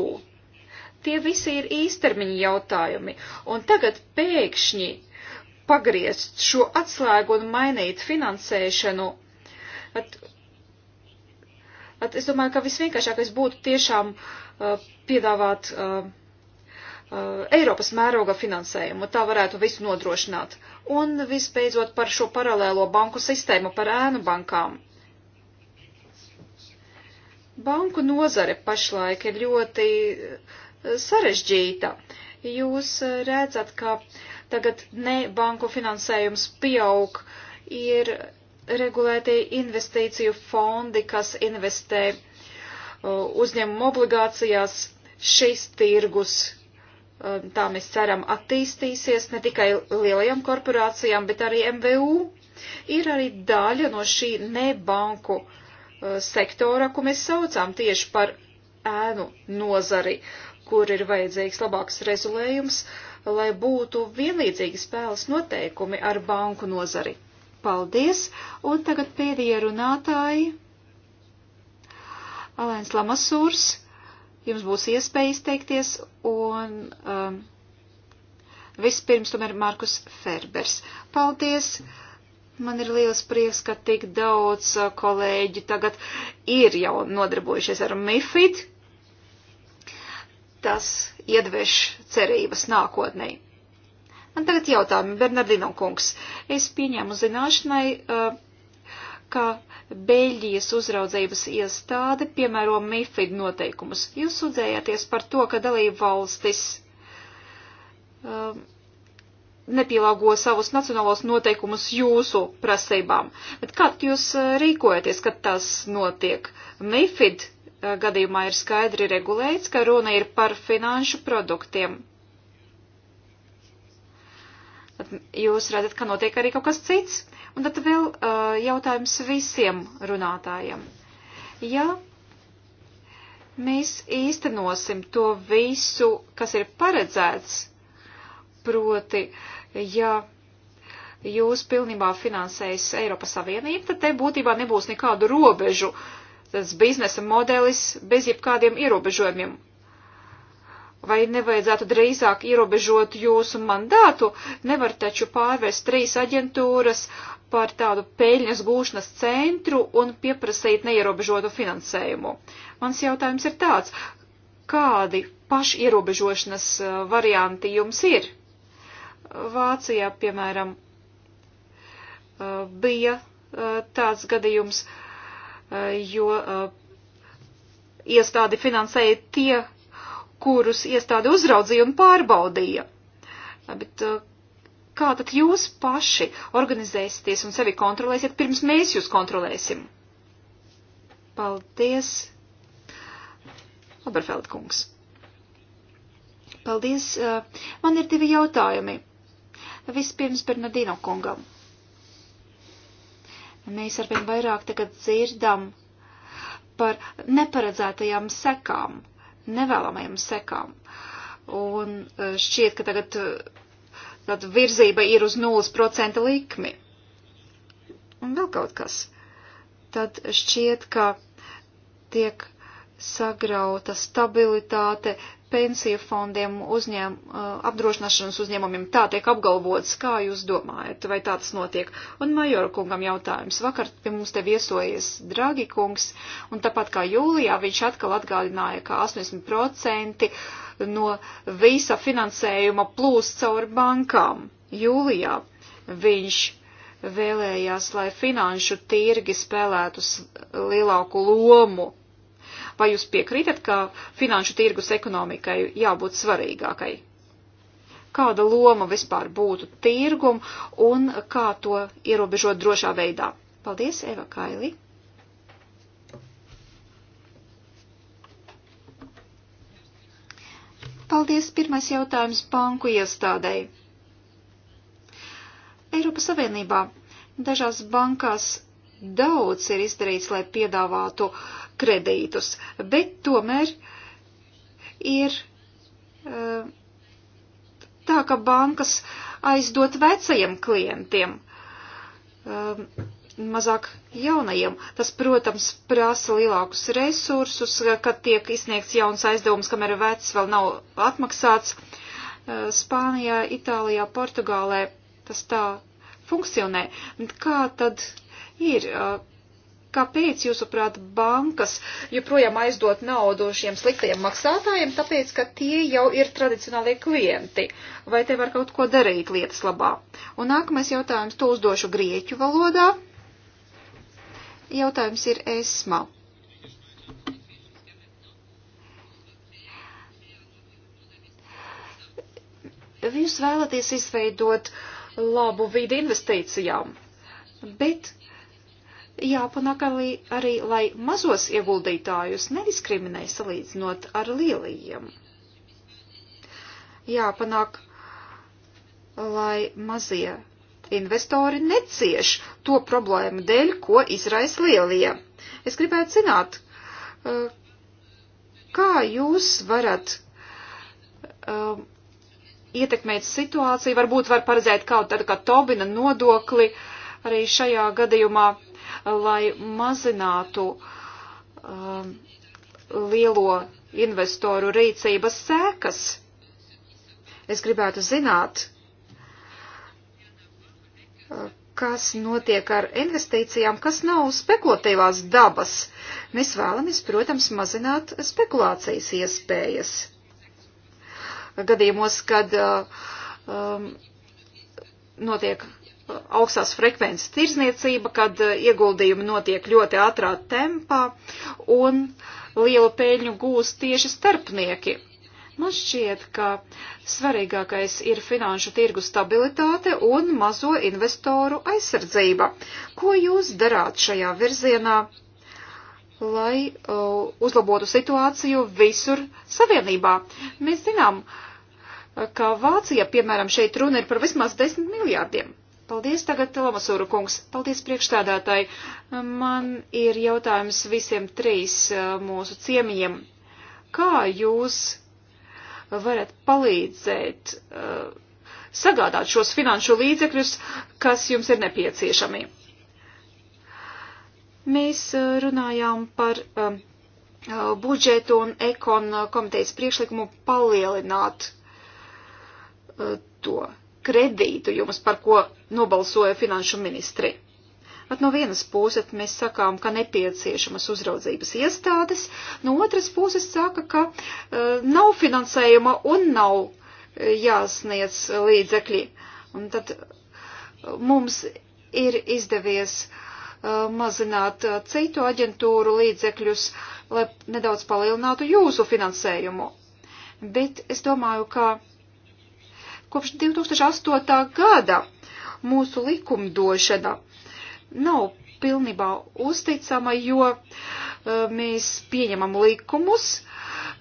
Tie visi ir īstermiņa jautājumi, un tagad pēkšņi pagriezt šo atslēgu un mainīt finansēšanu. At, at es domāju, ka visvienkāršākais būtu tiešām uh, piedāvāt uh, uh, Eiropas mēroga finansējumu, tā varētu visu nodrošināt. Un visbeidzot par šo paralēlo banku sistēmu, par ēnu bankām. Banku nozare pašlaik ir ļoti eh, sarežģīta. Jūs eh, redzat, ka tagad ne banku finansējums pieaug, ir regulēti investīciju fondi, kas investē eh, uzņēmumu obligācijās. Šis tirgus, tā mēs ceram, attīstīsies ne tikai lielajām korporācijām, bet arī MVU. Ir arī daļa no šī nebanku Uh, sektora, ko mēs saucām tieši par ēnu nozari, kur ir vajadzīgs labāks regulējums, lai būtu vienlīdzīgi spēles noteikumi ar banku nozari. Paldies! Un tagad pēdējie runātāji. Alēns Lamasūrs, jums būs iespēja izteikties, un um, vispirms tomēr Markus Ferbers. Paldies! Mm. Man ir liels prieks, ka tik daudz uh, kolēģi tagad ir jau nodarbojušies ar MIFID. Tas iedveš cerības nākotnē. Man tagad jautājumi, Bernardino kungs. Es pieņēmu zināšanai, uh, ka Beļģijas uzraudzības iestāde piemēro MIFID noteikumus. Jūs sūdzējāties par to, ka dalība valstis um, nepielāgo savus nacionālos noteikumus jūsu prasībām. Bet kā jūs eh, rīkojaties, kad tas notiek? MIFID eh, gadījumā ir skaidri regulēts, ka runa ir par finanšu produktiem. Tad jūs redzat, ka notiek arī kaut kas cits. Un tad vēl uh, jautājums visiem runātājiem. Ja mēs īstenosim to visu, kas ir paredzēts, proti uh, ja jūs pilnībā finansējas Eiropas Savienība, tad te būtībā nebūs nekādu robežu. Tas biznesa modelis bez jebkādiem ierobežojumiem. Vai nevajadzētu drīzāk ierobežot jūsu mandātu? Nevar taču pārvērst trīs aģentūras par tādu peļņas gūšanas centru un pieprasīt neierobežotu finansējumu. Mans jautājums ir tāds, kādi pašierobežošanas eh, varianti jums ir? Vācijā, piemēram, uh, bija uh, tāds gadījums, uh, jo iestādi finansēja tie, kurus iestādi uzraudzīja un pārbaudīja. Bet kā tad jūs paši organizēsieties un sevi kontrolēsiet, pirms mēs jūs kontrolēsim? Paldies, Oberfeld kungs. Paldies. Man ir divi jautājumi. Vispirms Bernardino kungam. Mēs arvien vairāk tagad dzirdam par neparedzētajām sekām, nevēlamajām sekām. Un e, šķiet, ka tagad e, tad virzība ir uz 0% likmi. Un vēl kaut kas. Tad šķiet, ka tiek sagrauta stabilitāte, pensiju fondiem, uzņēm, uh, apdrošināšanas uzņēmumiem. Tā tiek apgalvots, kā jūs domājat, vai tā tas notiek. Un Majora kungam jautājums. Vakar pie mums te viesojies Dragi kungs, un tāpat kā jūlijā viņš atkal atgādināja, ka 80% no visa finansējuma plūst caur bankām. Jūlijā viņš vēlējās, lai finanšu tirgi spēlētu lielāku lomu Vai jūs piekrītat, ka finanšu tirgus ekonomikai jābūt svarīgākai? Kāda loma vispār būtu tirgum un kā to ierobežot drošā veidā? Paldies, Eva Kaili! Paldies, pirmais jautājums banku iestādēji. Eiropas Savienībā dažās bankās daudz ir izdarīts, lai piedāvātu kredītus, bet tomēr ir eh, tā, ka bankas aizdot vecajiem klientiem, eh, mazāk jaunajiem. Tas, protams, prasa lielākus resursus, kad tiek izsniegts jauns aizdevums, kamēr vecs vēl nav atmaksāts. Eh, Spānijā, Itālijā, Portugālē tas tā funkcionē. Kā tad ir? Kāpēc, jūsuprāt, bankas joprojām aizdot naudu šiem sliktajiem maksātājiem? Tāpēc, ka tie jau ir tradicionālie klienti. Vai te var kaut ko darīt lietas labā? Un nākamais jautājums to uzdošu grieķu valodā. Jautājums ir esma. Jūs vēlaties izveidot labu vidi investīcijām, bet jāpanāk arī, arī, lai mazos ieguldītājus nediskriminē salīdzinot ar lielajiem. Jāpanāk, lai mazie investori necieš to problēmu dēļ, ko izraisa lielie. Es gribētu zināt, eh, kā jūs varat um, ietekmēt situāciju, varbūt var paredzēt kaut tādu kā Tobina nodokli arī šajā gadījumā lai mazinātu um, lielo investoru rīcības sēkas. Es gribētu zināt, uh, kas notiek ar investīcijām, kas nav spekulatīvās dabas. Mēs vēlamies, protams, mazināt spekulācijas iespējas. Gadījumos, kad uh, um, notiek augstās frekvences tirzniecība, kad e, ieguldījumi notiek ļoti ātrā tempā un lielu peļņu gūs tieši starpnieki. Man šķiet, ka svarīgākais ir finanšu tirgu stabilitāte un mazo investoru aizsardzība. Ko jūs darāt šajā virzienā, lai uh, uzlabotu situāciju visur savienībā? Mēs zinām, e, ka Vācija, piemēram, šeit runa ir par vismaz 10 miljārdiem Paldies tagad, Lamasūra kungs. Paldies priekšstādātāji. Man ir jautājums visiem trīs eh, mūsu ciemiņiem. Kā jūs varat palīdzēt eh, sagādāt šos finanšu līdzekļus, kas jums ir nepieciešami? Mēs eh, runājām par budžetu un ekon komitejas priekšlikumu palielināt to kredītu jums, par ko nobalsoja finanšu ministri. At no vienas puses mēs sakām, ka nepieciešamas uzraudzības iestādes, no otras puses saka, ka uh, nav finansējuma un nav uh, jāsniedz līdzekļi. Un tad uh, mums ir izdevies uh, mazināt uh, citu aģentūru līdzekļus, lai nedaudz palielinātu jūsu finansējumu. Bet es domāju, ka Kopš 2008. gada mūsu likumdošana nav pilnībā uzticama, jo uh, mēs pieņemam likumus,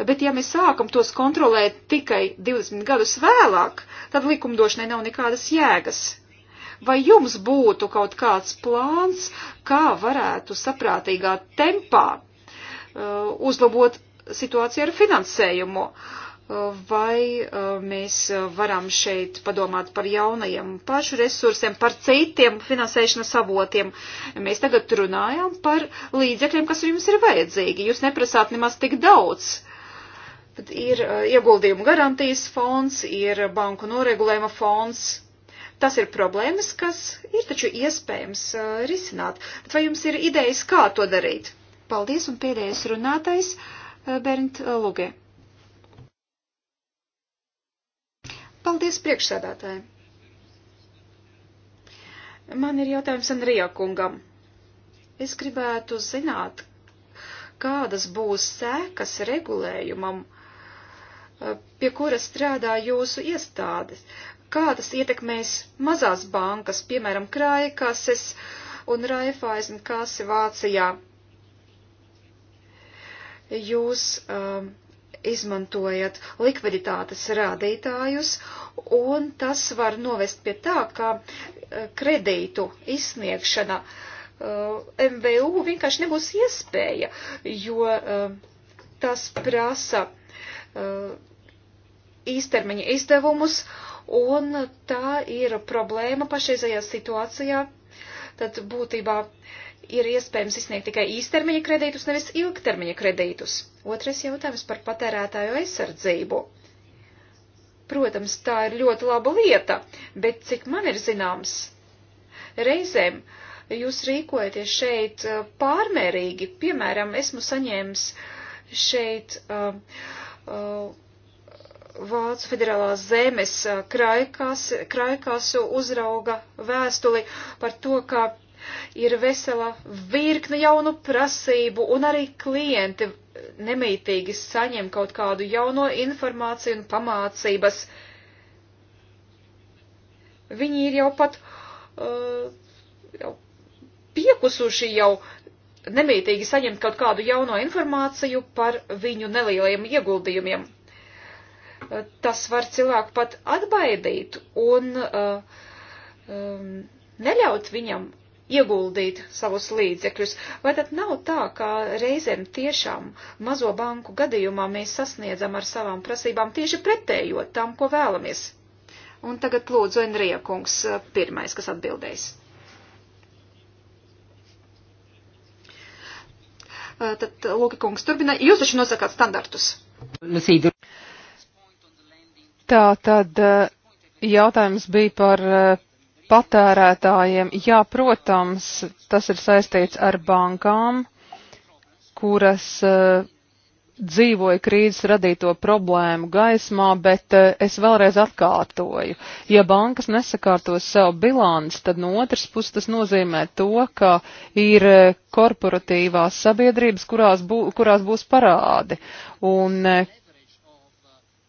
bet ja mēs sākam tos kontrolēt tikai 20 gadus vēlāk, tad likumdošanai nav nekādas jēgas. Vai jums būtu kaut kāds plāns, kā varētu saprātīgā tempā uh, uzlabot situāciju ar finansējumu? Uh, vai uh, mēs uh, varam šeit padomāt par jaunajiem pašu resursiem, par citiem finansēšanas avotiem. Mēs tagad runājam par līdzekļiem, kas jums ir vajadzīgi. Jūs neprasāt nemaz tik daudz. Tad ir uh, ieguldījumu garantijas fonds, ir banku noregulējuma fonds. Tas ir problēmas, kas ir taču iespējams risināt. Bet vai jums ir idejas, kā to darīt? Paldies un pēdējais runātais Bernt Lugē. Paldies priekšsēdētāji! Man ir jautājums Andrija kungam. Es gribētu zināt, kādas būs sēkas regulējumam, pie kura strādā jūsu iestādes, kā tas ietekmēs mazās bankas, piemēram, Kraikases un Raifaisen kase Vācijā. Jūs um, izmantojat likviditātes rādītājus, un tas var novest pie tā, ka eh, kredītu izsniegšana eh, MVU vienkārši nebūs iespēja, jo eh, tas prasa īstermiņa izdevumus, un tā ir problēma pašreizajā situācijā. Tad būtībā uh, ir iespējams izsniegt tikai īstermiņa kredītus, nevis ilgtermiņa kredītus. Otrais jautājums par patērētāju aizsardzību. Protams, tā ir ļoti laba lieta, bet cik man ir zināms, reizēm jūs rīkojaties šeit uh, pārmērīgi. Piemēram, esmu saņēmis šeit uh, uh, Vācu federālās zemes uh, krājkasu uzrauga vēstuli par to, ka ir vesela virkne jaunu prasību, un arī klienti nemītīgi saņem kaut kādu jauno informāciju un pamācības. Viņi ir jau pat uh, jau piekusuši jau nemītīgi saņemt kaut kādu jauno informāciju par viņu nelieliem ieguldījumiem. Uh, tas var cilvēku pat atbaidīt un uh, um, neļaut viņam ieguldīt savus līdzekļus. Vai tad nav tā, ka reizēm tiešām mazo banku gadījumā mēs sasniedzam ar savām prasībām tieši pretējo tam, ko vēlamies? Un tagad lūdzu Enrija kungs pirmais, kas atbildēs. Tad Lūki kungs turpina. Jūs taču nosakāt standartus. Tā tad jautājums bija par patērētājiem. Jā, protams, tas ir saistīts ar bankām, kuras uh, dzīvoja krīzes radīto problēmu gaismā, bet uh, es vēlreiz atkārtoju. Ja bankas nesakārtos savu bilanci, tad no otras puses tas nozīmē to, ka ir eh, korporatīvās sabiedrības, kurās, bū, kurās būs parādi. Un uh,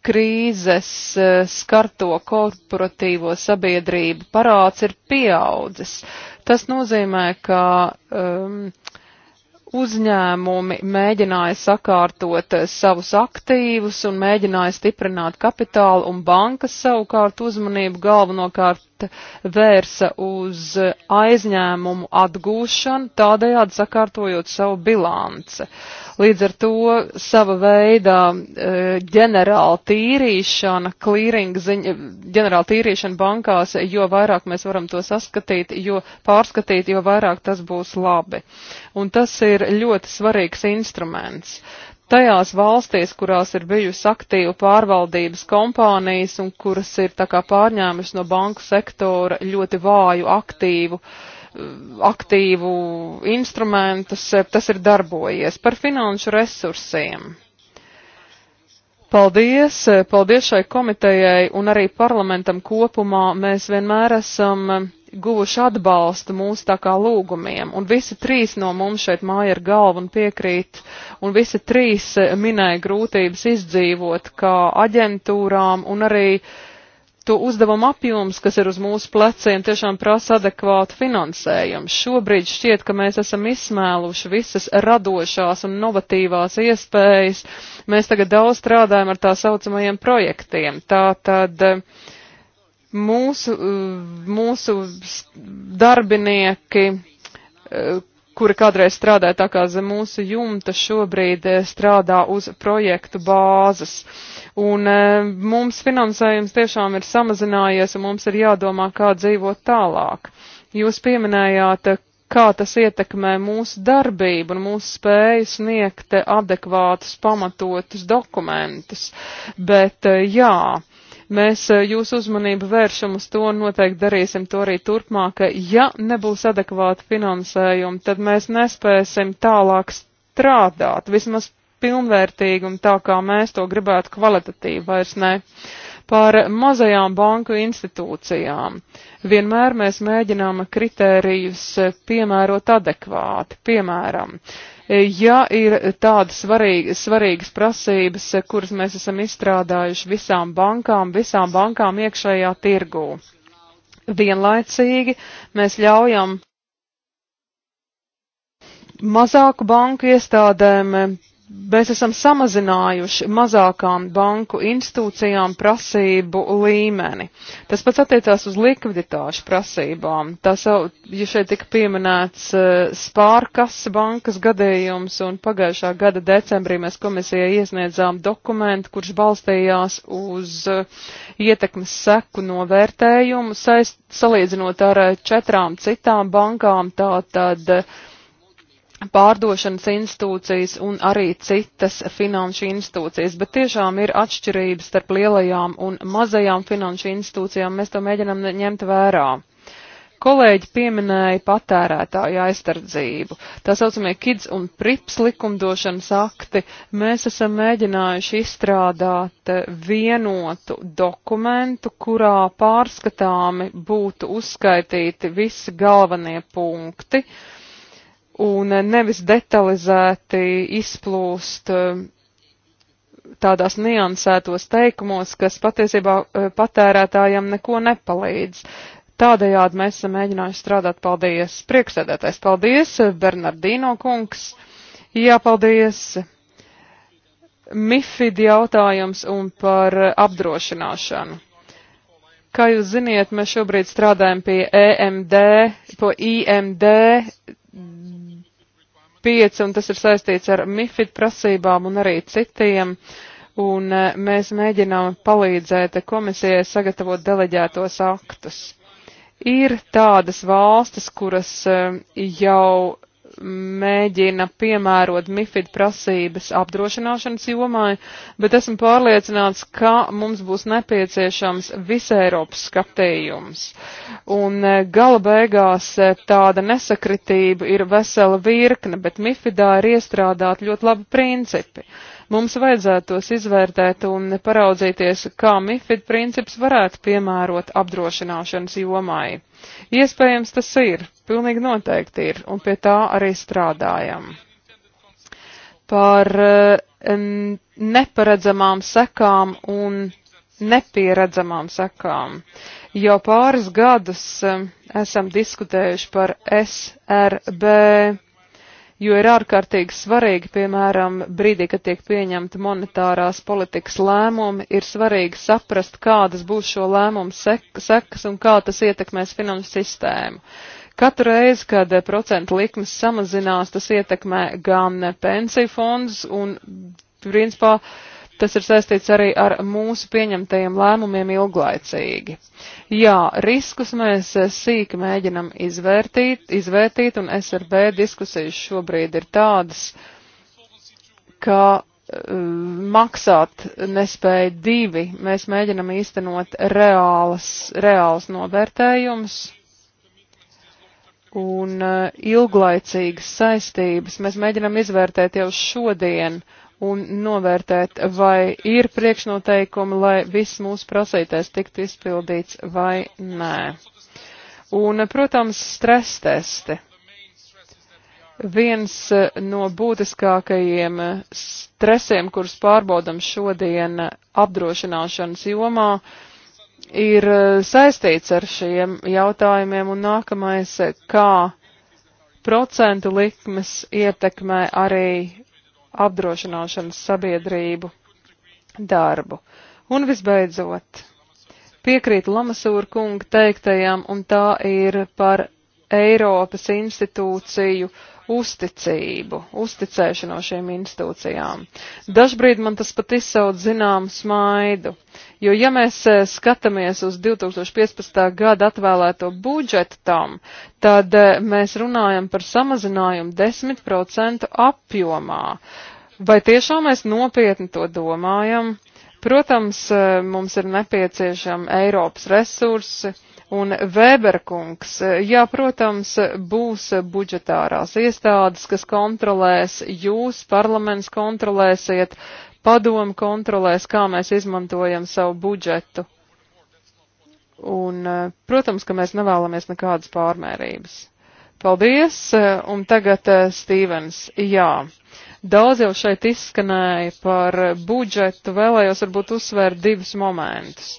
krīzes eh, skarto korporatīvo sabiedrību parāds ir pieaudzis. Tas nozīmē, ka um, uzņēmumi mēģināja sakārtot eh, savus aktīvus un mēģināja stiprināt kapitālu, un bankas savukārt uzmanību galvenokārt vērsa uz eh, aizņēmumu atgūšanu, tādējādi sakārtojot savu bilanci. Uh, Līdz ar to sava veida e, ģenerāla tīrīšana, klīringa ziņa, e, ģenerāla tīrīšana bankās, jo vairāk mēs varam to saskatīt, jo pārskatīt, jo vairāk tas būs labi. Un tas ir ļoti svarīgs instruments tajās valstīs, kurās ir bijusi aktīva pārvaldības kompānijas un kuras ir tā kā pārņēmušas no banku sektora ļoti vāju aktīvu uh, Eh, aktīvu instrumentus, tas ir darbojies par finanšu resursiem. Paldies, eh, paldies šai komitejai un arī parlamentam kopumā. Mēs vienmēr esam eh, guvuši atbalstu mūsu tā kā lūgumiem, un visi trīs no mums šeit māja ar galvu un piekrīt, un visi trīs minēja grūtības izdzīvot kā aģentūrām un arī uh, to uzdevumu apjoms, kas ir uz mūsu pleciem, tiešām prasa adekvātu finansējumu. Šobrīd šķiet, ka mēs esam izsmēluši visas radošās un novatīvās iespējas. Mēs tagad daudz strādājam ar tā saucamajiem projektiem. Tā tad eh, mūsu, eh, mūsu darbinieki eh, kura kādreiz strādāja tā kā zem mūsu jumta, šobrīd eh, strādā uz projektu bāzes. Un eh, mums finansējums tiešām ir samazinājies, un mums ir jādomā, kā dzīvot tālāk. Jūs pieminējāt, eh, kā tas ietekmē mūsu darbību un mūsu spēju sniegt adekvātus, pamatotus dokumentus. Bet jā, Mēs eh, jūsu uzmanību vēršam uz to un noteikti darīsim to arī turpmāk, ka ja nebūs adekvāta finansējuma, tad mēs nespēsim tālāk strādāt, vismaz pilnvērtīgi un tā, kā mēs to gribētu kvalitatīvi vairs ne. Par mazajām banku institūcijām. Vienmēr mēs mēģinām kritērijus piemērot adekvāti. Piemēram, uh, Ja ir tādas svarīga, svarīgas prasības, kuras mēs esam izstrādājuši visām bankām, visām bankām iekšējā tirgū. Vienlaicīgi mēs ļaujam mazāku banku iestādēm Mēs esam samazinājuši mazākām banku institūcijām prasību līmeni. Tas pats attiecās uz likviditāšu prasībām. Tas jau, ja šeit tika pieminēts eh, spārkas bankas gadījums, un pagājušā gada decembrī mēs komisijai iesniedzām dokumentu, kurš balstījās uz eh, ietekmes seku novērtējumu, saist, salīdzinot ar eh, četrām citām bankām, tātad pārdošanas institūcijas un arī citas finanšu institūcijas, bet tiešām ir atšķirības starp lielajām un mazajām finanšu institūcijām, mēs to mēģinam ņemt vērā. Kolēģi pieminēja patērētāju aizstardzību. Tā saucamie kids un prips likumdošanas akti. Mēs esam mēģinājuši izstrādāt vienotu dokumentu, kurā pārskatāmi būtu uzskaitīti visi galvenie punkti. Uh, un nevis detalizēti izplūst eh, tādās niansētos teikumos, kas patiesībā eh, patērētājiem neko nepalīdz. Tādējādi mēs esam mēģinājuši strādāt. Paldies, priekšsēdētājs. Paldies, Bernardino kungs. Jā, paldies. Mifid jautājums un par apdrošināšanu. Kā jūs ziniet, mēs šobrīd strādājam pie EMD, po IMD 5, un tas ir saistīts ar MIFID prasībām un arī citiem. Un e, mēs mēģinām palīdzēt komisijai sagatavot deleģētos aktus. Ir tādas valstis, kuras e, jau mēģina piemērot MIFID prasības apdrošināšanas jomai, bet esmu pārliecināts, ka mums būs nepieciešams visai Eiropas skatījums. Un e, gala beigās e, tāda nesakritība ir vesela virkne, bet MIFIDā ir iestrādāt ļoti labi principi. Mums vajadzētu tos izvērtēt un paraudzīties, kā MIFID princips varētu piemērot apdrošināšanas jomai. Iespējams, tas ir Pilnīgi noteikti ir, un pie tā arī strādājam. Par um, neparedzamām sekām un nepieredzamām sekām. Jau pāris gadus um, esam diskutējuši par SRB, jo ir ārkārtīgi svarīgi, piemēram, brīdī, kad tiek pieņemta monetārās politikas lēmumi, ir svarīgi saprast, kādas būs šo lēmumu sek sekas un kā tas ietekmēs finanšu sistēmu. Uh, Katru reizi, kad eh, procentu likmes samazinās, tas ietekmē gan eh, pensiju fondus un, principā, tas ir saistīts arī ar mūsu pieņemtajiem lēmumiem ilglaicīgi. Jā, riskus mēs eh, sīki mēģinam izvērtīt, izvērtīt, un SRB diskusijas šobrīd ir tādas, ka maksāt nespēja divi, mēs mēģinam īstenot reālas, reāls novērtējums un eh, ilglaicīgas saistības mēs mēģinam izvērtēt jau šodien un novērtēt, vai ir priekšnoteikumi, lai viss mūsu prasītais tiktu izpildīts vai nē. Un, eh, protams, stres testi. Viens eh, no būtiskākajiem stresiem, kurus pārbaudam šodien apdrošināšanas jomā, uh, ir e, saistīts ar šiem jautājumiem, un nākamais, e, kā procentu likmes ietekmē arī apdrošināšanas sabiedrību darbu. Un visbeidzot, piekrīt Lamasūra kunga teiktajam, un tā ir par Eiropas institūciju uzticību, uzticēšanu no šīm institūcijām. Dažbrīd man tas pat izsauc zināmu smaidu, jo ja mēs e, skatāmies uz 2015. gada atvēlēto budžetu tam, tad e, mēs runājam par samazinājumu 10% apjomā. Vai tiešām mēs nopietni to domājam? Protams, e, mums ir nepieciešama Eiropas resursi, Un Vēberkungs, jā, protams, būs budžetārās iestādes, kas kontrolēs, jūs parlaments kontrolēsiet, padomu kontrolēs, kā mēs izmantojam savu budžetu. Un, protams, ka mēs nevēlamies nekādas pārmērības. Paldies, un tagad eh, Stīvens, jā. Daudz jau šeit izskanēja par budžetu, vēlējos varbūt uzsvērt divus momentus.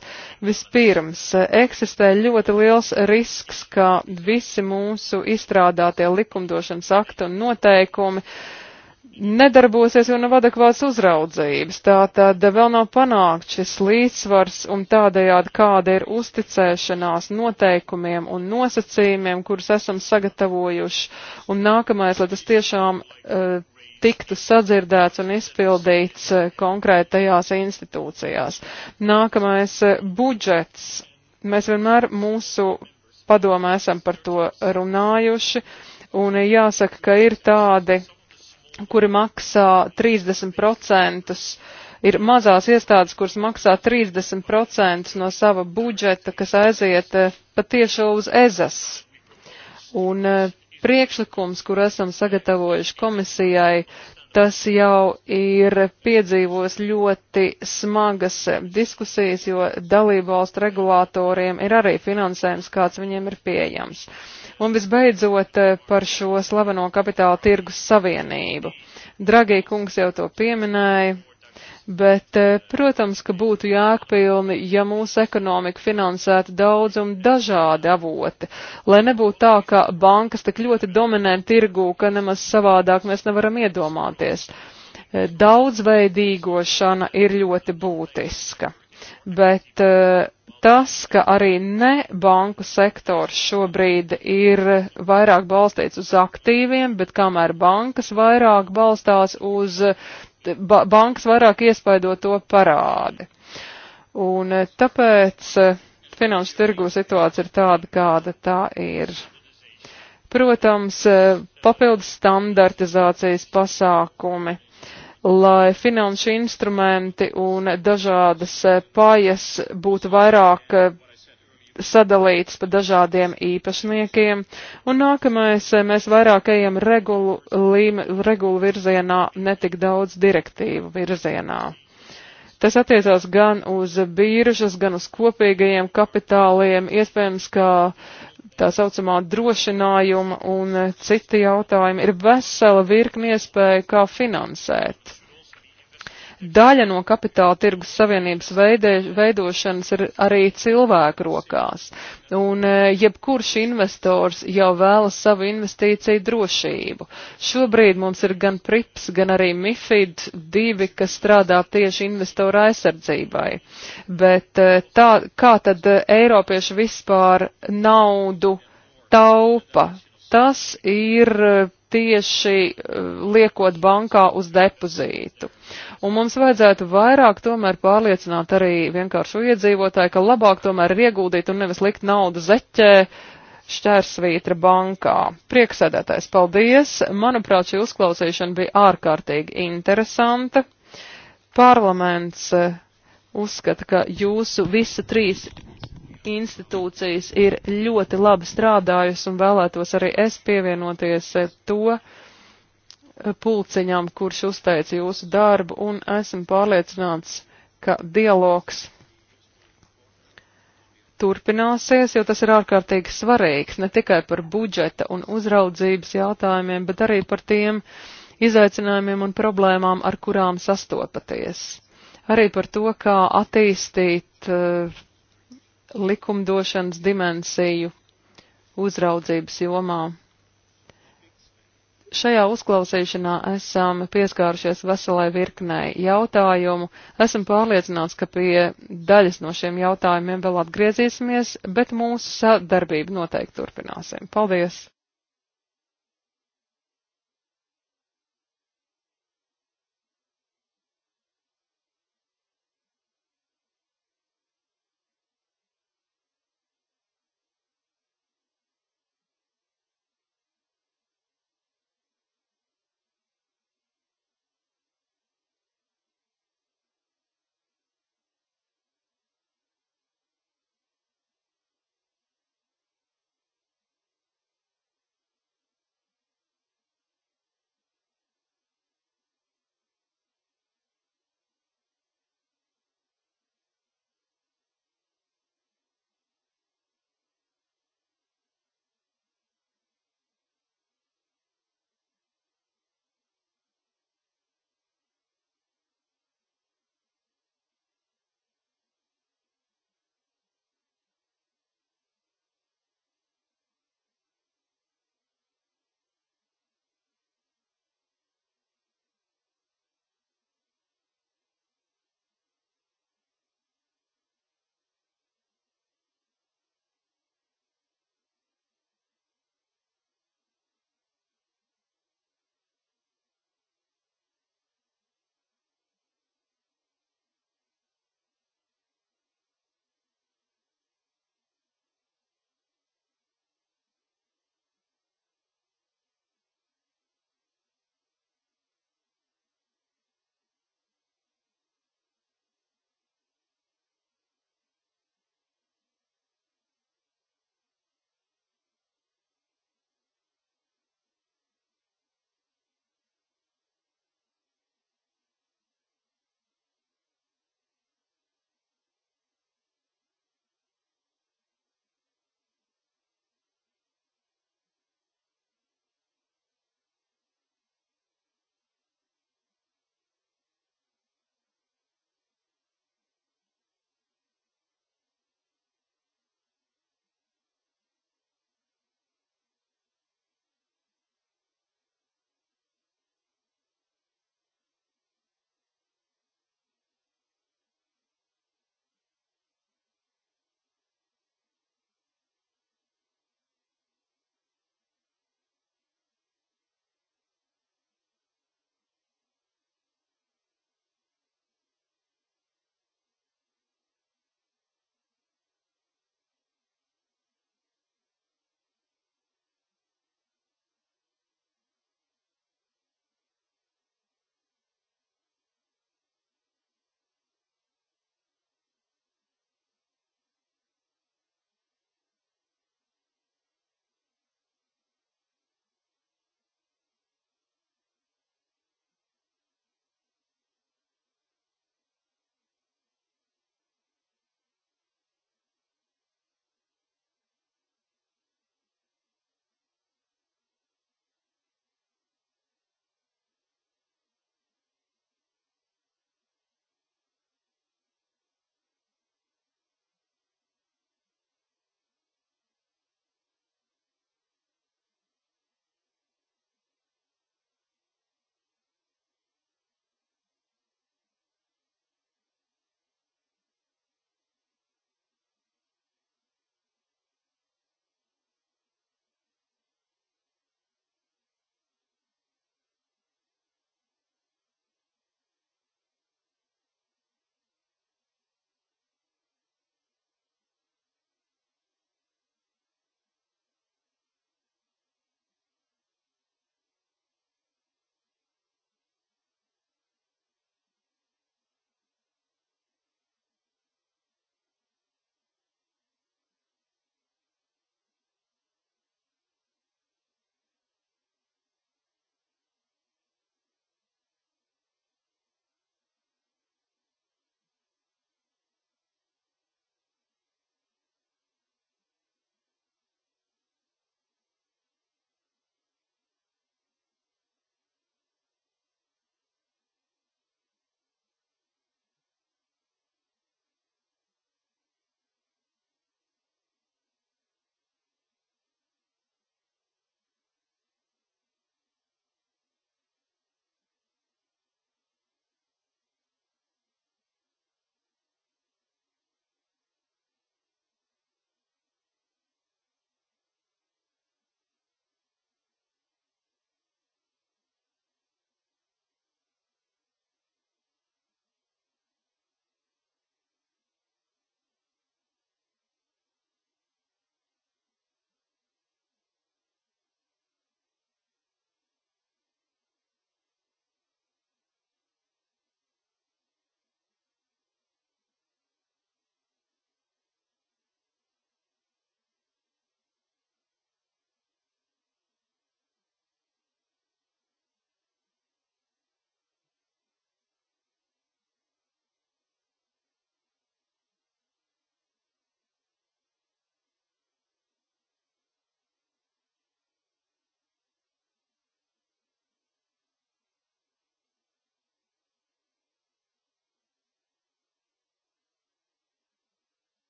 Vispirms, eksistē ļoti liels risks, ka visi mūsu izstrādātie likumdošanas akti un noteikumi nedarbosies, jo nav adekvāts uzraudzības. Tātad vēl nav panākt šis līdzsvars un tādējādi kāda ir uzticēšanās noteikumiem un nosacījumiem, kurus esam sagatavojuši. Un nākamais, lai tas tiešām uh, tiktu sadzirdēts un izpildīts eh, konkrētajās institūcijās. Nākamais eh, budžets. Mēs vienmēr mūsu padomē esam par to runājuši, un jāsaka, ka ir tādi, kuri maksā 30%, ir mazās iestādes, kuras maksā 30% no sava budžeta, kas aiziet eh, patieši uz ezas. Un priekšlikums, kur esam sagatavojuši komisijai, tas jau ir piedzīvos ļoti smagas diskusijas, jo dalībvalstu regulātoriem ir arī finansējums, kāds viņiem ir pieejams. Un visbeidzot eh, par šo slaveno kapitāla tirgus savienību. Dragī kungs jau to pieminēja, bet, eh, protams, ka būtu jēgpilni, ja mūsu ekonomika finansētu daudz un dažādi avoti, lai nebūtu tā, ka bankas tik ļoti dominē tirgū, ka nemaz savādāk mēs nevaram iedomāties. Eh, daudzveidīgošana ir ļoti būtiska, bet eh, tas, ka arī ne banku sektors šobrīd ir vairāk balstīts uz aktīviem, bet kamēr bankas vairāk balstās uz ba bankas vairāk iespaido to parādi. Un eh, tāpēc eh, finanšu tirgu situācija ir tāda, kāda tā ir. Protams, eh, papildus standartizācijas pasākumi lai finanšu instrumenti un dažādas pajas būtu vairāk sadalīts pa dažādiem īpašniekiem, un nākamais eh, mēs vairāk ejam regulu, līme, regulu virzienā, netik daudz direktīvu virzienā. Tas attiecās gan uz bīržas, gan uz kopīgajiem kapitāliem, iespējams, kā tā saucamā drošinājuma un citi jautājumi. Ir vesela virkni iespēja, kā finansēt daļa no kapitāla tirgus savienības veidē, veidošanas ir arī cilvēku rokās. Un e, jebkurš investors jau vēlas savu investīciju drošību. Šobrīd mums ir gan PRIPS, gan arī MIFID divi, kas strādā tieši investoru aizsardzībai. Bet e, tā, kā tad Eiropieši vispār naudu taupa? Tas ir tieši eh, liekot bankā uz depozītu. Un mums vajadzētu vairāk tomēr pārliecināt arī vienkāršu iedzīvotāju, ka labāk tomēr ir ieguldīt un nevis likt naudu zeķē šķērsvītra bankā. Prieksēdētājs, paldies! Manuprāt, šī uzklausīšana bija ārkārtīgi interesanta. Parlaments eh, uzskata, ka jūsu visi trīs institūcijas ir ļoti labi strādājusi un vēlētos arī es pievienoties eh, to eh, pulciņam, kurš uzteica jūsu darbu un esmu pārliecināts, ka dialogs turpināsies, jo tas ir ārkārtīgi svarīgs ne tikai par budžeta un uzraudzības jautājumiem, bet arī par tiem izaicinājumiem un problēmām, ar kurām sastopaties. Arī par to, kā attīstīt uh, likumdošanas dimensiju uzraudzības jomā. Šajā uzklausīšanā esam pieskārušies veselai virknei jautājumu. Esam pārliecināts, ka pie daļas no šiem jautājumiem vēl atgriezīsimies, bet mūsu sadarbību noteikti turpināsim. Paldies!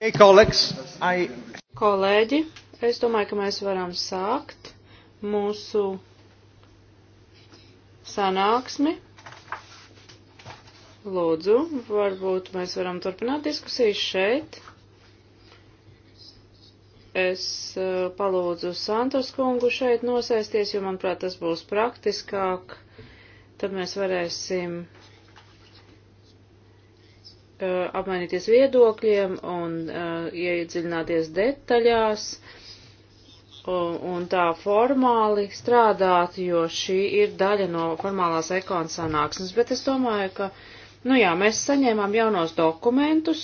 Hey, colleagues, I... Kolēģi, es domāju, ka mēs varam sākt mūsu sanāksmi. Lūdzu, varbūt mēs varam turpināt diskusijas šeit. Es eh, palūdzu Santos kungu šeit nosēsties, jo, manuprāt, tas būs praktiskāk. Tad mēs varēsim Uh, apmainīties viedokļiem un uh, iedziļināties detaļās un tā formāli strādāt, jo šī ir daļa no formālās ekonas sanāksmes, bet es domāju, ka, nu jā, mēs saņēmām jaunos dokumentus,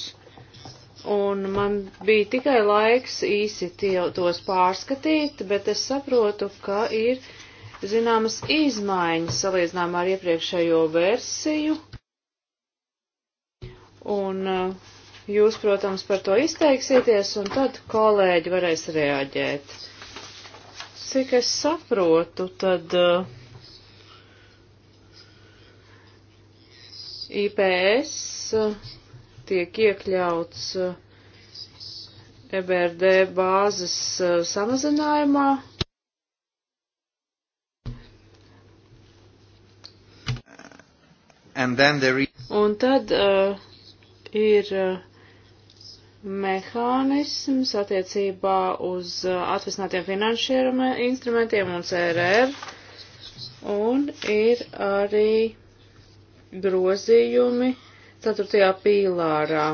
un man bija tikai laiks īsi tie, tos pārskatīt, bet es saprotu, ka ir zināmas izmaiņas salīdzinām ar iepriekšējo versiju, Un eh, jūs, protams, par to izteiksieties, un tad kolēģi varēs reaģēt. Cik es saprotu, tad eh, IPS eh, tiek iekļauts EBRD e bāzes samazinājumā. Un tad uh, ir uh, mehānisms attiecībā uz uh, atvesinātiem finanšiem instrumentiem un CRR, un ir arī grozījumi 4. pīlārā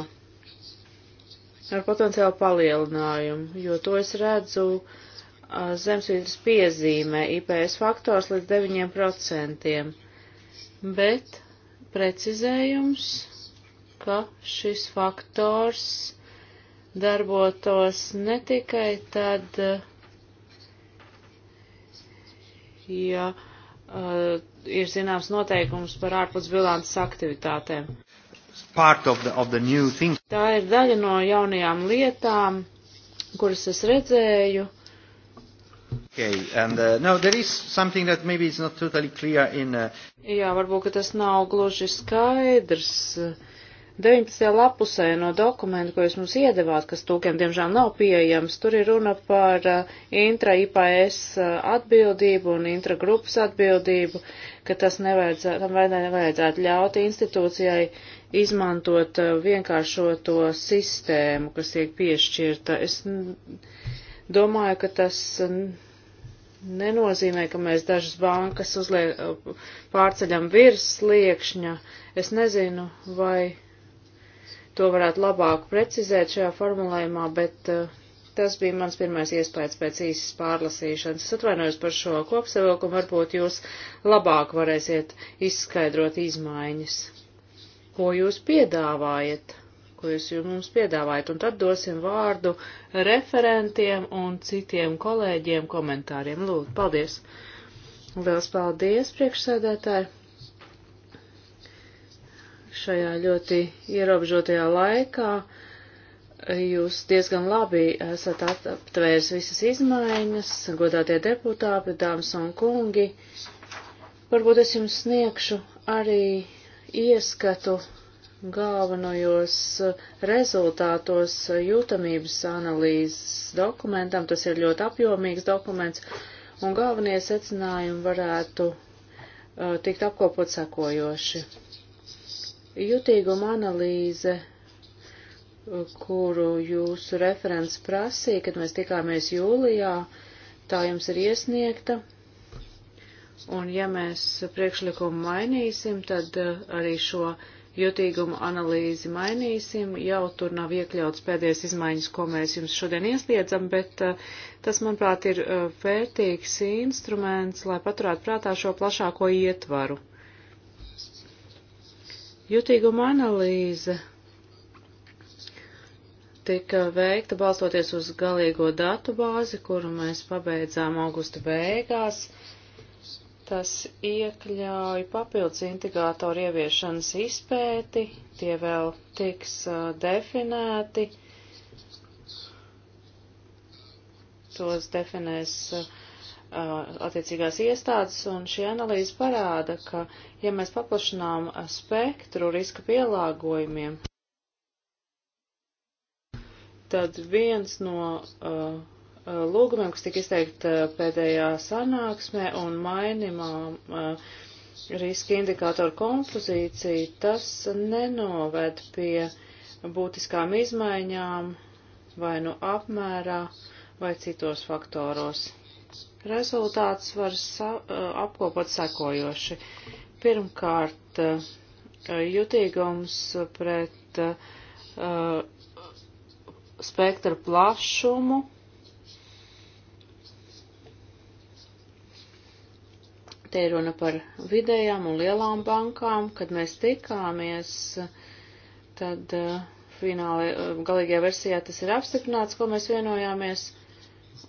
ar potenciālu palielinājumu, jo to es redzu uh, zemesvītras piezīmē IPS faktors līdz 9%, bet precizējums ka šis faktors darbotos ne tikai tad, ja uh, ir zināms noteikums par ārpus bilances aktivitātēm. Of the, of the Tā ir daļa no jaunajām lietām, kuras es redzēju. Okay, and, uh, no, there is something that maybe is not totally clear in. Uh... Jā, varbūt, ka tas nav gluži skaidrs. Uh, 19. lapusē no dokumenta, ko jūs mums iedevāt, kas tūkiem diemžēl nav pieejams, tur ir runa par uh, intra IPS uh, atbildību un intra grupas atbildību, ka tas nevajadzētu, tam nevajadzētu ļaut institūcijai izmantot uh, vienkāršoto sistēmu, kas tiek piešķirta. Es domāju, ka tas nenozīmē, ka mēs dažas bankas uzliek, pārceļam virs sliekšņa. Es nezinu, vai to varētu labāk precizēt šajā formulējumā, bet uh, tas bija mans pirmais iespējas pēc īsas pārlasīšanas. Es atvainojos par šo kopsavilkumu, varbūt jūs labāk varēsiet izskaidrot izmaiņas, ko jūs piedāvājat, ko jūs mums piedāvājat, un tad dosim vārdu referentiem un citiem kolēģiem komentāriem. Lūdzu, paldies! Liels paldies, priekšsēdētāji! šajā ļoti ierobežotajā laikā jūs diezgan labi esat aptvērs visas izmaiņas, godātie deputāti, dāmas un kungi. Varbūt es jums sniegšu arī ieskatu galvenajos rezultātos jūtamības analīzes dokumentam. Tas ir ļoti apjomīgs dokuments, un galvenie secinājumi varētu uh, tikt apkopot sekojoši jutīguma analīze, kuru jūsu referents prasīja, kad mēs tikāmies jūlijā, tā jums ir iesniegta. Un ja mēs priekšlikumu mainīsim, tad eh, arī šo jutīgumu analīzi mainīsim. Jau tur nav iekļauts pēdējais izmaiņas, ko mēs jums šodien iesniedzam, bet eh, tas, manuprāt, ir eh, vērtīgs instruments, lai paturētu prātā šo plašāko ietvaru. Jutīguma analīze tika veikta balstoties uz galīgo datu bāzi, kuru mēs pabeidzām augusta beigās. Tas iekļauj papildus integrātoru ieviešanas izpēti, tie vēl tiks uh, definēti. Tos definēs uh, Uh, attiecīgās iestādes, un šī analīze parāda, ka, ja mēs paplašinām spektru riska pielāgojumiem, tad viens no uh, uh lūgumiem, kas tika izteikt uh, pēdējā sanāksmē un mainimām uh, riska indikātoru kompozīciju, tas nenoved pie būtiskām izmaiņām vai nu apmērā vai citos faktoros. Rezultāts var sa eh, apkopot sekojoši. Pirmkārt, eh, jutīgums pret uh, eh, spektra plašumu. Te ir runa par vidējām un lielām bankām. Kad mēs tikāmies, tad uh, finālajā, galīgajā versijā tas ir apstiprināts, ko mēs vienojāmies.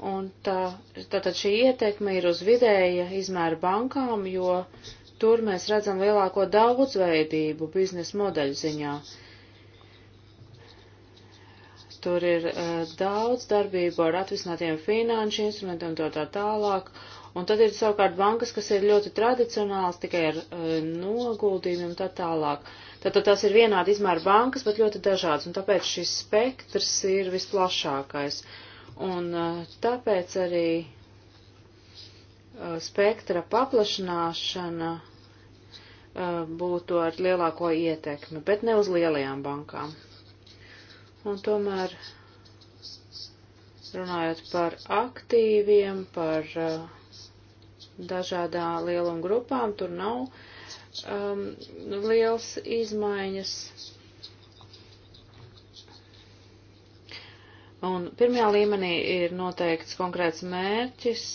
Un tā, tātad šī ietekme ir uz vidēja izmēra bankām, jo tur mēs redzam lielāko daudzveidību biznesa modeļu ziņā. Tur ir uh, daudz darbību ar atvisinātiem finanšu instrumentiem un tā, tā tālāk. Un tad ir savukārt bankas, kas ir ļoti tradicionāls, tikai ar uh, noguldījumiem un tā tālāk. Tātad tās ir vienādi izmēra bankas, bet ļoti dažādas, un tāpēc šis spektrs ir visplašākais. Uh, Un uh, tāpēc arī uh, spektra paplašināšana uh, būtu ar lielāko ietekmi, bet ne uz lielajām bankām. Un tomēr, runājot par aktīviem, par dažādā lieluma grupām, tur nav um, nu, liels izmaiņas Un pirmajā līmenī ir noteikts konkrēts mērķis.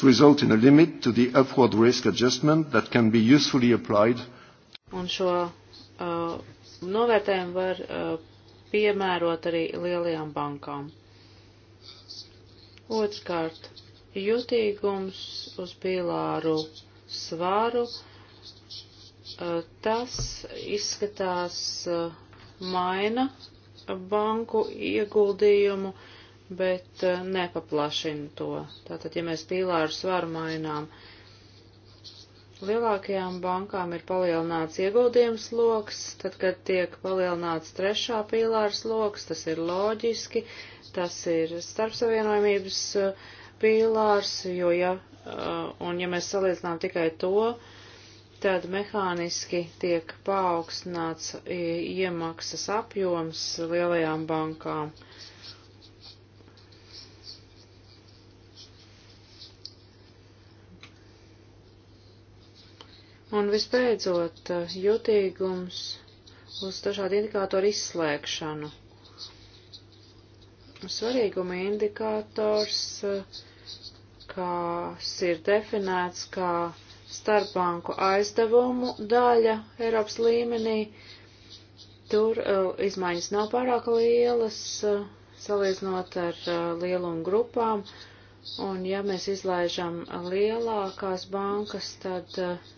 result in a limit to the upward risk adjustment that can be usefully applied. Un šo uh, novērtējumu var uh, piemērot arī lielajām bankām. Otrkārt, jutīgums uz pīlāru svāru. Uh, Eh, tas izskatās eh, maina banku ieguldījumu, bet eh, nepaplašina to. Tātad, ja mēs pīlāru svaru mainām, lielākajām bankām ir palielināts ieguldījums loks, tad, kad tiek palielināts trešā pīlārs loks, tas ir loģiski, tas ir starpsavienojumības pīlārs, jo ja, un ja mēs salīdzinām tikai to, uh, tad mehāniski tiek paaugstināts iemaksas apjoms lielajām bankām. Un visbeidzot, jutīgums uz dažādu indikātoru izslēgšanu. Svarīguma indikators, kas ir definēts kā starpbanku aizdevumu daļa Eiropas līmenī. Tur uh, izmaiņas nav pārāk lielas, uh, salīdzinot ar uh, lielumu grupām. Un ja mēs izlaižam lielākās bankas, tad uh,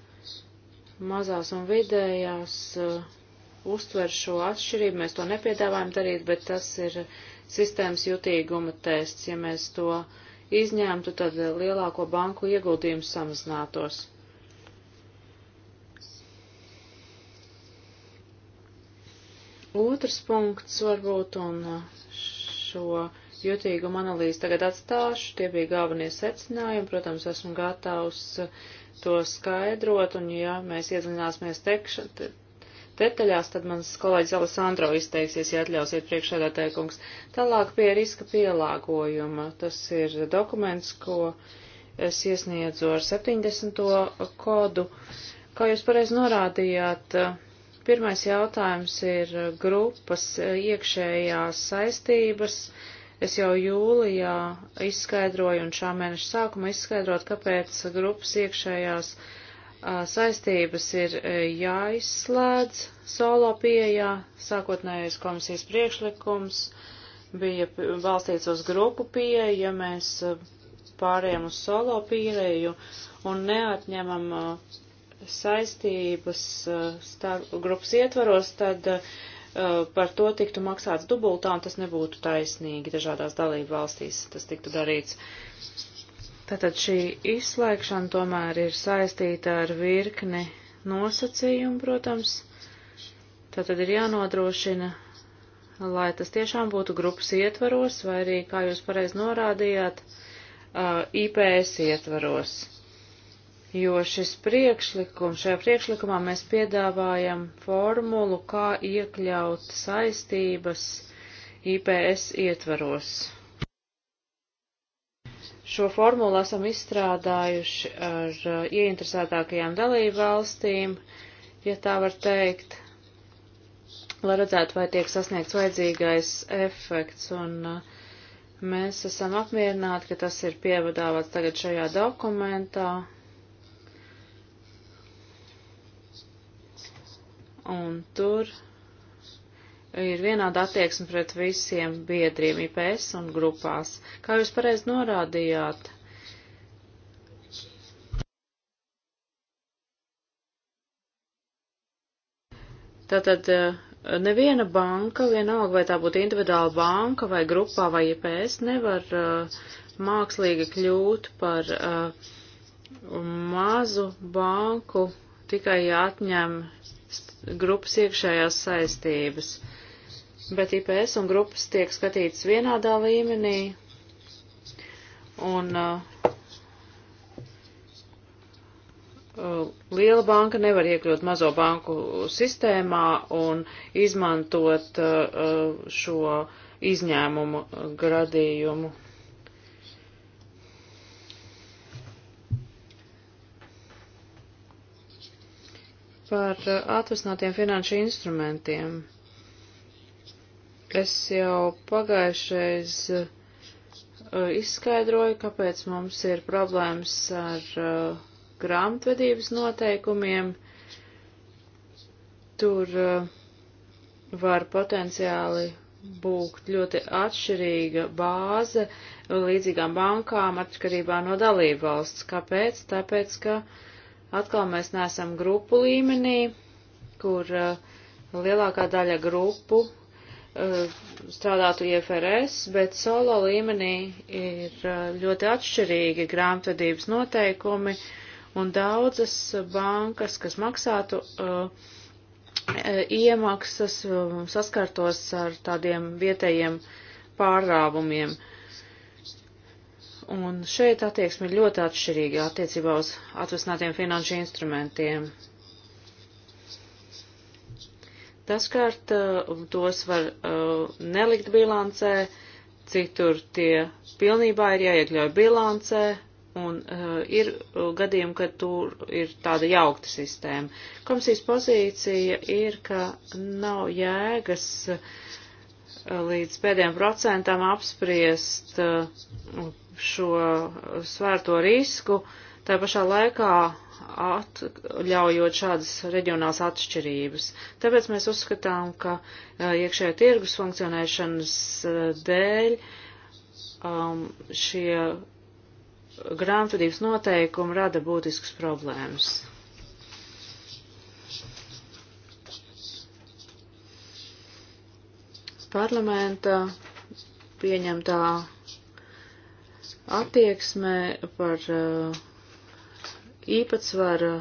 mazās un vidējās uh, uztver šo atšķirību. Mēs to nepiedāvājam darīt, bet tas ir sistēmas jutīguma tests. Ja mēs to izņemtu, tad uh, lielāko banku ieguldījums samazinātos. Otrs punkts varbūt un uh, šo jutīgumu analīzi tagad atstāšu. Tie bija galvenie secinājumi. Protams, esmu gatavs uh, to skaidrot, un ja mēs iedziļināsimies tekšu, te, detaļās, tad mans kolēģis Alessandro izteiksies, ja atļausiet priekšādā teikums. Tālāk pie riska pielāgojuma. Tas ir dokuments, ko es iesniedzu ar 70. kodu. Kā jūs pareizi norādījāt, uh, Pirmais jautājums ir grupas iekšējās saistības. Es jau jūlijā izskaidroju un šā mēneša sākumā izskaidrot, kāpēc grupas iekšējās saistības ir jāizslēdz solo pieejā. Sākotnējais komisijas priekšlikums bija balstīts uz grupu pieeju, ja mēs pārējām uz solo pieeju un neatņemam uh, saistības eh, starp grupas ietvaros, tad eh, par to tiktu maksāts dubultā, un tas nebūtu taisnīgi dažādās dalību valstīs, tas tiktu darīts. Tātad šī izslēgšana tomēr ir saistīta ar virkni nosacījumu, protams. Tātad ir jānodrošina, lai tas tiešām būtu grupas ietvaros, vai arī, kā jūs pareiz norādījāt, eh, IPS ietvaros jo šis priekšlikums, šajā priekšlikumā mēs piedāvājam formulu, kā iekļaut saistības IPS ietvaros. Šo formulu esam izstrādājuši ar uh, ieinteresētākajām dalību valstīm, ja tā var teikt, lai redzētu, vai tiek sasniegts vajadzīgais efekts. Un, uh, Mēs esam apmierināti, ka tas ir pievadāvāts tagad šajā dokumentā, un tur ir vienāda attieksme pret visiem biedriem IPS un grupās. Kā jūs pareizi norādījāt? Tātad eh, neviena banka, vienalga vai tā būtu individuāla banka vai grupā vai IPS, nevar uh, mākslīgi kļūt par uh, mazu banku tikai atņem grupas iekšējās saistības. Bet IPS un grupas tiek skatītas vienādā līmenī, un uh, uh, liela banka nevar iekļūt mazo banku sistēmā un izmantot uh, uh šo izņēmumu gradījumu. par eh, atvesinātiem finanšu instrumentiem. Es jau pagājušreiz eh, izskaidroju, kāpēc mums ir problēmas ar eh, grāmatvedības noteikumiem. Tur var potenciāli būt ļoti atšķirīga bāze līdzīgām bankām atkarībā no dalību valsts. Kāpēc? Tāpēc, ka uh, Atkal mēs neesam grupu līmenī, kur eh, lielākā daļa grupu eh, strādātu IFRS, bet solo līmenī ir eh, ļoti atšķirīgi grāmatvedības noteikumi un daudzas bankas, kas maksātu iemaksas, saskartos ar tādiem vietējiem pārrāvumiem. Uh, Un šeit attieksme ir ļoti atšķirīga attiecībā uz atvesinātiem finanšu instrumentiem. Dažkārt uh, tos var uh, nelikt bilancē, citur tie pilnībā ir jāiekļauj bilancē, un uh, ir gadījumi, kad tur ir tāda jaukta sistēma. Komisijas pozīcija ir, ka nav jēgas līdz pēdējiem procentam apspriest šo svērto risku, tā pašā laikā atļaujot šādas reģionālas atšķirības. Tāpēc mēs uzskatām, ka e, iekšējā tirgus funkcionēšanas e, dēļ um, šie grāmatvedības noteikumi rada būtiskas problēmas. Parlamenta pieņemtā attieksmē par uh, īpatsvara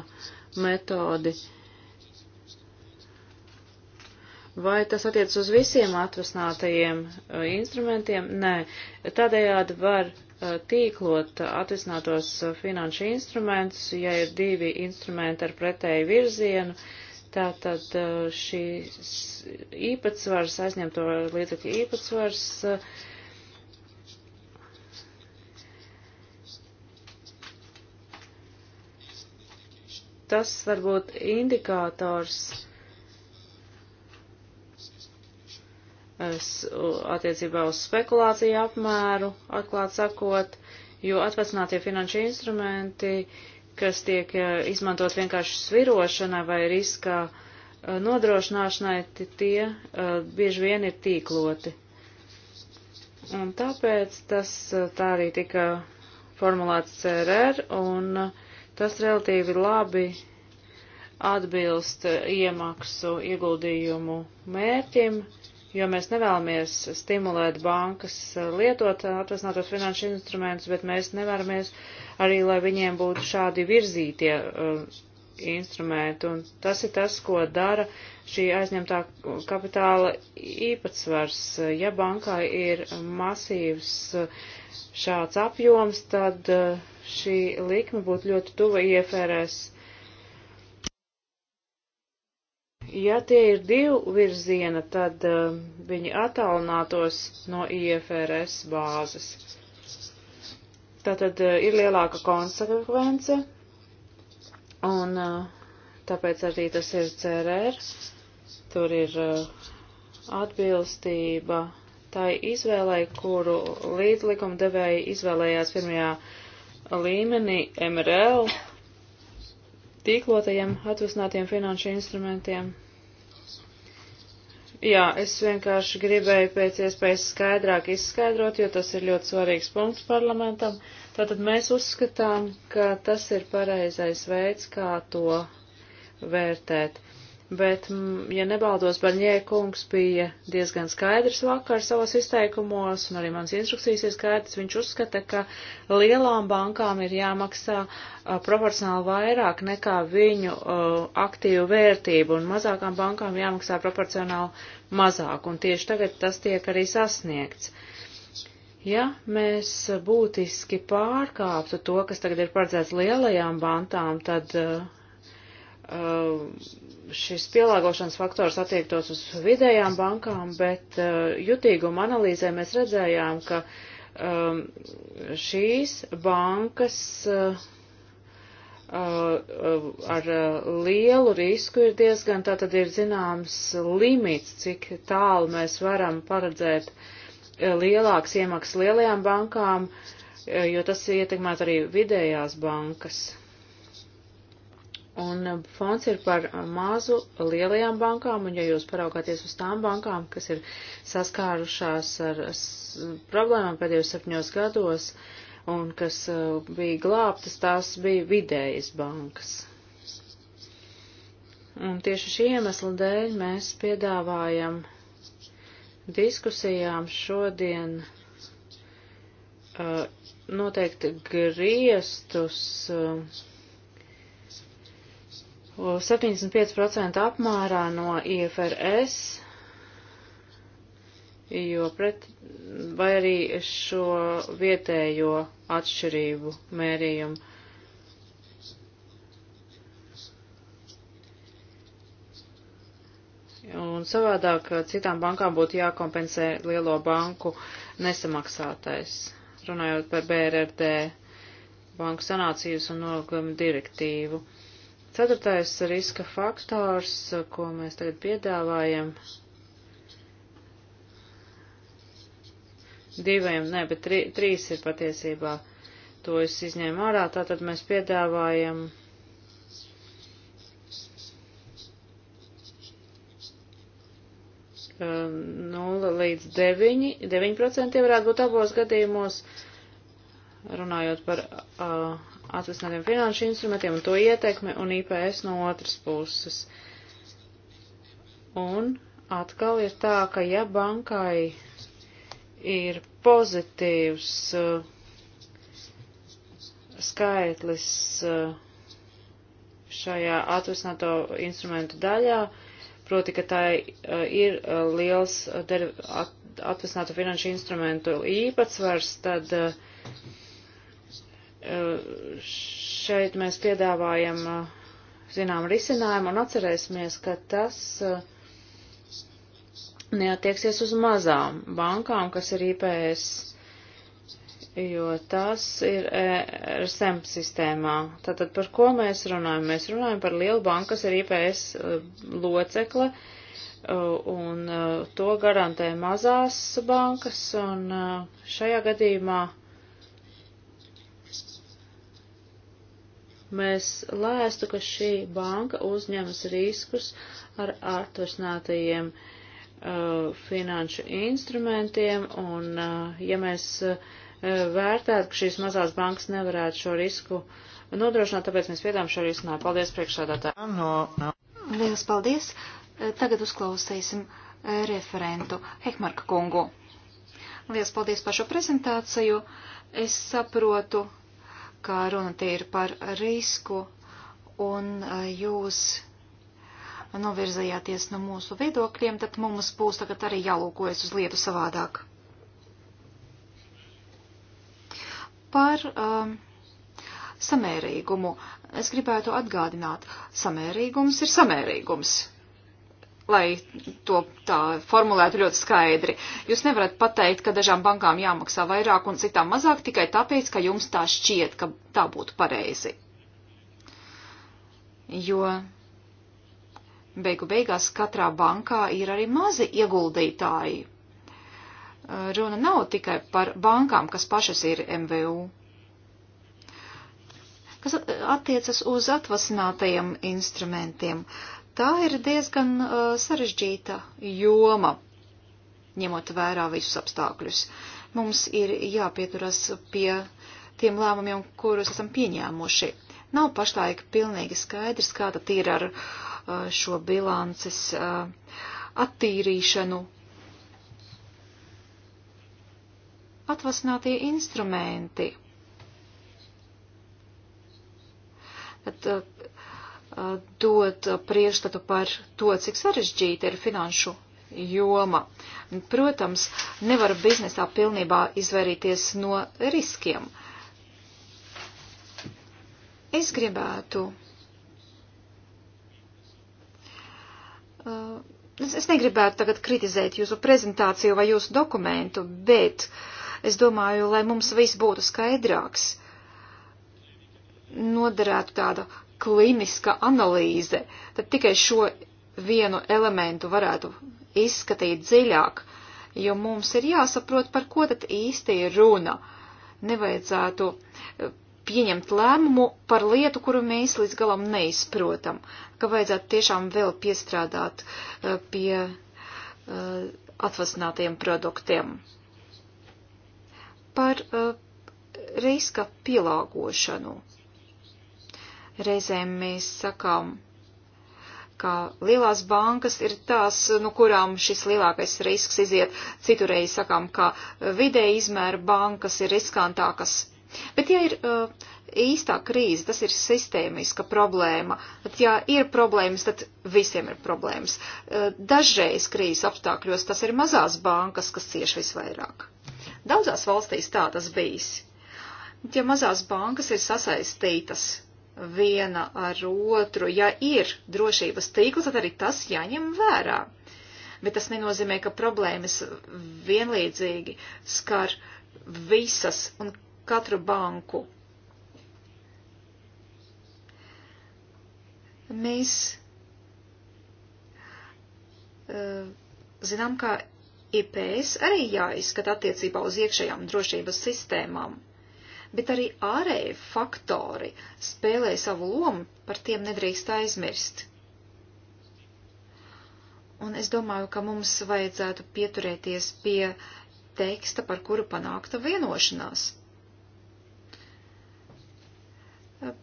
metodi. Vai tas attiec uz visiem atvasinātajiem uh, instrumentiem? Nē. Tādējādi var uh, tīklot atvisinātos finanšu instrumentus, ja ir divi instrumenti ar pretēju virzienu. Tātad šīs īpatsvars, aizņemto līdzekļu īpatsvars uh, tas varbūt indikātors es, attiecībā uz spekulāciju apmēru, atklāt sakot, jo atvecinātie finanšu instrumenti, kas tiek e, izmantot vienkārši svirošanai vai riska e, nodrošināšanai, tie e, bieži vien ir tīkloti. Un tāpēc tas tā arī tika formulēts CRR, un Tas relatīvi labi atbilst iemaksu ieguldījumu mērķim, jo mēs nevēlamies stimulēt bankas lietot atvesinātos finanšu instrumentus, bet mēs nevaramies arī, lai viņiem būtu šādi virzītie uh, instrumenti. Un tas ir tas, ko dara šī aizņemtā kapitāla īpatsvars. Ja bankai ir masīvs uh, šāds apjoms, tad uh, šī likme būtu ļoti tuva IFRS. Ja tie ir divu virziena, tad uh, viņi attālinātos no IFRS bāzes. Tātad uh, ir lielāka konsekvence, un uh, tāpēc arī tas ir CRR. Tur ir uh, atbilstība tai izvēlei, kuru līdzlikuma devēja izvēlējās pirmajā līmenī MRL tīklotajiem atvesinātiem finanšu instrumentiem. Jā, es vienkārši gribēju pēc iespējas skaidrāk izskaidrot, jo tas ir ļoti svarīgs punkts parlamentam. Tātad mēs uzskatām, ka tas ir pareizais veids, kā to vērtēt bet, ja nebaldos, Barņē kungs bija diezgan skaidrs vakar savos izteikumos, un arī mans instrukcijas ir skaidrs, viņš uzskata, ka lielām bankām ir jāmaksā a, proporcionāli vairāk nekā viņu a, aktīvu vērtību, un mazākām bankām jāmaksā proporcionāli mazāk, un tieši tagad tas tiek arī sasniegts. Ja mēs būtiski pārkāptu to, kas tagad ir paredzēts lielajām bankām, tad uh, Uh, šis pielāgošanas faktors attiektos uz vidējām bankām, bet uh, jutīguma analīzē mēs redzējām, ka um, šīs bankas uh, ar lielu risku ir diezgan, tā tad ir zināms limits, cik tālu mēs varam paredzēt lielāks iemaksas lielajām bankām, jo tas ietekmētu arī vidējās bankas. Un um, fonds ir par um, mazu lielajām bankām, un ja jūs paraugāties uz tām bankām, kas ir saskārušās ar problēmām pēdējos septņos gados, un kas uh, bija glābtas, tās bija vidējas bankas. Un tieši šī iemesla dēļ mēs piedāvājam diskusijām šodien uh, noteikti griestus uh, 75% apmērā no IFRS, jo pret, vai arī šo vietējo atšķirību mērījumu. Un savādāk citām bankām būtu jākompensē lielo banku nesamaksātais, runājot par BRRD banku sanācijas un nolikumu direktīvu. Ceturtais riska faktors, ko mēs tagad piedāvājam, diviem, ne, bet tri, trīs ir patiesībā. To es izņēmu ārā, tātad mēs piedāvājam nulle līdz 9, 9% varētu būt abos gadījumos, runājot par uh, atvesinātiem finanšu instrumentiem un to ietekmi un IPS no otras puses. Un atkal ir tā, ka ja bankai ir pozitīvs uh, skaitlis uh, šajā atvesināto instrumentu daļā, proti, ka tā uh, ir uh, liels uh, at, atvesināto finanšu instrumentu īpatsvars, tad uh, šeit mēs piedāvājam eh, zinām risinājumu un atcerēsimies, ka tas eh, neatieksies uz mazām bankām, kas ir IPS, jo tas ir eh, RSM e sistēmā. Tātad par ko mēs runājam? Mēs runājam par lielu banku, kas ir IPS locekle, un to garantē mazās bankas, un šajā gadījumā mēs lēstu, ka šī banka uzņemas riskus ar atvesinātajiem uh, finanšu instrumentiem, un uh, ja mēs uh, vērtētu, ka šīs mazās bankas nevarētu šo risku nodrošināt, tāpēc mēs piedām šo risinājumu. Paldies priekšsādātāji. Ah, no, no. Lielas paldies. Eh, tagad uzklausīsim eh, referentu Hekmarka kungu. Lielas paldies par šo prezentāciju. Es saprotu, kā runa te ir par risku, un e, jūs novirzījāties no mūsu viedokļiem, tad mums būs tagad arī jālūkojas uz lietu savādāk. Par um, samērīgumu. Es gribētu atgādināt, samērīgums ir samērīgums lai to tā formulētu ļoti skaidri. Jūs nevarat pateikt, ka dažām bankām jāmaksā vairāk un citām mazāk tikai tāpēc, ka jums tā šķiet, ka tā būtu pareizi. Jo beigu beigās katrā bankā ir arī mazi ieguldītāji. Runa nav tikai par bankām, kas pašas ir MVU. Kas attiecas uz atvasinātajiem instrumentiem. Uh, Tā ir diezgan uh, sarežģīta joma, ņemot vērā visus apstākļus. Mums ir jāpieturas pie tiem lēmumiem, kurus esam pieņēmuši. Nav pašlaik pilnīgi skaidrs, kā tad ir ar uh, šo bilances uh, attīrīšanu. Atvasinātie instrumenti. Tad, uh, dot priekšstatu par to, cik sarežģīta ir finanšu joma. Protams, nevar biznesā pilnībā izvairīties no riskiem. Es gribētu. Uh, es, es negribētu tagad kritizēt jūsu prezentāciju vai jūsu dokumentu, bet es domāju, lai mums viss būtu skaidrāks, noderētu tāda kliniska analīze, tad tikai šo vienu elementu varētu izskatīt dziļāk, jo mums ir jāsaprot, par ko tad īsti ir runa. Nevajadzētu e, pieņemt lēmumu par lietu, kuru mēs līdz galam neizprotam, ka vajadzētu tiešām vēl piestrādāt e, pie e, atvasinātiem produktiem. Par riska pielāgošanu Reizēm mēs sakām, ka lielās bankas ir tās, no nu, kurām šis lielākais risks iziet. Citurēji sakām, ka vidēji izmēra bankas ir riskantākas. Bet ja ir uh, īstā krīze, tas ir sistēmiska problēma. Bet ja ir problēmas, tad visiem ir problēmas. Uh, dažreiz krīzes apstākļos tas ir mazās bankas, kas cieši visvairāk. Daudzās valstīs tā tas bijis. Ja mazās bankas ir sasaistītas viena ar otru. Ja ir drošības tīkls, tad arī tas jāņem vērā. Bet tas nenozīmē, ka problēmas vienlīdzīgi skar visas un katru banku. Mēs eh, zinām, ka IPS arī jāizskata attiecībā uz iekšējām drošības sistēmām bet arī ārēji faktori spēlē savu lomu, par tiem nedrīkst aizmirst. Un es domāju, ka mums vajadzētu pieturēties pie teksta, par kuru panākta vienošanās.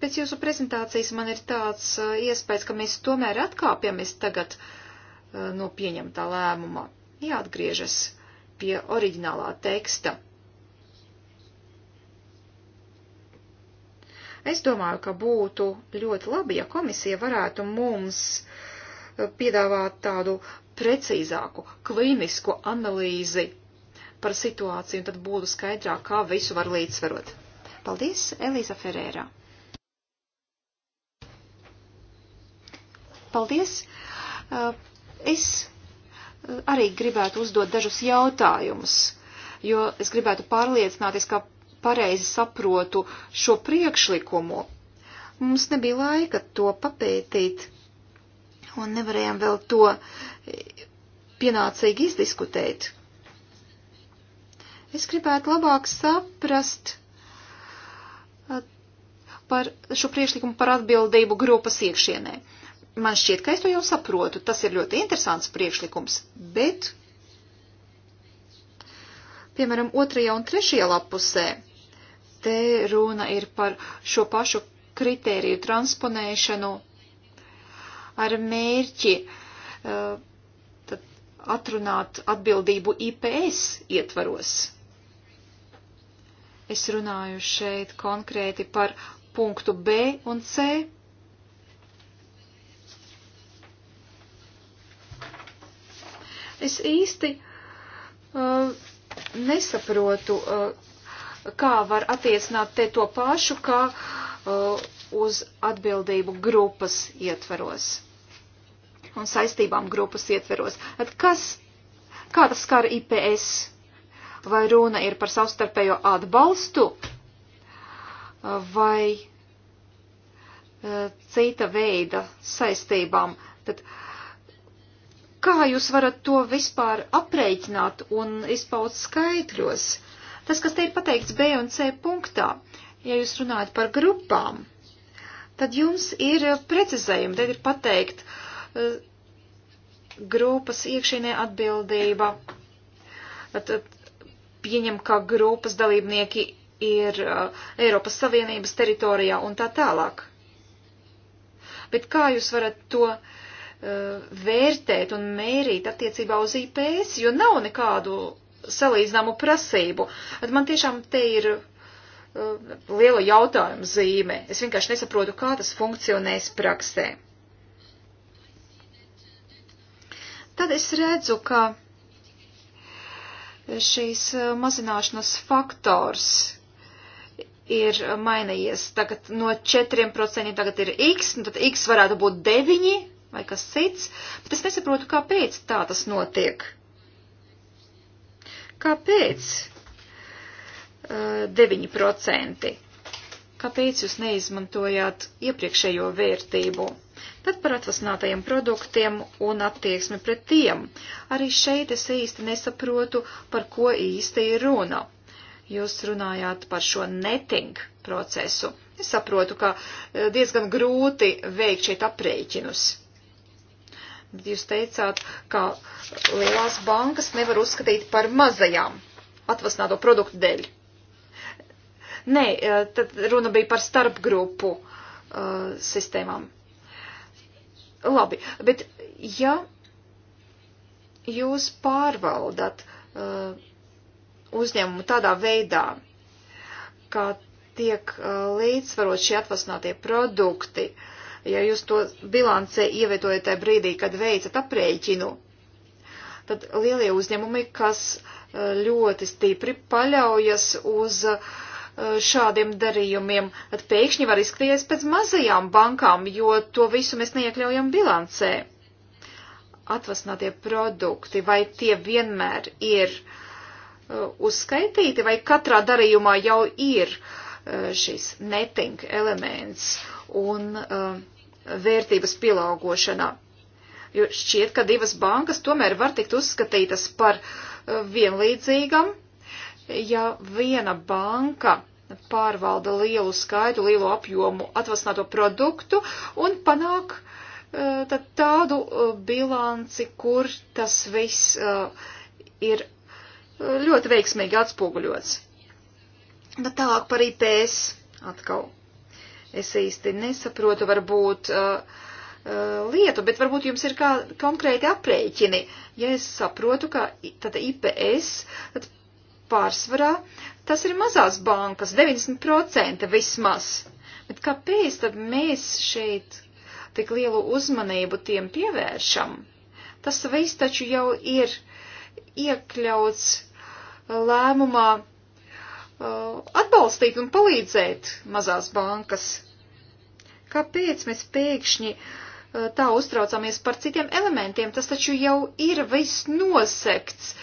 Pēc jūsu prezentācijas man ir tāds uh, iespējas, ka mēs tomēr atkāpjamies tagad uh, no pieņemtā lēmuma, jāatgriežas pie oriģinālā teksta. Es domāju, ka būtu ļoti labi, ja komisija varētu mums eh, piedāvāt tādu precīzāku klīnisku analīzi par situāciju, un tad būtu skaidrāk, kā visu var līdzsvarot. Paldies, Elīza Ferērā. Paldies. Eh, es eh, arī gribētu uzdot dažus jautājumus, jo es gribētu pārliecināties, ka pareizi saprotu šo priekšlikumu. Mums nebija laika to papētīt un nevarējām vēl to pienācīgi izdiskutēt. Es gribētu labāk saprast eh, par šo priekšlikumu par atbildību grupas iekšienē. Man šķiet, ka es to jau saprotu. Tas ir ļoti interesants priekšlikums, bet, piemēram, otrajā un trešajā lapusē te runa ir par šo pašu kritēriju transponēšanu ar mērķi uh, tad, atrunāt atbildību IPS ietvaros. Es runāju šeit konkrēti par punktu B un C. Es īsti uh, nesaprotu, uh, kā var attiecināt te to pašu, kā uh, uz atbildību grupas ietveros un saistībām grupas ietveros. At kas, kā tas skar IPS? Vai runa ir par savstarpējo atbalstu uh, vai uh, cita veida saistībām? Tad, kā jūs varat to vispār aprēķināt un izpaut skaitļos? Tas, kas te ir pateikts B un C punktā, ja jūs runājat par grupām, tad jums ir precizējumi, te ir pateikt eh, grupas iekšienē atbildība, tad pieņem, ka grupas dalībnieki ir eh, Eiropas Savienības teritorijā un tā tālāk. Bet kā jūs varat to uh, vērtēt un mērīt attiecībā uz IPS, jo nav nekādu salīdzināmu prasību. At man tiešām te ir uh, liela jautājuma zīme. Es vienkārši nesaprotu, kā tas funkcionēs praksē. Tad es redzu, ka šīs uh, mazināšanas faktors ir mainījies. Tagad no 4% tagad ir x, nu tad x varētu būt 9 vai kas cits, bet es nesaprotu, kāpēc tā tas notiek. Kāpēc 9%? Kāpēc jūs neizmantojāt iepriekšējo vērtību? Tad par atvasinātajiem produktiem un attieksmi pret tiem. Arī šeit es īsti nesaprotu, par ko īsti ir runa. Jūs runājāt par šo netting procesu. Es saprotu, ka diezgan grūti veikt šeit aprēķinus. Jūs teicāt, ka lielās bankas nevar uzskatīt par mazajām atvasināto produktu dēļ. Nē, e, tad runa bija par starpgrupu uh, sistēmām. Labi, bet ja jūs pārvaldat uh, uzņēmumu tādā veidā, ka tiek uh, līdzsvarot šie atvasinātie produkti, uh, ja jūs to bilancē ievietojat tajā brīdī, kad veicat aprēķinu, tad lielie uzņēmumi, kas e, ļoti stipri paļaujas uz e, šādiem darījumiem, tad pēkšņi var izskriet pēc mazajām bankām, jo to visu mēs neiekļaujam bilancē. Atvasinātie produkti, vai tie vienmēr ir e, uzskaitīti, vai katrā darījumā jau ir šis netting elements un uh, vērtības pielāgošanā. Jo šķiet, ka divas bankas tomēr var tikt uzskatītas par uh, vienlīdzīgam, ja viena banka pārvalda lielu skaitu, lielu apjomu atvasināto produktu un panāk uh, tad, tādu uh, bilanci, kur tas viss ir ļoti veiksmīgi atspoguļots. Bet tālāk par IPS atkal. Es īsti nesaprotu varbūt uh, uh, lietu, bet varbūt jums ir kā konkrēti aprēķini. Ja es saprotu, ka tad IPS tad pārsvarā tas ir mazās bankas, 90% vismaz. Bet kāpēc tad mēs šeit tik lielu uzmanību tiem pievēršam? Tas viss taču jau ir iekļauts uh, lēmumā uh, atbalstīt un palīdzēt mazās bankas. Kāpēc mēs pēkšņi eh, tā uztraucamies par citiem elementiem? Tas taču jau ir viss nosekts,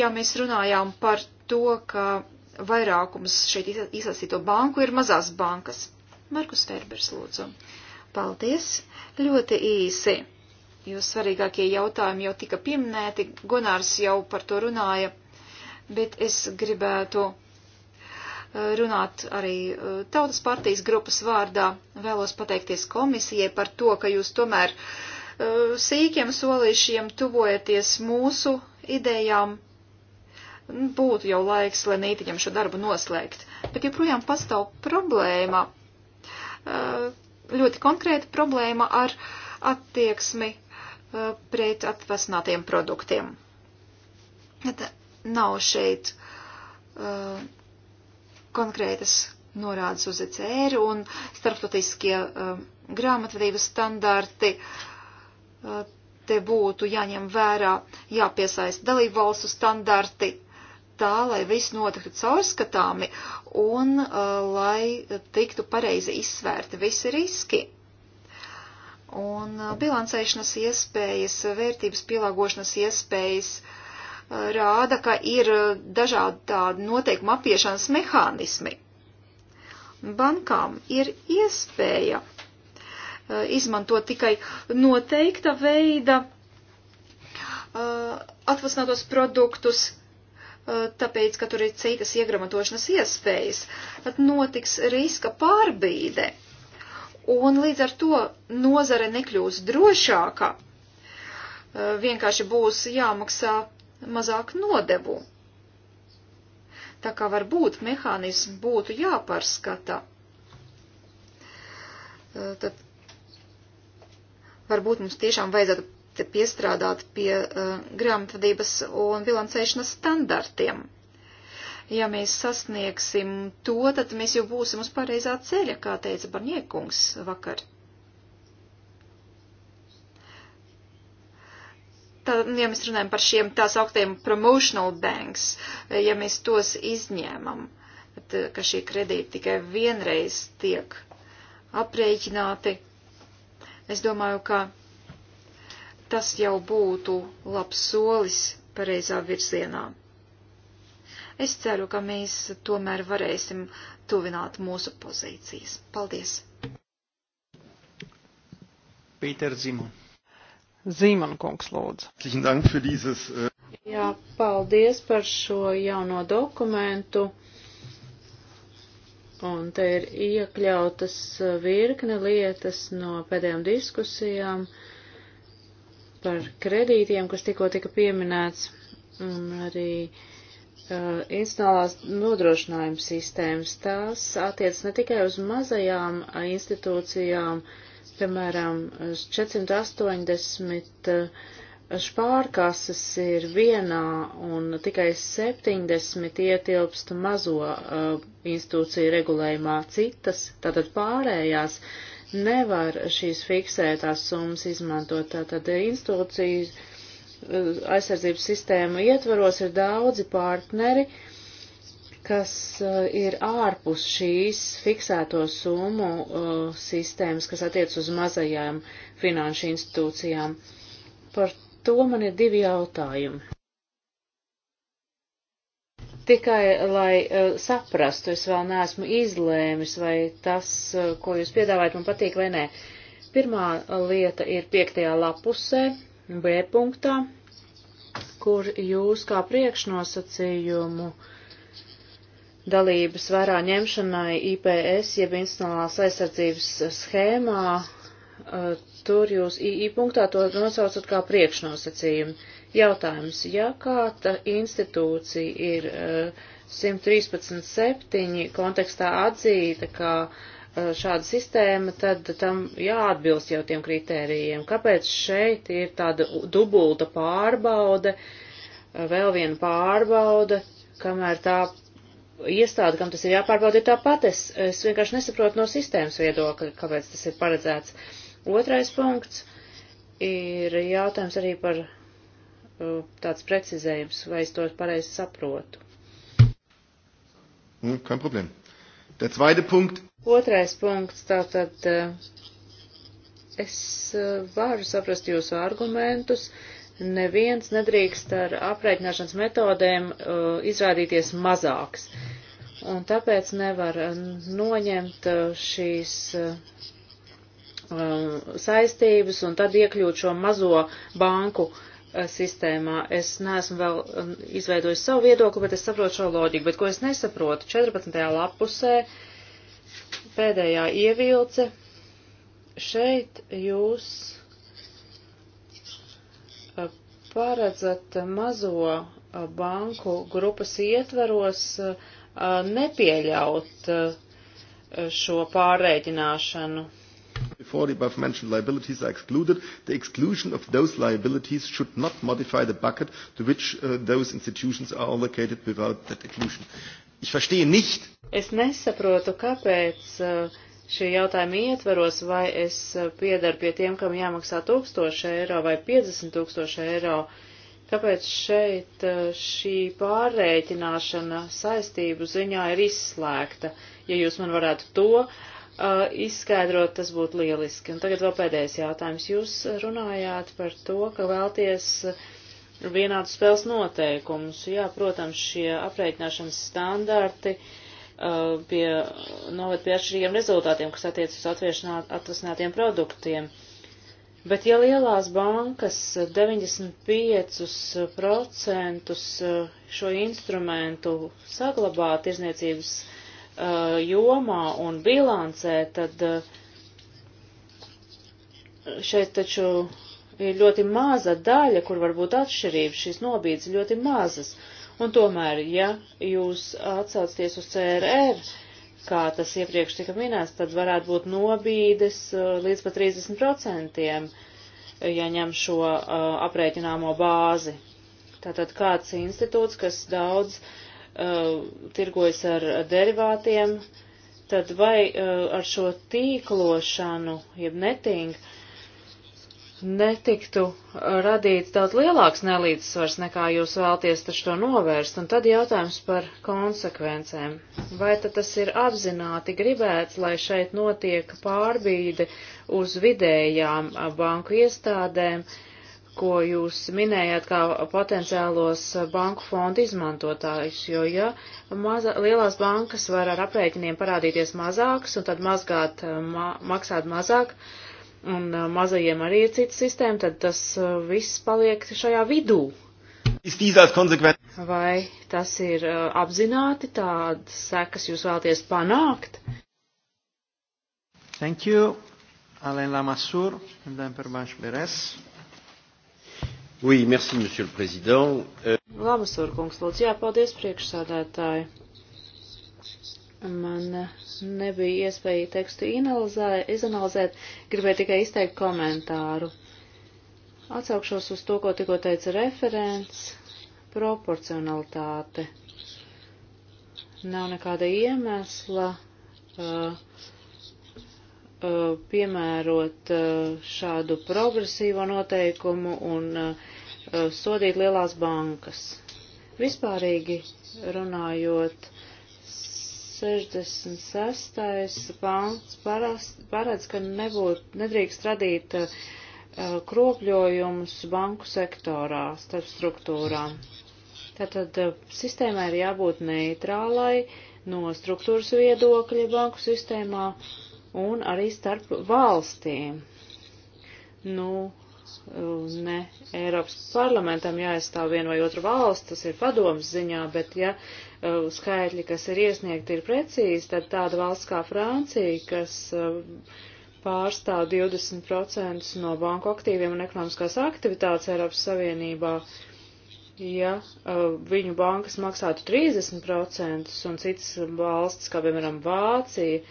ja mēs runājām par to, ka vairākums šeit izlasīto banku ir mazās bankas. Markus Ferbers, lūdzu. Paldies! Ļoti īsi. Jo svarīgākie jautājumi jau tika pieminēti, Gunārs jau par to runāja, bet es gribētu Eh, runāt arī eh, Tautas partijas grupas vārdā. Vēlos pateikties komisijai par to, ka jūs tomēr eh, sīkiem solīšiem tuvojaties mūsu idejām. Būtu jau laiks, lai nītiņam šo darbu noslēgt. Bet joprojām pastāv problēma, ļoti konkrēta problēma ar attieksmi pret atvesinātiem produktiem. Nav šeit uh, konkrētas norādes uz ECR un starptautiskie um, grāmatvedības standarti. Uh, te būtu jāņem vērā, jāpiesaista dalību valstu standarti, tā, lai viss notiktu caurskatāmi un uh, lai tiktu pareizi izsvērti visi riski. Un uh, bilancēšanas iespējas, vērtības pielāgošanas iespējas uh, rāda, ka ir uh, dažādi tādi noteikuma apiešanas mehānismi. Bankām ir iespēja uh, izmantot tikai noteikta veida uh, atvasinātos produktus, tāpēc, ka tur ir citas iegramatošanas iespējas, tad notiks riska pārbīde. Un līdz ar to nozare nekļūs drošāka. Vienkārši būs jāmaksā mazāk nodevu. Tā kā varbūt mehānismi būtu jāpārskata. Eh, tad varbūt mums tiešām vajadzētu piestrādāt pie uh, grāmatvedības un bilancēšanas standartiem. Ja mēs sasniegsim to, tad mēs jau būsim uz pareizā ceļa, kā teica Barņiekungs vakar. Tad, ja mēs runājam par šiem tās augstiem promotional banks, ja mēs tos izņēmam, tad, ka šie kredīti tikai vienreiz tiek aprēķināti, es domāju, ka tas jau būtu labs solis pareizā virzienā. Es ceru, ka mēs tomēr varēsim tuvināt mūsu pozīcijas. Paldies! Pīter Zimons. Zīman kungs lūdzu. Äh, Jā, paldies par šo jauno dokumentu. Un te ir iekļautas virkne lietas no pēdējām diskusijām par kredītiem, kas tikko tika pieminēts, un arī uh, institucionālās nodrošinājuma sistēmas. Tās attiec ne tikai uz mazajām institūcijām, uh, Piemēram, 480 eh, špārkases ir vienā un tikai 70 ietilpst mazo uh, institūciju regulējumā citas, tātad pārējās nevar šīs fiksētās summas izmantot. Tātad institūciju eh, aizsardzības sistēmu ietvaros ir daudzi partneri, uh, kas eh, ir ārpus šīs fiksēto summu uh, sistēmas, kas attiec uz mazajām finanšu institūcijām. Par to man ir divi jautājumi. Tikai, lai uh, saprastu, es vēl neesmu izlēmis, vai tas, uh, ko jūs piedāvājat, man patīk vai nē. Pirmā lieta ir piektajā lapusē, B punktā, kur jūs kā priekšnosacījumu uh, dalības vērā ņemšanai IPS, jeb institucionālās aizsardzības schēmā, eh, tur jūs II punktā to nosaucat kā priekšnosacījumu. Jautājums, ja kāda institūcija ir 113.7 eh, kontekstā atzīta kā eh, šāda sistēma, tad tam jāatbilst jau tiem kritērijiem. Kāpēc šeit ir tāda dubulta pārbaude, vēl viena pārbaude, kamēr tā iestāde, kam tas ir jāpārbauda, ir tā pat. Es, es vienkārši nesaprotu no sistēmas viedokļa, kāpēc tas ir paredzēts. Otrais punkts ir jautājums arī par uh, tāds precizējums, vai es to pareizi saprotu. Mm, kein Problem. Der zweite Punkt. Otrais punkts, tātad uh, es uh, varu saprast jūsu argumentus. Neviens nedrīkst ar aprēķināšanas metodēm uh, izrādīties mazāks. Uh, un tāpēc nevar eh, noņemt eh, šīs eh, saistības un tad iekļūt šo mazo banku sistēmā. Es neesmu vēl izveidojis savu viedokli, bet es saprotu šo loģiku. Bet ko es nesaprotu? 14. lapusē pēdējā ievilce. Šeit jūs paredzat mazo banku grupas ietveros uh, Uh, nepieļaut uh, šo pārreikināšanu. Before the above mentioned liabilities are excluded, the exclusion of those liabilities should not modify the bucket to which uh, those institutions are allocated without that exclusion. Ich verstehe nicht. Es nesaprotu, kāpēc uh, šī jautājuma ietveros, vai es piedaru pie tiem, kam jāmaksā 1000 eiro vai 50 tūkstoši eiro. Uh, Kāpēc šeit eh, šī pārrēķināšana saistību ziņā ir izslēgta? Ja jūs man varētu to uh, izskaidrot, tas būtu lieliski. Un tagad vēl pēdējais jautājums. Jūs runājāt par to, ka vēlties vienādu spēles noteikumus. Jā, protams, šie aprēķināšanas standarti uh, pie, noved pie atšķirīgiem rezultātiem, kas attiec uz atvesinātiem produktiem. Uh, Bet ja lielās bankas 95% eh, šo instrumentu saglabā tirzniecības uh, jomā un bilancē, tad uh, šeit taču ir ļoti maza daļa, kur var būt atšķirība, šīs nobīdes ļoti mazas. Un tomēr, ja jūs atsaucties uz CRR, kā tas iepriekš tika minēts, tad varētu būt nobīdes uh, līdz pat 30%, ja ņem šo uh, aprēķināmo bāzi. Tātad kāds institūts, kas daudz uh, tirgojas ar derivātiem, tad vai uh, ar šo tīklošanu, jeb netingu, netiktu uh, radīts daudz lielāks nelīdzsvars, nekā jūs vēlties taču to novērst, un tad jautājums par konsekvencēm. Vai tad tas ir apzināti gribēts, lai šeit notiek pārbīde uz vidējām uh, banku iestādēm, ko jūs minējāt kā potenciālos uh, banku fondu izmantotājus, jo ja maza, lielās bankas var ar aprēķiniem parādīties mazāks un tad mazgāt, ma, maksāt mazāk, uh, un mazajiem arī ir cita sistēma, tad tas viss paliek šajā vidū. Vai tas ir apzināti tādas sekas jūs vēlties panākt? Thank you. Alain Lamassoure, and then Pervanche Beres. Oui, merci, Monsieur le Président. Euh, Lamassoure kungs, lūdzu, jā, paldies priekšsādētāji. Man nebija iespēja tekstu izanalizēt, gribēju tikai izteikt komentāru. Atsaukšos uz to, ko tikko teica referents - proporcionalitāte. Nav nekāda iemesla uh, uh, piemērot uh, šādu progresīvo noteikumu un uh, sodīt lielās bankas. Vispārīgi runājot, 66. pāns paredz, ka nebūt, nedrīkst radīt uh, uh, kropļojumus banku sektorā starp struktūrām. Tātad uh, sistēmai ir jābūt neitrālai no struktūras viedokļa banku sistēmā un arī starp valstīm. Nu, ne Eiropas parlamentam jāaizstāv vienu vai otru valstu, tas ir padomas ziņā, bet ja uh, skaitļi, kas ir iesniegti, ir precīzi, tad tāda valsts kā Francija, kas uh, pārstāv 20% no banku aktīviem un ekonomiskās aktivitātes Eiropas Savienībā, ja uh, viņu bankas maksātu 30% un citas valsts, kā piemēram Vācija,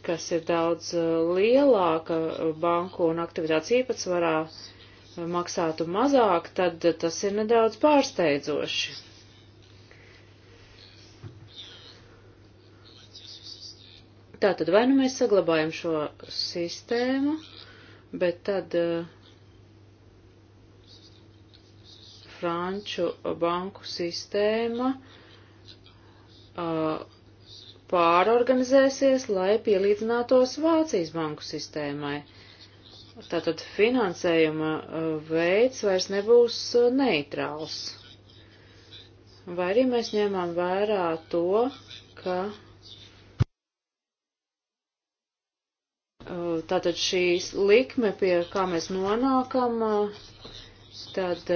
kas ir daudz lielāka banku un aktivitātes īpatsvarā, maksātu mazāk, tad tas ir nedaudz pārsteidzoši. Tātad vai nu mēs saglabājam šo sistēmu, bet tad uh, franču banku sistēma uh, pārorganizēsies, lai pielīdzinātos Vācijas banku sistēmai. Uh, Tātad finansējuma uh, veids vairs nebūs uh, neitrāls. Vai arī mēs ņemam vērā to, ka uh, tātad šīs likme, pie kā mēs nonākam, tad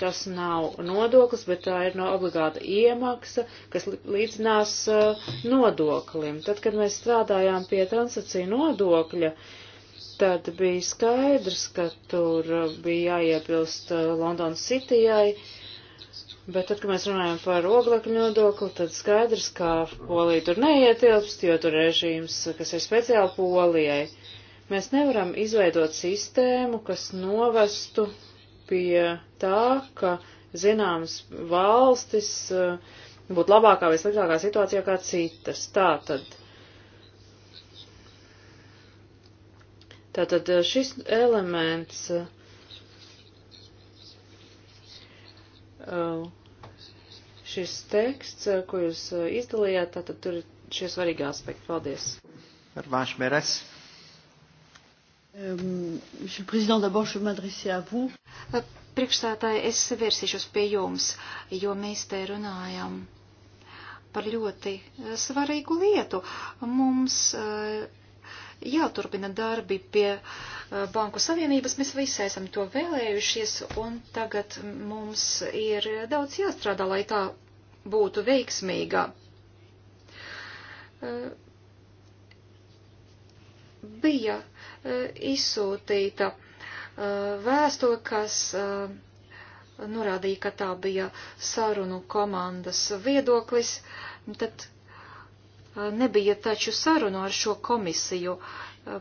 tas nav nodoklis, bet tā ir no obligāta iemaksa, kas līdzinās nodoklim. Tad, kad mēs strādājām pie transakciju nodokļa, uh, tad bija skaidrs, ka tur bija jāiebilst uh, Londonas Citijai, bet tad, kad mēs runājam par oglekļu nodokli, tad skaidrs, ka Polija tur neietilpst, jo tur režīms, kas ir speciāli Polijai. Mēs nevaram izveidot sistēmu, kas novestu pie tā, ka zināmas valstis uh, būtu labākā vai sliktākā situācijā kā citas. Tā tad Tātad eh, šis elements eh, šis teksts, eh, ko jūs izdalījāt, tātad tur ir šie svarīgi aspekti. Paldies. Ar vāšu mērēs. Monsieur le Président, d'abord, je m'adressais à vous. Priekšstātāji, es vērsīšos pie jums, jo mēs te runājam par ļoti svarīgu lietu. Mums uh, jāturpina darbi pie eh, Banku Savienības. Mēs visi esam to vēlējušies, un tagad mums ir daudz jāstrādā, lai tā būtu veiksmīga. Eh, bija eh, izsūtīta vēstule, kas norādīja, ka tā bija sarunu komandas viedoklis, tad nebija taču sarunu ar šo komisiju uh,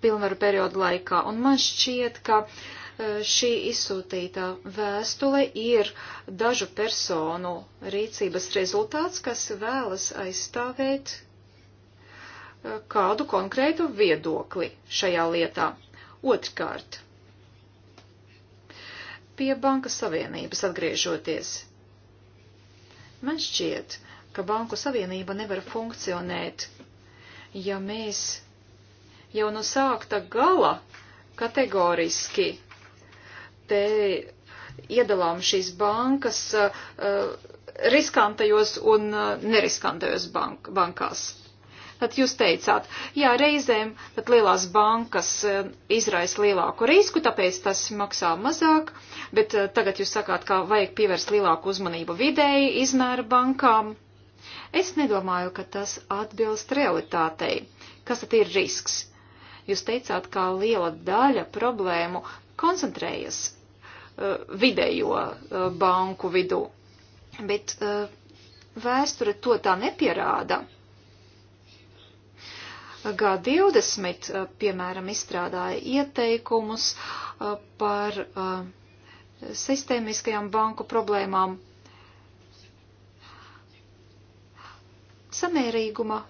pilnvaru periodu laikā, un man šķiet, ka uh, šī izsūtītā vēstule ir dažu personu rīcības rezultāts, kas vēlas aizstāvēt uh, kādu konkrētu viedokli šajā lietā. Otrkārt, pie Bankas Savienības atgriežoties, man šķiet, ka Banku Savienība nevar funkcionēt, ja mēs jau no sākta gala kategoriski te iedalām šīs bankas uh, riskantajos un uh, neriskantajos bank bankās. Tad jūs teicāt, jā, reizēm tad lielās bankas uh, izraisa lielāku risku, tāpēc tas maksā mazāk, bet tagad jūs sakāt, ka vajag pievērst lielāku uzmanību vidēji izmēra bankām. Es nedomāju, ka tas atbilst realitātei. Kas tad ir risks? Jūs teicāt, ka liela daļa problēmu koncentrējas uh, vidējo uh, banku vidū, bet uh, vēsture to tā nepierāda. G20, uh, piemēram, izstrādāja ieteikumus uh, par uh, sistēmiskajām banku problēmām samērīguma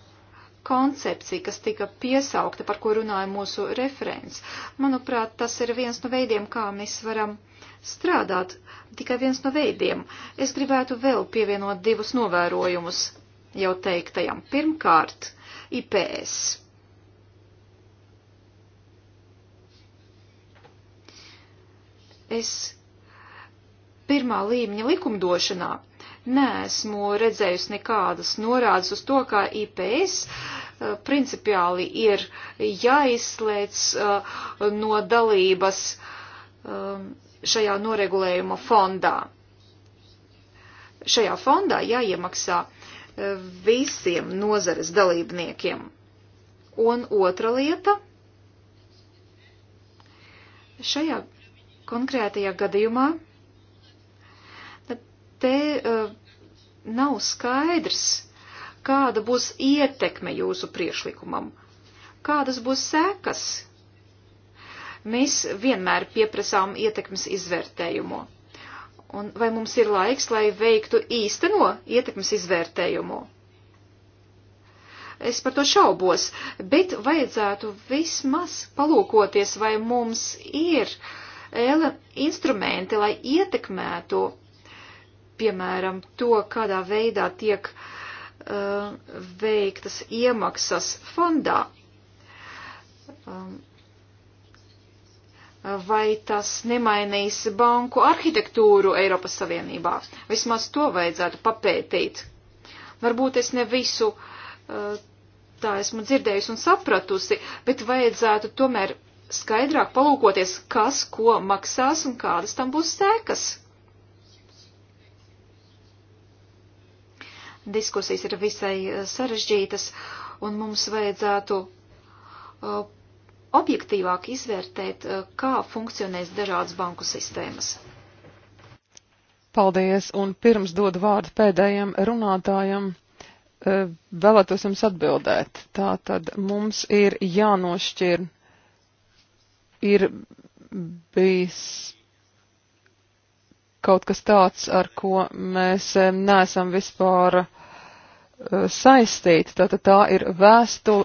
koncepcija, kas tika piesaukta, par ko runāja mūsu referents. Manuprāt, tas ir viens no veidiem, kā mēs varam strādāt, tikai viens no veidiem. Es gribētu vēl pievienot divus novērojumus jau teiktajam. Pirmkārt, IPS. Es pirmā līmeņa likumdošanā neesmu redzējusi nekādas norādes uz to, ka IPS eh, principiāli ir jāizslēdz eh, no dalības eh, šajā noregulējuma fondā. Šajā fondā jāiemaksā visiem nozares dalībniekiem. Un otra lieta. Šajā konkrētajā gadījumā te uh, nav skaidrs, kāda būs ietekme jūsu priešlikumam, kādas būs sekas. Mēs vienmēr pieprasām ietekmes izvērtējumu. Un vai mums ir laiks, lai veiktu īsteno ietekmes izvērtējumu? Es par to šaubos, bet vajadzētu vismaz palūkoties, vai mums ir ele instrumenti, lai ietekmētu piemēram, to, kādā veidā tiek uh, veiktas iemaksas fondā. Um, uh, vai tas nemainīs banku arhitektūru Eiropas Savienībā? Vismaz to vajadzētu papētīt. Varbūt es ne visu uh, tā esmu dzirdējusi un sapratusi, bet vajadzētu tomēr skaidrāk palūkoties, kas ko maksās un kādas tam būs sēkas. diskusijas ir visai eh, sarežģītas, un mums vajadzētu eh, objektīvāk izvērtēt, eh, kā funkcionēs dažādas banku sistēmas. Paldies, un pirms dodu vārdu pēdējiem runātājiem, vēlētos jums atbildēt. Tātad mums ir jānošķir, ir bijis kaut kas tāds, ar ko mēs neesam vispār eh, saistīti. Tātad tā ir vēstule.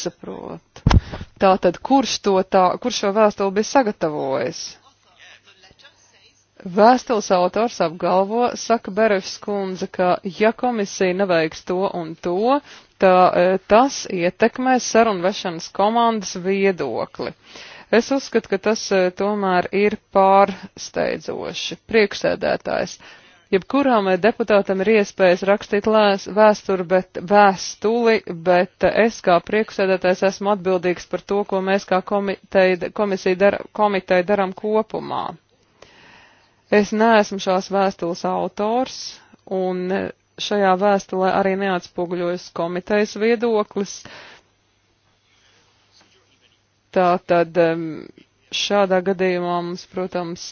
Saprot. Tātad, kurš, to tā, kurš šo vēstuli bija sagatavojis? Vēstules autors apgalvo, saka Berevs kundze, ka ja komisija neveiks to un to, tā, eh, tas ietekmēs sarunvešanas komandas viedokli. Uh, Es uzskatu, ka tas eh, tomēr ir pārsteidzoši. Priekšsēdētājs jebkurām eh, deputātam ir iespējas rakstīt lēs, vēsturi, bet vēstuli, bet eh, es kā priekšsēdētājs esmu atbildīgs par to, ko mēs kā komiteja, komisija dar, komiteja daram kopumā. Es neesmu šās vēstules autors, un šajā vēstulē arī neatspoguļojas komitejas viedoklis. Uh, Tā tad šādā gadījumā mums, protams,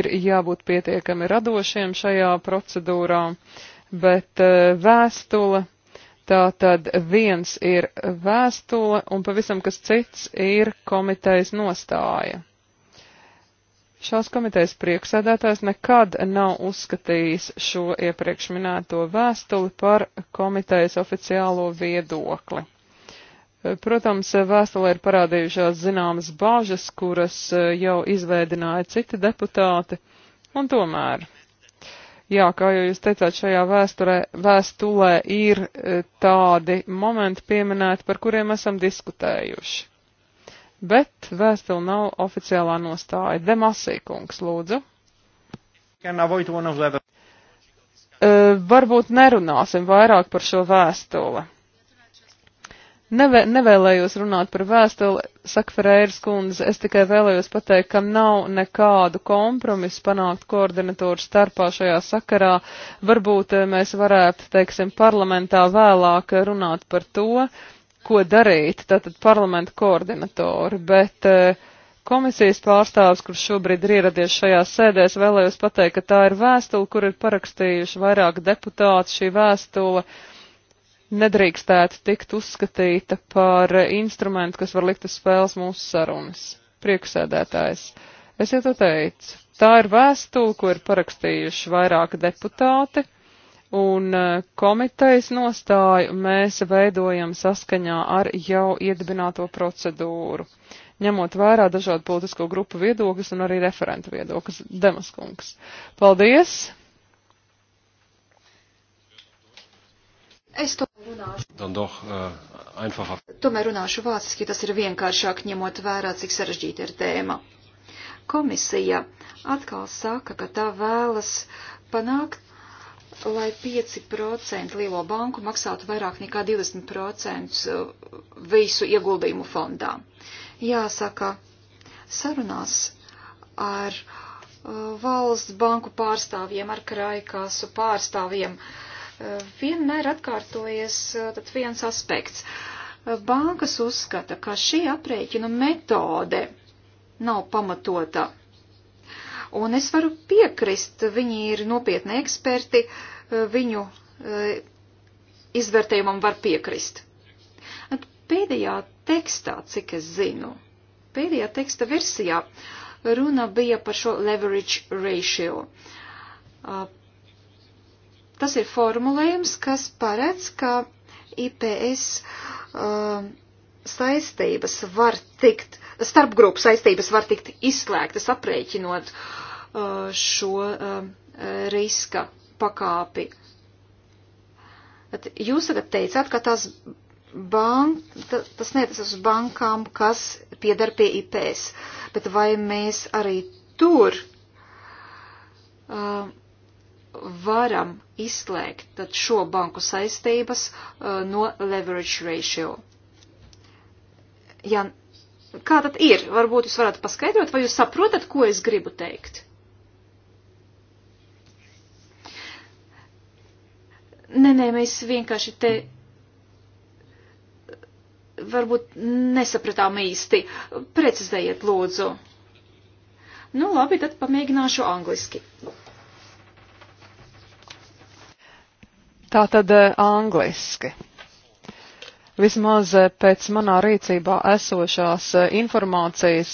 ir jābūt pietiekami radošiem šajā procedūrā, bet eh, vēstule, tā tad viens ir vēstule un pavisam kas cits ir komitejas nostāja. Šās komitejas priekšsēdētājs nekad nav uzskatījis šo iepriekš minēto vēstuli par komitejas oficiālo viedokli. Protams, vēstulē ir parādījušās zināmas bāžas, kuras e, jau izveidināja citi deputāti, un tomēr, jā, kā jau jūs teicāt, šajā vēsturē, vēstulē ir e, tādi momenti pieminēti, par kuriem esam diskutējuši. Bet vēstule nav oficiālā nostāja. Demasīkungs, lūdzu. Uh, varbūt nerunāsim vairāk par šo vēstuli Nevē, nevēlējos runāt par vēstuli, saka Ferēras kundze, es tikai vēlējos pateikt, ka nav nekādu kompromisu panākt koordinatoru starpā šajā sakarā. Varbūt eh, mēs varētu, teiksim, parlamentā vēlāk runāt par to, ko darīt, tātad parlamenta koordinatori, bet eh, komisijas pārstāvs, kurš šobrīd ir ieradies šajā sēdē, es vēlējos pateikt, ka tā ir vēstule, kur ir parakstījuši vairāk deputāti šī vēstule nedrīkstētu tikt uzskatīta par instrumentu, kas var likt uz spēles mūsu sarunas. Prieksēdētājs. Es jau to teicu. Tā ir vēstule, ko ir parakstījuši vairāki deputāti, un e, komitejas nostāju mēs veidojam saskaņā ar jau iedibināto procedūru, ņemot vērā dažādu politisko grupu viedokļus un arī referentu viedokļus. Demaskungs. Paldies! Es to Äh, runāšu. Tomēr runāšu vāciski, tas ir vienkāršāk ņemot vērā, cik sarežģīta ir tēma. Komisija atkal saka, ka tā vēlas panākt, lai 5% lielo banku maksātu vairāk nekā 20% uh, visu ieguldījumu fondā. Jāsaka, sarunās ar uh, valsts banku pārstāvjiem, ar krājkasu pārstāvjiem. Uh, vienmēr atkārtojies eh, tad viens aspekts. Eh, bankas uzskata, ka šī aprēķina metode nav pamatota. Un es varu piekrist, viņi ir nopietni eksperti, eh, viņu izvērtējumam var piekrist. Pēdējā tekstā, cik es zinu, pēdējā teksta versijā runa bija par šo leverage ratio, ah, Tas ir formulējums, kas paredz, ka IPS uh, saistības var tikt, starpgrupu saistības var tikt izslēgtas aprēķinot uh, šo uh, riska pakāpi. At jūs tagad teicāt, ka tas, bank, tas neatiec uz bankām, kas piedar pie IPS, bet vai mēs arī tur uh, varam izslēgt tad šo banku saistības uh, no leverage ratio. Ja, kā tad ir? Varbūt jūs varētu paskaidrot, vai jūs saprotat, ko es gribu teikt? Nē, nē, mēs vienkārši te varbūt nesapratām īsti. Precizējiet, lūdzu. Nu, labi, tad pamēģināšu angliski. Tātad eh, angliski. Vismaz eh, pēc manā rīcībā esošās eh, informācijas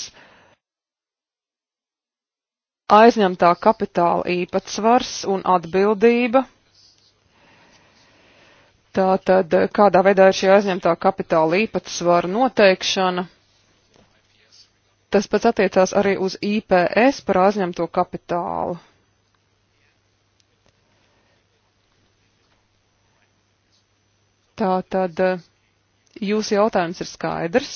aizņemtā kapitāla īpatsvars un atbildība. Tātad, kādā veidā ir šī aizņemtā kapitāla īpatsvara noteikšana? Tas pats attiecās arī uz IPS par aizņemto kapitālu. Tā tad eh, jūsu jautājums ir skaidrs.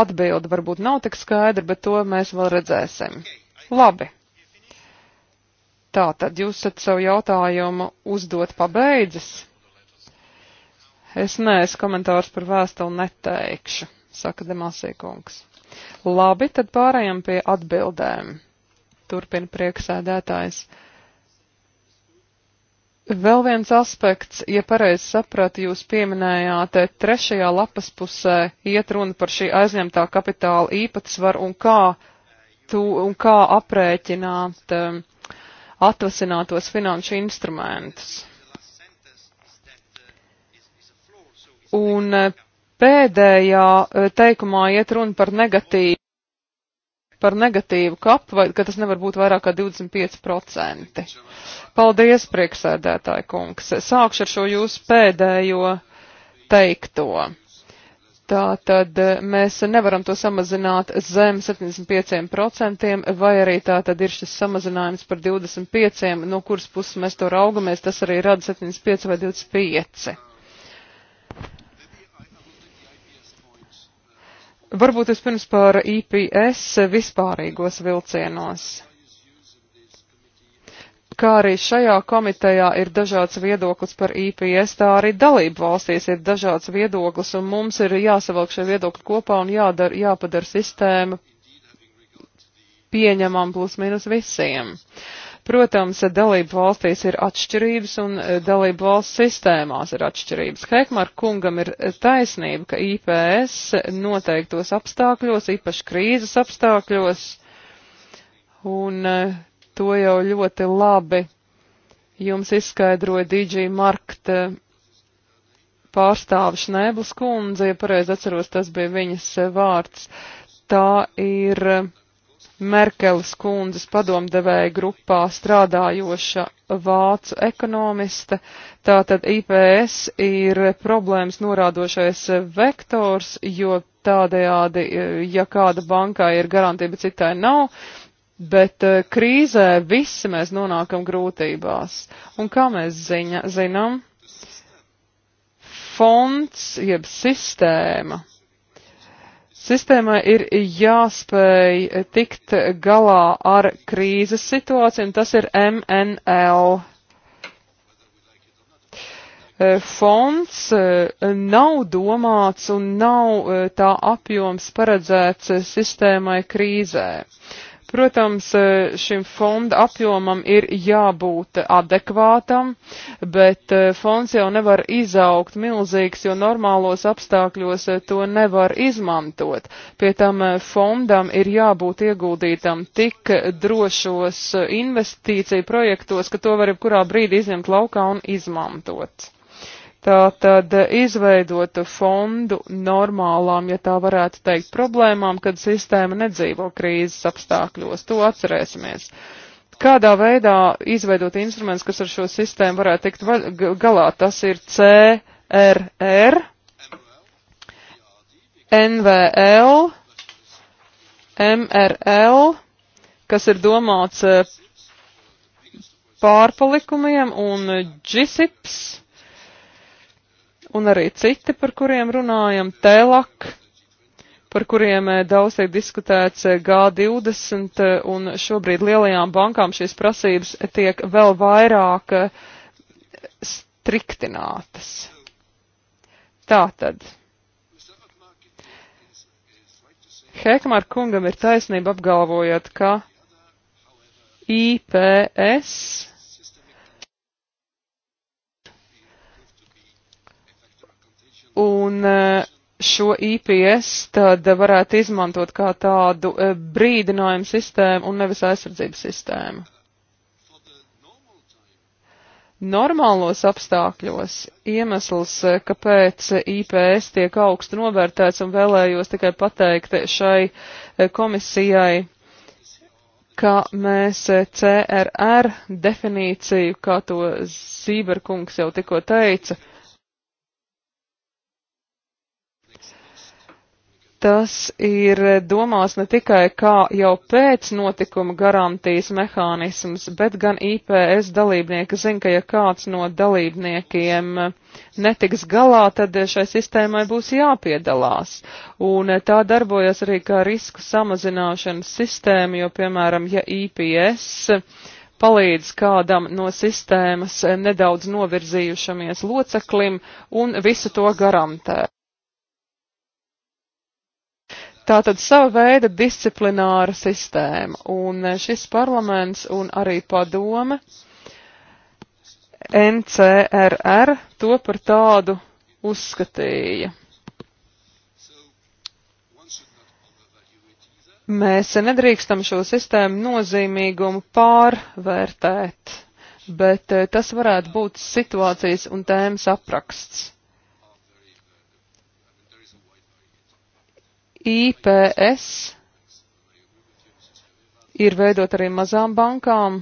Atbilde varbūt nav tik skaidra, bet to mēs vēl redzēsim. Labi. Tā tad jūs esat savu jautājumu uzdot pabeidzis. Es neesmu komentārs par vēstuli neteikšu, saka Demasīkungs. Labi, tad pārējām pie atbildēm. Turpina prieksēdētājs. Vēl viens aspekts, ja pareizi sapratu, jūs pieminējāt, eh, trešajā lapas pusē iet runa par šī aizņemtā kapitāla īpatsvaru un kā, tu, un kā aprēķināt um, atvasinātos finanšu instrumentus. Un eh, pēdējā teikumā iet runa par negatīvu par negatīvu kapu, vai, ka tas nevar būt vairāk kā 25%. Paldies, prieksēdētāji kungs. Sākšu ar šo jūsu pēdējo teikto. Tā tad eh, mēs nevaram to samazināt zem 75%, vai arī tā tad ir šis samazinājums par 25%, no kuras puses mēs to raugamies, tas arī rada 75 vai 25%. Varbūt es pirms par IPS vispārīgos vilcienos. Kā arī šajā komitejā ir dažāds viedoklis par IPS, tā arī dalību valstīs ir dažāds viedoklis, un mums ir jāsavalk šie viedokļi kopā un jādara, jāpadara sistēma pieņemam plus mīnus visiem. Uh, Protams, dalību valstīs ir atšķirības un e, dalību valsts sistēmās ir atšķirības. Hekmar kungam ir e, taisnība, ka IPS noteiktos apstākļos, īpaši krīzes apstākļos, un e, to jau ļoti labi jums izskaidroja DJ Markt pārstāvis Nēblas kundze, ja pareizi atceros, tas bija viņas vārds. Tā ir Merkeles kundzes padomdevēja grupā strādājoša vācu ekonomiste. Tātad IPS ir problēmas norādošais vektors, jo tādējādi, e, ja kāda bankai ir garantija, bet citai nav, bet e, krīzē visi mēs nonākam grūtībās. Un kā mēs ziņa, zinām? Fonds jeb sistēma Sistēmai ir jāspēj tikt galā ar krīzes situāciju, un tas ir MNL. E, fonds e, nav domāts un nav e, tā apjoms paredzēts sistēmai krīzē. Protams, e, šim fonda apjomam ir jābūt adekvātam, bet e, fonds jau nevar izaugt milzīgs, jo normālos apstākļos e, to nevar izmantot. Pie tam fondam ir jābūt ieguldītam tik drošos investīciju projektos, ka to var jebkurā brīdī izņemt laukā un izmantot. Tā tad izveidot fondu normālām, ja tā varētu teikt, problēmām, kad sistēma nedzīvo krīzes apstākļos. To atcerēsimies. Kādā veidā izveidot instruments, kas ar šo sistēmu varētu tikt galā, tas ir CRR, NVL, MRL, kas ir domāts eh, pārpalikumiem, un GSIPS un arī citi, par kuriem runājam, TELAK, par kuriem eh, daudz tiek diskutēts eh, G20, eh, un šobrīd lielajām bankām šīs prasības tiek vēl vairāk striktinātas. Tātad. Hekmār kungam ir taisnība apgalvojot, ka IPS Un eh, šo IPS tad varētu izmantot kā tādu eh, brīdinājumu sistēmu un nevis aizsardzības sistēmu. Normālos apstākļos iemesls, eh, kāpēc IPS tiek augstu novērtēts un vēlējos tikai pateikt šai komisijai, ka mēs CRR definīciju, kā to Zīberkungs jau tikko teica, uh, Tas ir domās ne tikai kā jau pēc notikuma garantijas mehānisms, bet gan IPS dalībnieki zina, ka ja kāds no dalībniekiem netiks galā, tad šai sistēmai būs jāpiedalās. Un tā darbojas arī kā risku samazināšanas sistēma, jo, piemēram, ja IPS palīdz kādam no sistēmas nedaudz novirzījušamies loceklim un visu to garantē. Tā tad sava veida disciplināra sistēma, un eh, šis parlaments un arī padome NCRR to par tādu uzskatīja. Mēs nedrīkstam šo sistēmu nozīmīgumu pārvērtēt, bet eh, tas varētu būt situācijas un tēmas apraksts. IPS ir veidot arī mazām bankām,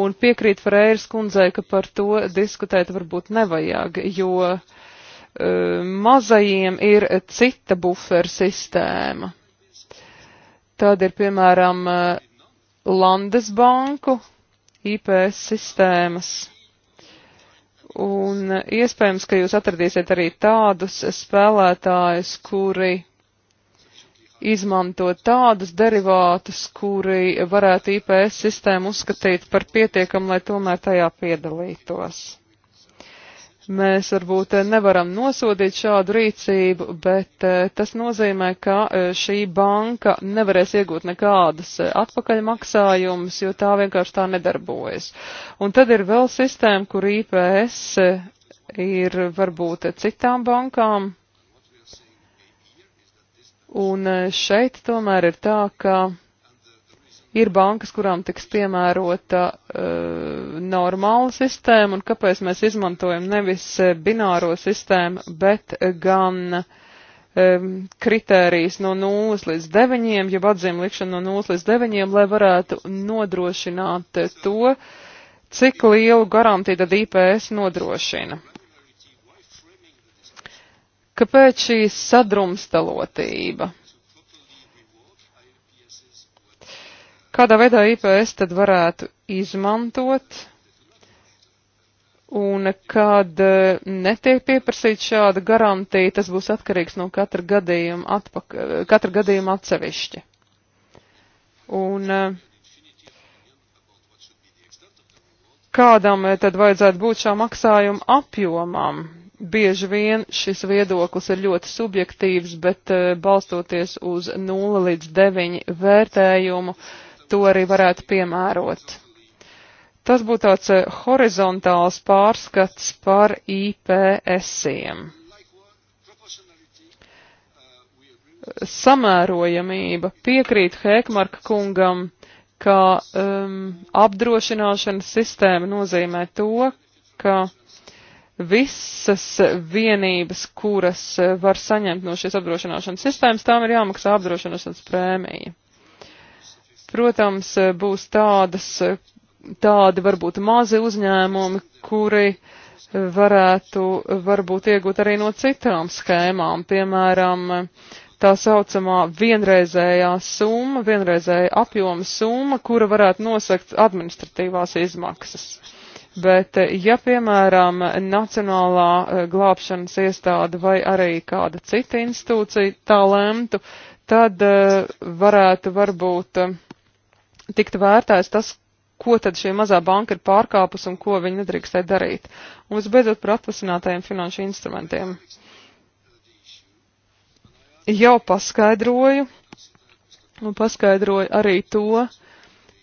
un piekrīt Freiras kundzei, ka par to diskutēt varbūt nevajag, jo uh, mazajiem ir cita buferu sistēma. Tad ir, piemēram, e, Landesbanku IPS sistēmas un e, iespējams, ka jūs atradīsiet arī tādus spēlētājus, kuri izmantot tādus derivātus, kuri varētu IPS sistēmu uzskatīt par pietiekamu, lai tomēr tajā piedalītos. Mēs varbūt nevaram nosodīt šādu rīcību, bet eh, tas nozīmē, ka eh, šī banka nevarēs iegūt nekādas eh, atpakaļmaksājumus, jo tā vienkārši tā nedarbojas. Un tad ir vēl sistēma, kur IPS ir varbūt citām bankām, Un e, šeit tomēr ir tā, ka ir bankas, kurām tiks piemērota uh, normāla sistēma, un kāpēc mēs izmantojam nevis e, bināro sistēmu, bet gan um, kritērijas no 0 līdz 9, jeb atzīm likšana no 0 līdz 9, lai varētu nodrošināt to, cik lielu garantiju tad IPS nodrošina. Kāpēc šī sadrumstalotība? Kādā veidā IPS tad varētu izmantot? Un kad e, netiek pieprasīta šāda garantija, tas būs atkarīgs no katra gadījuma, atpak, e, katra gadījuma atsevišķi. Un e, kādam tad vajadzētu būt šā maksājuma apjomam? bieži vien šis viedoklis ir ļoti subjektīvs, bet eh, balstoties uz 0 līdz 9 vērtējumu, to arī varētu piemērot. Tas būtu tāds eh, horizontāls pārskats par IPS-iem. Samērojamība piekrīt Hēkmarka kungam, ka um, apdrošināšanas sistēma nozīmē to, ka visas vienības, kuras var saņemt no šīs apdrošināšanas sistēmas, tām ir jāmaksā apdrošināšanas prēmija. Protams, būs tādas, tādi varbūt mazi uzņēmumi, kuri varētu varbūt iegūt arī no citām schēmām, piemēram, tā saucamā vienreizējā summa, vienreizēja apjoma summa, kura varētu nosakt administratīvās izmaksas bet eh, ja, piemēram, Nacionālā eh, glābšanas iestāde vai arī kāda cita institūcija tā lemtu, tad eh, varētu varbūt tikt vērtēts tas, ko tad šī mazā banka ir pārkāpus un ko viņi nedrīkstē darīt. Un visbeidzot par atvasinātajiem finanšu instrumentiem. Jau paskaidroju, un paskaidroju arī to, uh,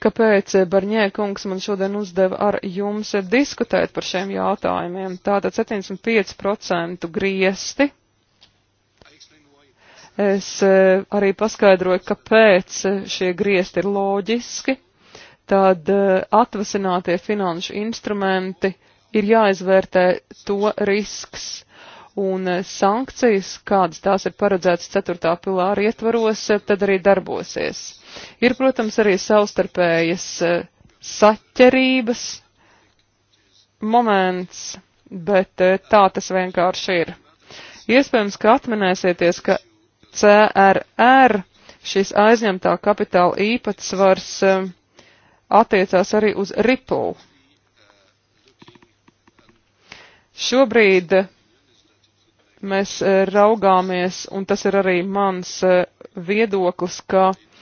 kāpēc eh, Barņē kungs man šodien uzdeva ar jums diskutēt par šiem jautājumiem. Tātad 75% griesti. Es eh, arī paskaidroju, kāpēc eh, šie griesti ir loģiski. Tad atvasinātie finanšu instrumenti ir jāizvērtē to risks un sankcijas, kādas tās ir paredzētas 4. pilāra ietvaros, tad arī darbosies. Ir, protams, arī savstarpējas e, saķerības moments, bet e, tā tas vienkārši ir. Iespējams, ka atminēsieties, ka CRR šis aizņemtā kapitāla īpatsvars e, attiecās arī uz Ripple. Šobrīd mēs raugāmies, un tas ir arī mans viedoklis, ka uh,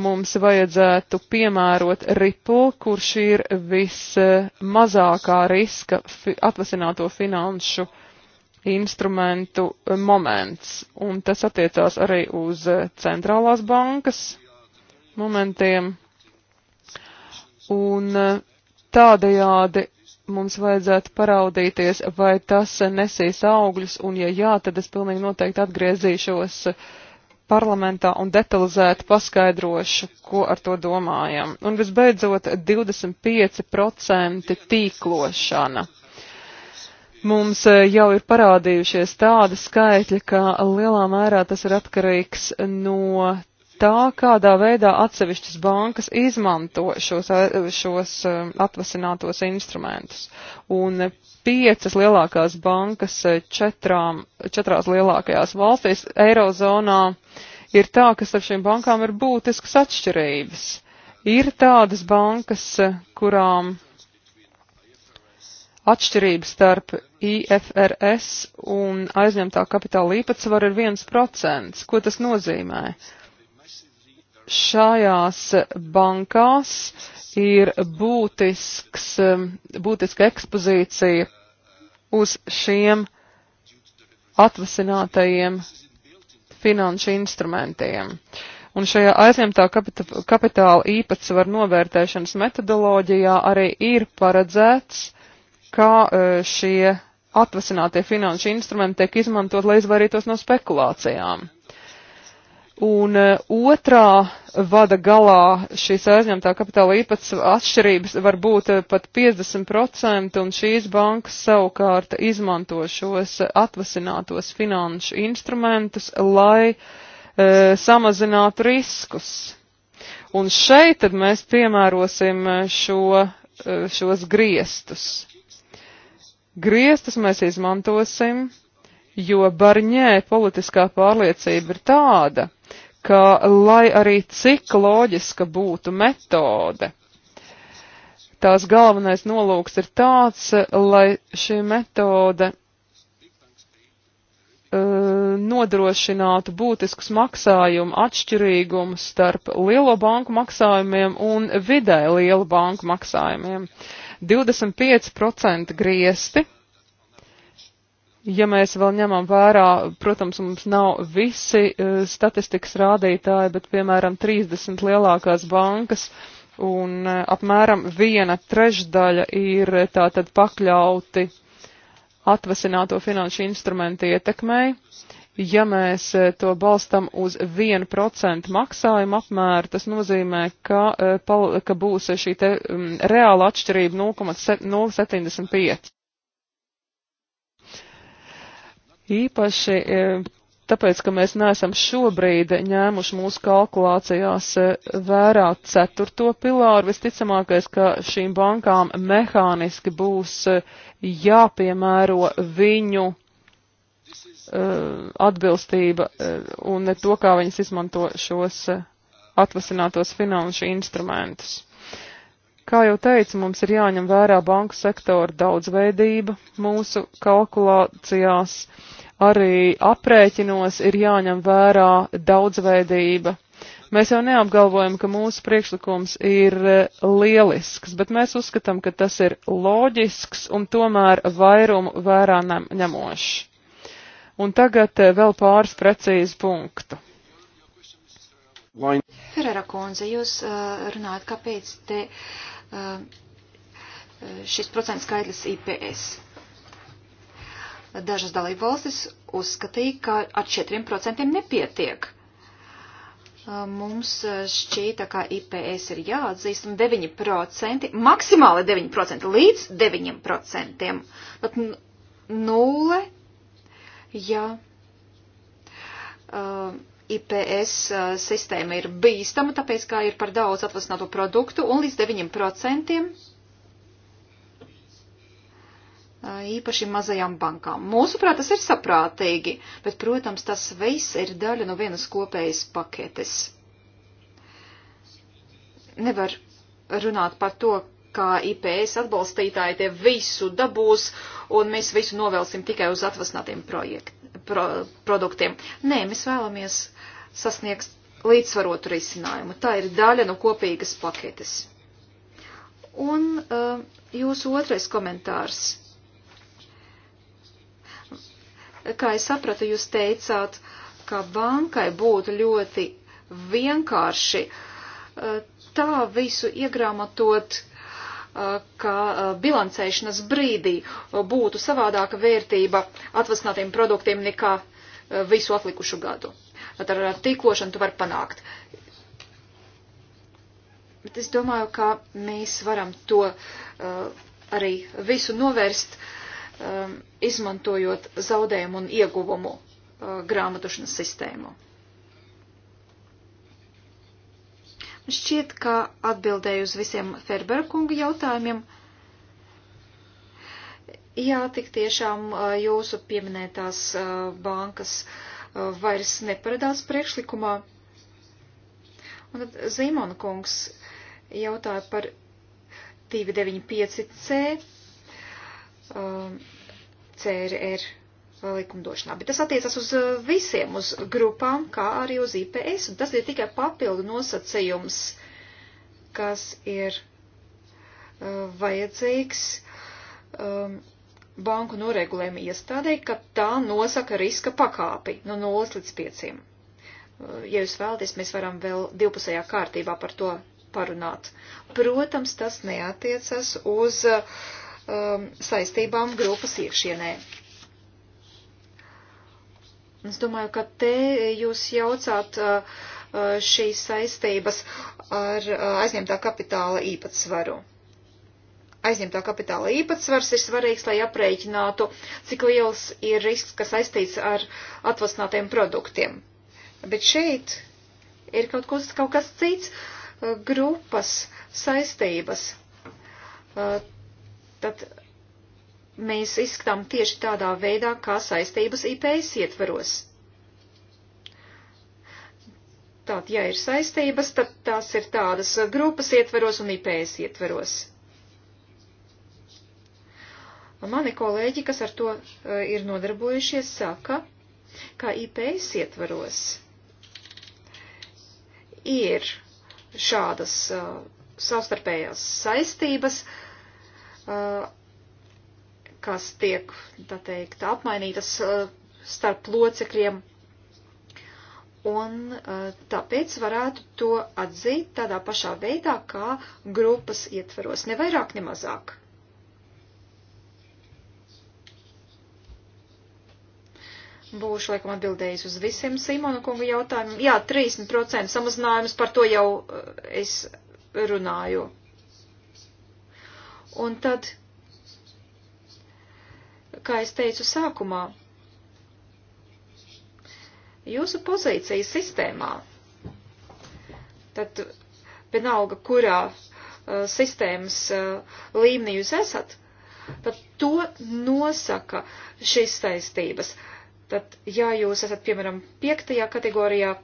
mums vajadzētu piemērot Ripple, kurš ir vismazākā riska fi atvasināto finanšu instrumentu moments. Un tas attiecās arī uz centrālās bankas momentiem. Un tādējādi mums vajadzētu paraudīties, vai tas nesīs augļus, un ja jā, tad es pilnīgi noteikti atgriezīšos uh, parlamentā un detalizēti paskaidrošu, ko ar to domājam. Un visbeidzot, 25% tīklošana. Mums e, jau ir parādījušies tāda skaitļa, ka lielā mērā tas ir atkarīgs no tā, kādā veidā atsevišķas bankas izmanto šos, šos um, atvasinātos instrumentus. Un piecas lielākās bankas eh, četrām, četrās lielākajās valstīs Eirozonā ir tā, ka starp šīm bankām ir būtiskas atšķirības. Ir tādas bankas, kurām atšķirības starp IFRS un aizņemtā kapitāla īpatsvaru ir 1%. Ko tas nozīmē? Uh, šajās bankās ir būtisks, um, būtiska ekspozīcija uz šiem atvasinātajiem finanšu instrumentiem. Un šajā aizņemtā kapitāla īpatsvaru novērtēšanas metodoloģijā arī ir paredzēts, kā uh, šie atvasinātie finanšu instrumenti tiek izmantot, lai izvairītos no spekulācijām un eh, otrā vada galā šīs aizņemtā kapitāla īpats atšķirības var būt eh, pat 50%, un šīs bankas savukārt izmanto šos atvasinātos finanšu instrumentus, lai e, samazinātu riskus. Un šeit tad mēs piemērosim šo, šos griestus. Griestus mēs izmantosim jo Barņē politiskā pārliecība ir tāda, ka lai arī cik loģiska būtu metode, tās galvenais nolūks ir tāds, lai šī metode uh, nodrošinātu būtiskus maksājumu atšķirīgumus starp lielo banku maksājumiem un vidē lielu banku maksājumiem. 25% griesti ja mēs vēl ņemam vērā, protams, mums nav visi e, statistikas rādītāji, bet piemēram 30 lielākās bankas un e, apmēram viena trešdaļa ir e, tātad pakļauti atvasināto finanšu instrumentu ietekmei. Ja mēs to balstam uz 1% maksājuma apmēru, tas nozīmē, ka, ka būs šī te reāla atšķirība 0,75. Īpaši e, tāpēc, ka mēs neesam šobrīd ņēmuši mūsu kalkulācijās e, vērā ceturto pilāru, visticamākais, ka šīm bankām mehāniski būs e, jāpiemēro viņu atbilstība un to, kā viņas izmanto šos atvasinātos finanšu instrumentus. Kā jau teicu, mums ir jāņem vērā banku sektora daudzveidība mūsu kalkulācijās, arī aprēķinos ir jāņem vērā daudzveidība. Mēs jau neapgalvojam, ka mūsu priekšlikums ir lielisks, bet mēs uzskatām, ka tas ir loģisks un tomēr vairumu vērā ņemošs. Un tagad eh, vēl pāris precīzi punktu. Ferrara kundze, jūs eh, runājat, kāpēc te uh, Eh, šis procents skaidrs IPS. Dažas dalībvalstis uzskatīja, ka ar 4% nepietiek. Eh, mums šķīta, ka IPS ir jāatzīst, un 9%, maksimāli 9%, līdz 9%, bet nulle, ja uh, IPS uh, sistēma ir bīstama, tāpēc, kā ir par daudz atvasināto produktu un līdz 9% uh, īpaši mazajām bankām. Mūsuprāt, tas ir saprātīgi, bet, protams, tas viss ir daļa no vienas kopējas paketes. Nevar runāt par to, kā IPS atbalstītāji tie visu dabūs un mēs visu novelsim tikai uz atvasinātiem projekt, pro, produktiem. Nē, mēs vēlamies sasniegt līdzsvarotu risinājumu. Tā ir daļa no kopīgas paketes. Un uh, jūsu otrais komentārs. Kā es sapratu, jūs teicāt, ka bankai būtu ļoti vienkārši uh, tā visu iegramatot uh, ka eh, bilancēšanas brīdī eh, būtu savādāka vērtība atvasinātiem produktiem nekā eh, visu atlikušu gadu. Tad ar tīklošanu tu var panākt. Bet es domāju, ka mēs varam to arī visu novērst, izmantojot zaudējumu un ieguvumu grāmatušanas sistēmu. Šķiet, ka atbildēju uz visiem Ferberkunga jautājumiem. Jā, tik tiešām jūsu pieminētās bankas vairs neparedās priekšlikumā. Un tad Zīmona kungs jautāja par 295C CRR Uh, likumdošanā. Bet tas attiecas uz uh, visiem, uz grupām, kā arī uz IPS, un tas ir tikai papildu nosacījums, kas ir uh, vajadzīgs um, banku noregulējuma iestādē, ka tā nosaka riska pakāpi no 0 līdz 5. Uh, ja jūs vēlaties, mēs varam vēl divpusējā kārtībā par to parunāt. Protams, tas neatiecas uz uh, um, saistībām grupas iekšienē. Es domāju, ka te jūs jaucāt uh, uh, šīs saistības ar uh, aizņemtā kapitāla īpatsvaru. Aizņemtā kapitāla īpatsvars ir svarīgs, lai aprēķinātu, cik liels ir risks, kas saistīts ar atvasinātiem produktiem. Bet šeit ir kaut kas, kaut kas cits - grupas saistības. Tad mēs izskatām tieši tādā veidā, kā saistības IPS ietveros. Tātad, ja ir saistības, tad tās ir tādas grupas ietveros un IPS ietveros. Mani kolēģi, kas ar to eh, ir nodarbojušies, saka, ka IPS ietveros ir šādas uh, savstarpējās saistības, uh, kas tiek, tā teikt, apmainītas uh, starp locekļiem. Un uh, tāpēc varētu to atzīt tādā pašā veidā, kā grupas ietveros, ne vairāk, ne mazāk. Būšu laikam atbildējis uz visiem Simona kunga jautājumiem. Jā, 30% samazinājums, par to jau uh, es runāju. Un tad kā es teicu sākumā, jūsu pozīcija sistēmā, tad vienalga, kurā uh, sistēmas uh, līmenī jūs esat, tad to nosaka šīs saistības. Tad, ja jūs esat, piemēram, piektajā kategorijā,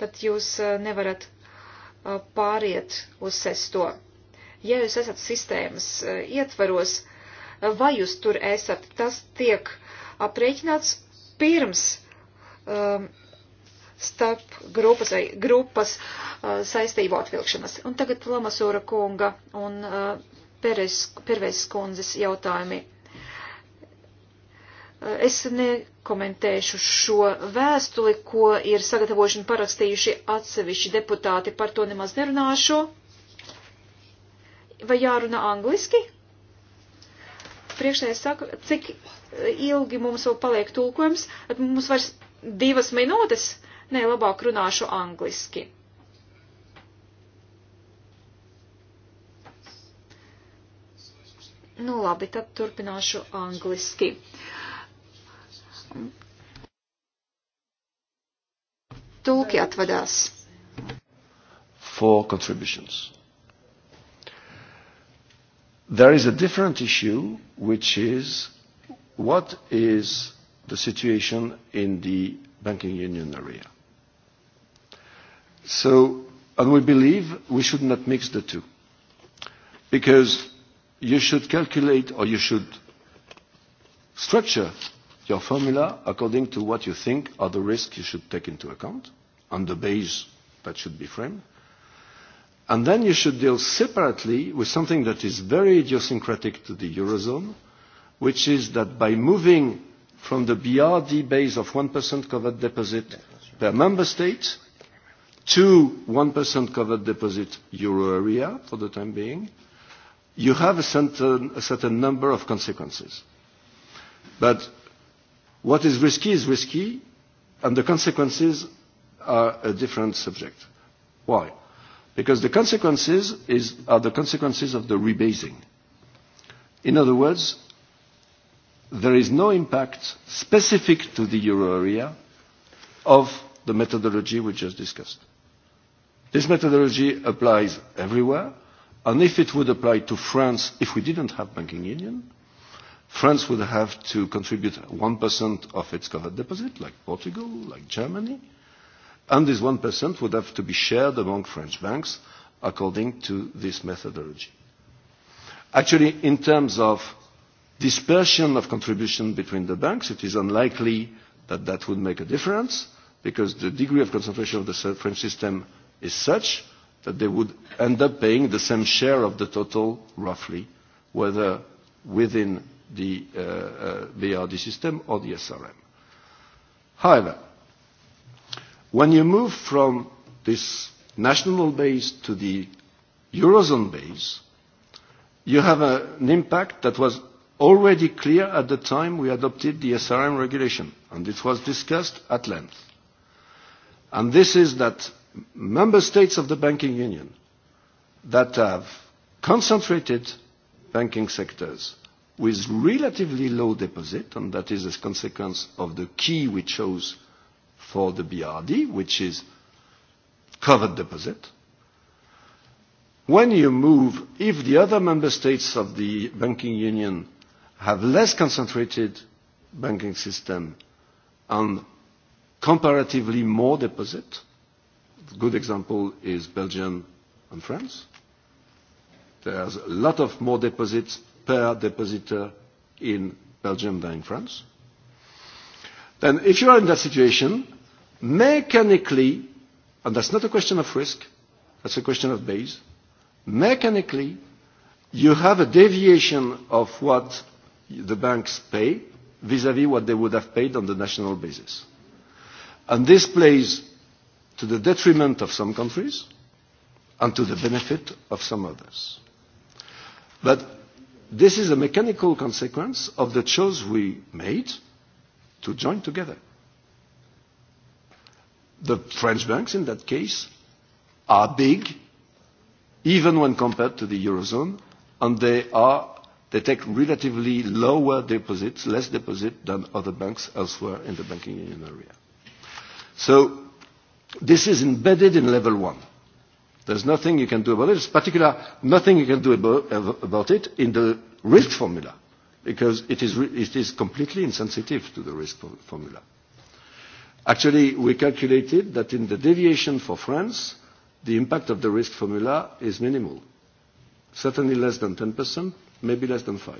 tad jūs uh, nevarat uh, pāriet uz sesto. Ja jūs esat sistēmas uh, ietvaros, vai jūs tur esat. Tas tiek aprēķināts pirms um, starp grupas vai grupas uh, saistību atvilkšanas. Un tagad Lamasūra kunga un uh, Pervēs kundzes jautājumi. Uh, es nekomentēšu šo vēstuli, ko ir sagatavojuši un parakstījuši atsevišķi deputāti, par to nemaz nerunāšu. Vai jārunā angliski? priekšnieks saka, cik e, ilgi mums vēl paliek tulkojums, tad mums vairs divas minūtes, nē, labāk runāšu angliski. Nu labi, tad turpināšu angliski. Tulki atvadās. Four contributions. There is a different issue, which is what is the situation in the banking union area. So, and we believe we should not mix the two, because you should calculate or you should structure your formula according to what you think are the risks you should take into account and the base that should be framed. And then you should deal separately with something that is very idiosyncratic to the Eurozone, which is that by moving from the BRD base of 1% covered deposit per member state to 1% covered deposit euro area for the time being, you have a certain, a certain number of consequences. But what is risky is risky, and the consequences are a different subject. Why? Because the consequences is, are the consequences of the rebasing. In other words, there is no impact specific to the euro area of the methodology we just discussed. This methodology applies everywhere, and if it would apply to France, if we didn't have banking union, France would have to contribute 1% of its covered deposit, like Portugal, like Germany, And this 1% would have to be shared among French banks according to this methodology. Actually, in terms of dispersion of contribution between the banks, it is unlikely that that would make a difference because the degree of concentration of the French system is such that they would end up paying the same share of the total, roughly, whether within the uh, uh, BRD system or the SRM. However, When you move from this national base to the Eurozone base, you have a, an impact that was already clear at the time we adopted the SRM regulation, and it was discussed at length. And this is that member states of the banking union that have concentrated banking sectors with relatively low deposit, and that is a consequence of the key we chose for the BRD, which is covered deposit. When you move, if the other member states of the banking union have less concentrated banking system and comparatively more deposit, a good example is Belgium and France, there's a lot of more deposits per depositor in Belgium than in France. Then if you are in that situation, mechanically, and that's not a question of risk, that's a question of base, mechanically, you have a deviation of what the banks pay vis-à-vis -vis what they would have paid on the national basis. And this plays to the detriment of some countries and to the benefit of some others. But this is a mechanical consequence of the choice we made to join together the French banks in that case are big, even when compared to the Eurozone, and they, are, they take relatively lower deposits, less deposit than other banks elsewhere in the banking union area. So this is embedded in level one. There's nothing you can do about it. It's particular, nothing you can do about, about it in the risk formula, because it is, it is completely insensitive to the risk formula. Actually, we calculated that in the deviation for France, the impact of the risk formula is minimal, certainly less than 10%, maybe less than 5%.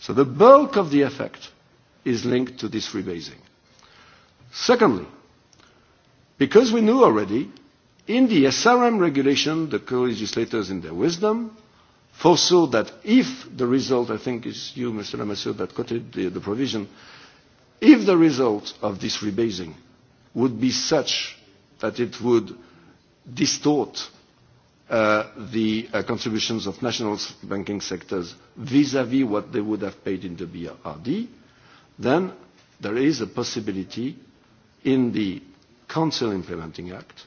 So the bulk of the effect is linked to this rebasing. Secondly, because we knew already, in the SRM regulation, the co-legislators, in their wisdom, foresaw that if the result, I think it's you, Mr. Lamassoure, that quoted the, the provision, uh, If the result of this rebasing would be such that it would distort uh, the uh, contributions of national banking sectors vis-à-vis -vis what they would have paid in the BRRD, then there is a possibility in the Council Implementing Act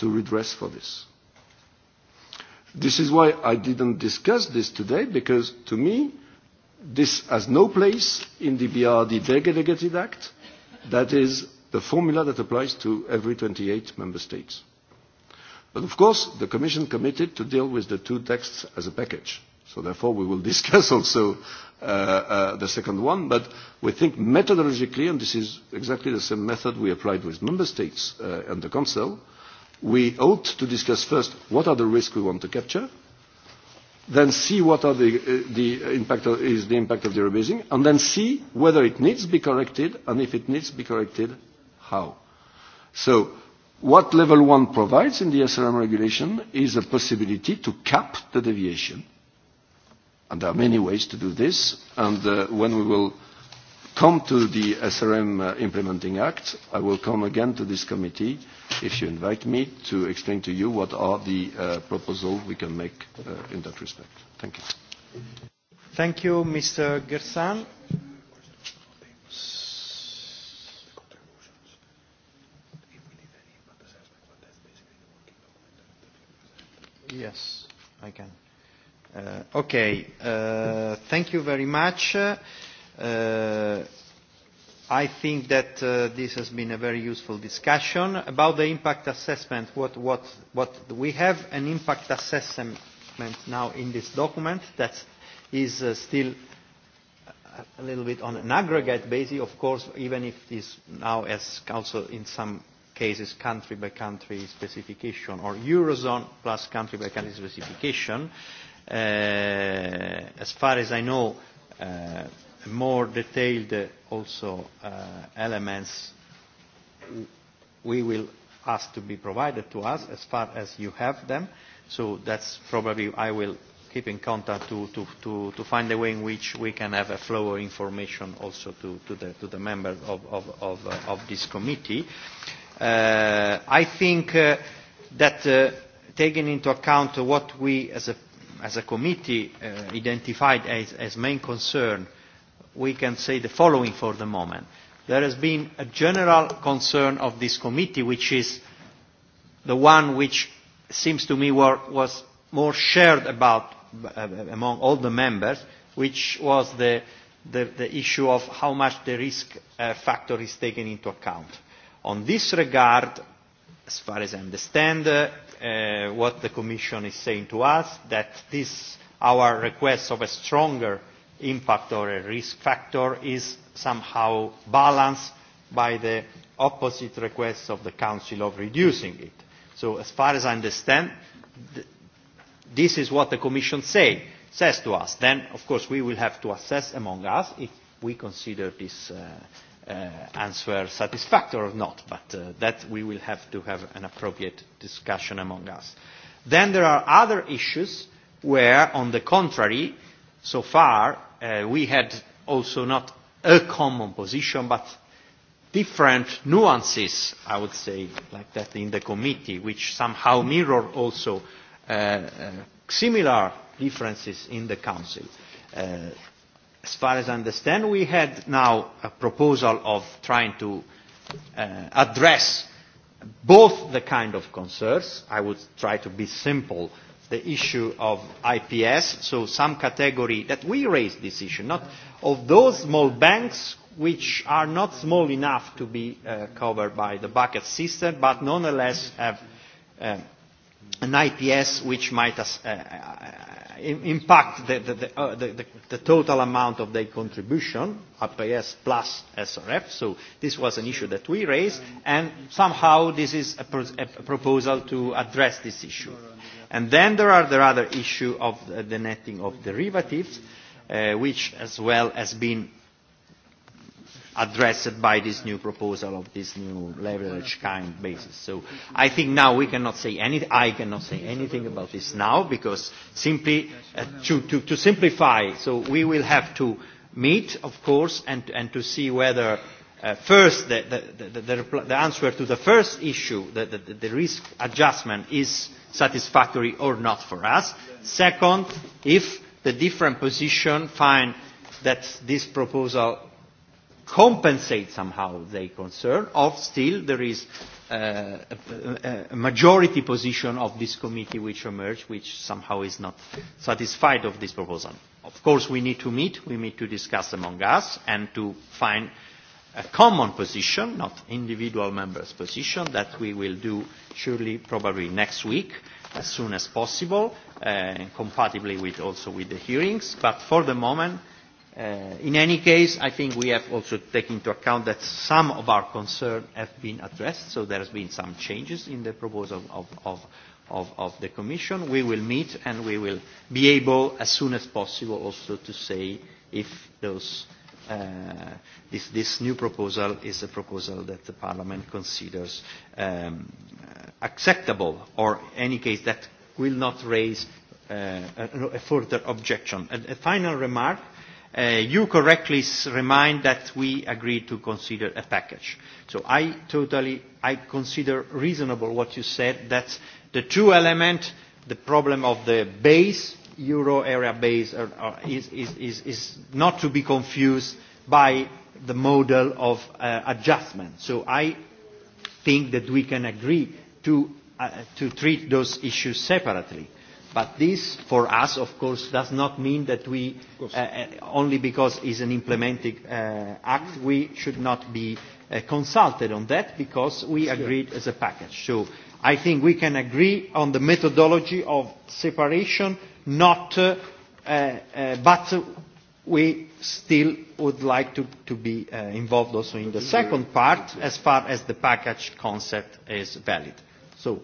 to redress for this. This is why I didn't discuss this today, because to me, this has no place in the BRD Delegated Act. That is the formula that applies to every 28 member states. But of course, the Commission committed to deal with the two texts as a package. So therefore, we will discuss also uh, uh, the second one. But we think methodologically, and this is exactly the same method we applied with member states uh, and the Council, we ought to discuss first what are the risks we want to capture – then see what are the, uh, the impact of, is the impact of the rebasing, and then see whether it needs to be corrected, and if it needs to be corrected, how. So what level one provides in the SRM regulation is a possibility to cap the deviation. And there are many ways to do this, and uh, when we will come to the SRM uh, Implementing Act. I will come again to this committee if you invite me to explain to you what are the uh, proposals we can make uh, in that respect. Thank you. Thank you, Mr. Gersan. Yes, I can. Uh, okay, uh, thank you very much. Uh, Uh, I think that uh, this has been a very useful discussion. About the impact assessment, what, what, what we have an impact assessment now in this document that is uh, still a little bit on an aggregate basis, of course, even if this now has also in some cases country by country specification or Eurozone plus country by country specification. Uh, as far as I know, uh, more detailed uh, also uh, elements we will ask to be provided to us as far as you have them. So that's probably I will keep in contact to, to, to, to find a way in which we can have a flow of information also to, to, the, to the members of, of, of, uh, of this committee. Uh, I think uh, that uh, taking into account what we as a, as a committee uh, identified as, as main concern we can say the following for the moment. There has been a general concern of this committee, which is the one which seems to me were, was more shared about uh, among all the members, which was the, the, the issue of how much the risk uh, factor is taken into account. On this regard, as far as I understand uh, uh, what the Commission is saying to us, that this, our request of a stronger uh, impact or a risk factor is somehow balanced by the opposite request of the Council of reducing it. So as far as I understand, th this is what the Commission say, says to us. Then, of course, we will have to assess among us if we consider this uh, uh, answer satisfactory or not, but uh, that we will have to have an appropriate discussion among us. Then there are other issues where, on the contrary, so far uh, we had also not a common position, but different nuances, I would say, like that in the committee, which somehow mirror also uh, uh, similar differences in the Council. Uh, as far as I understand, we had now a proposal of trying to uh, address both the kind of concerns, I would try to be simple, uh, the issue of IPS, so some category that we raised this issue, not of those small banks which are not small enough to be uh, covered by the bucket system, but nonetheless have um, an IPS which might as, uh, uh impact the, the, the, uh, the, the, the total amount of their contribution, IPS plus SRF. So this was an issue that we raised, and somehow this is a, pro a proposal to address this issue. Uh, And then there are the other issue of the netting of derivatives, uh, which as well has been addressed by this new proposal of this new leverage kind basis. So I think now we cannot say anything, I cannot say anything about this now because simply uh, to, to, to simplify, so we will have to meet, of course, and, and to see whether Uh, first, the, the, the, the, the answer to the first issue, that the, the risk adjustment is satisfactory or not for us. Second, if the different position find that this proposal compensate somehow their concern, or still there is uh, a, a majority position of this committee which emerged, which somehow is not satisfied of this proposal. Of course, we need to meet, we need to discuss among us, and to find uh, a common position, not individual members' position, that we will do surely probably next week as soon as possible, uh, compatibly with also with the hearings. But for the moment, uh, in any case, I think we have also taken into account that some of our concerns have been addressed, so there has been some changes in the proposal of, of, of, of the Commission. We will meet and we will be able, as soon as possible, also to say if those uh, uh, this, this new proposal is a proposal that the Parliament considers um, uh, acceptable or in any case that will not raise uh, a, a further objection. A, a final remark. Uh, you correctly remind that we agreed to consider a package. So I totally, I consider reasonable what you said, that the two elements, the problem of the base euro area base or, or is, is, is, is not to be confused by the model of uh, adjustment. So I think that we can agree to, uh, to treat those issues separately. But this, for us, of course, does not mean that we, uh, uh, only because it's an implementing uh, act, we should not be uh, consulted on that because we agreed as a package. So I think we can agree on the methodology of separation not, uh, uh, uh, but we still would like to, to be uh, involved also in the second part as far as the package concept is valid. So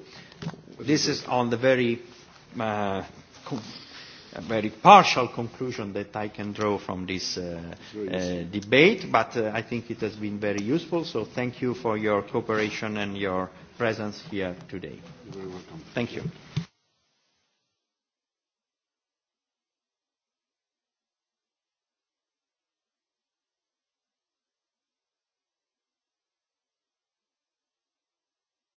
this is on the very, uh, com- very partial conclusion that I can draw from this uh, uh, debate, but uh, I think it has been very useful. So thank you for your cooperation and your presence here today. You're very welcome. Thank you.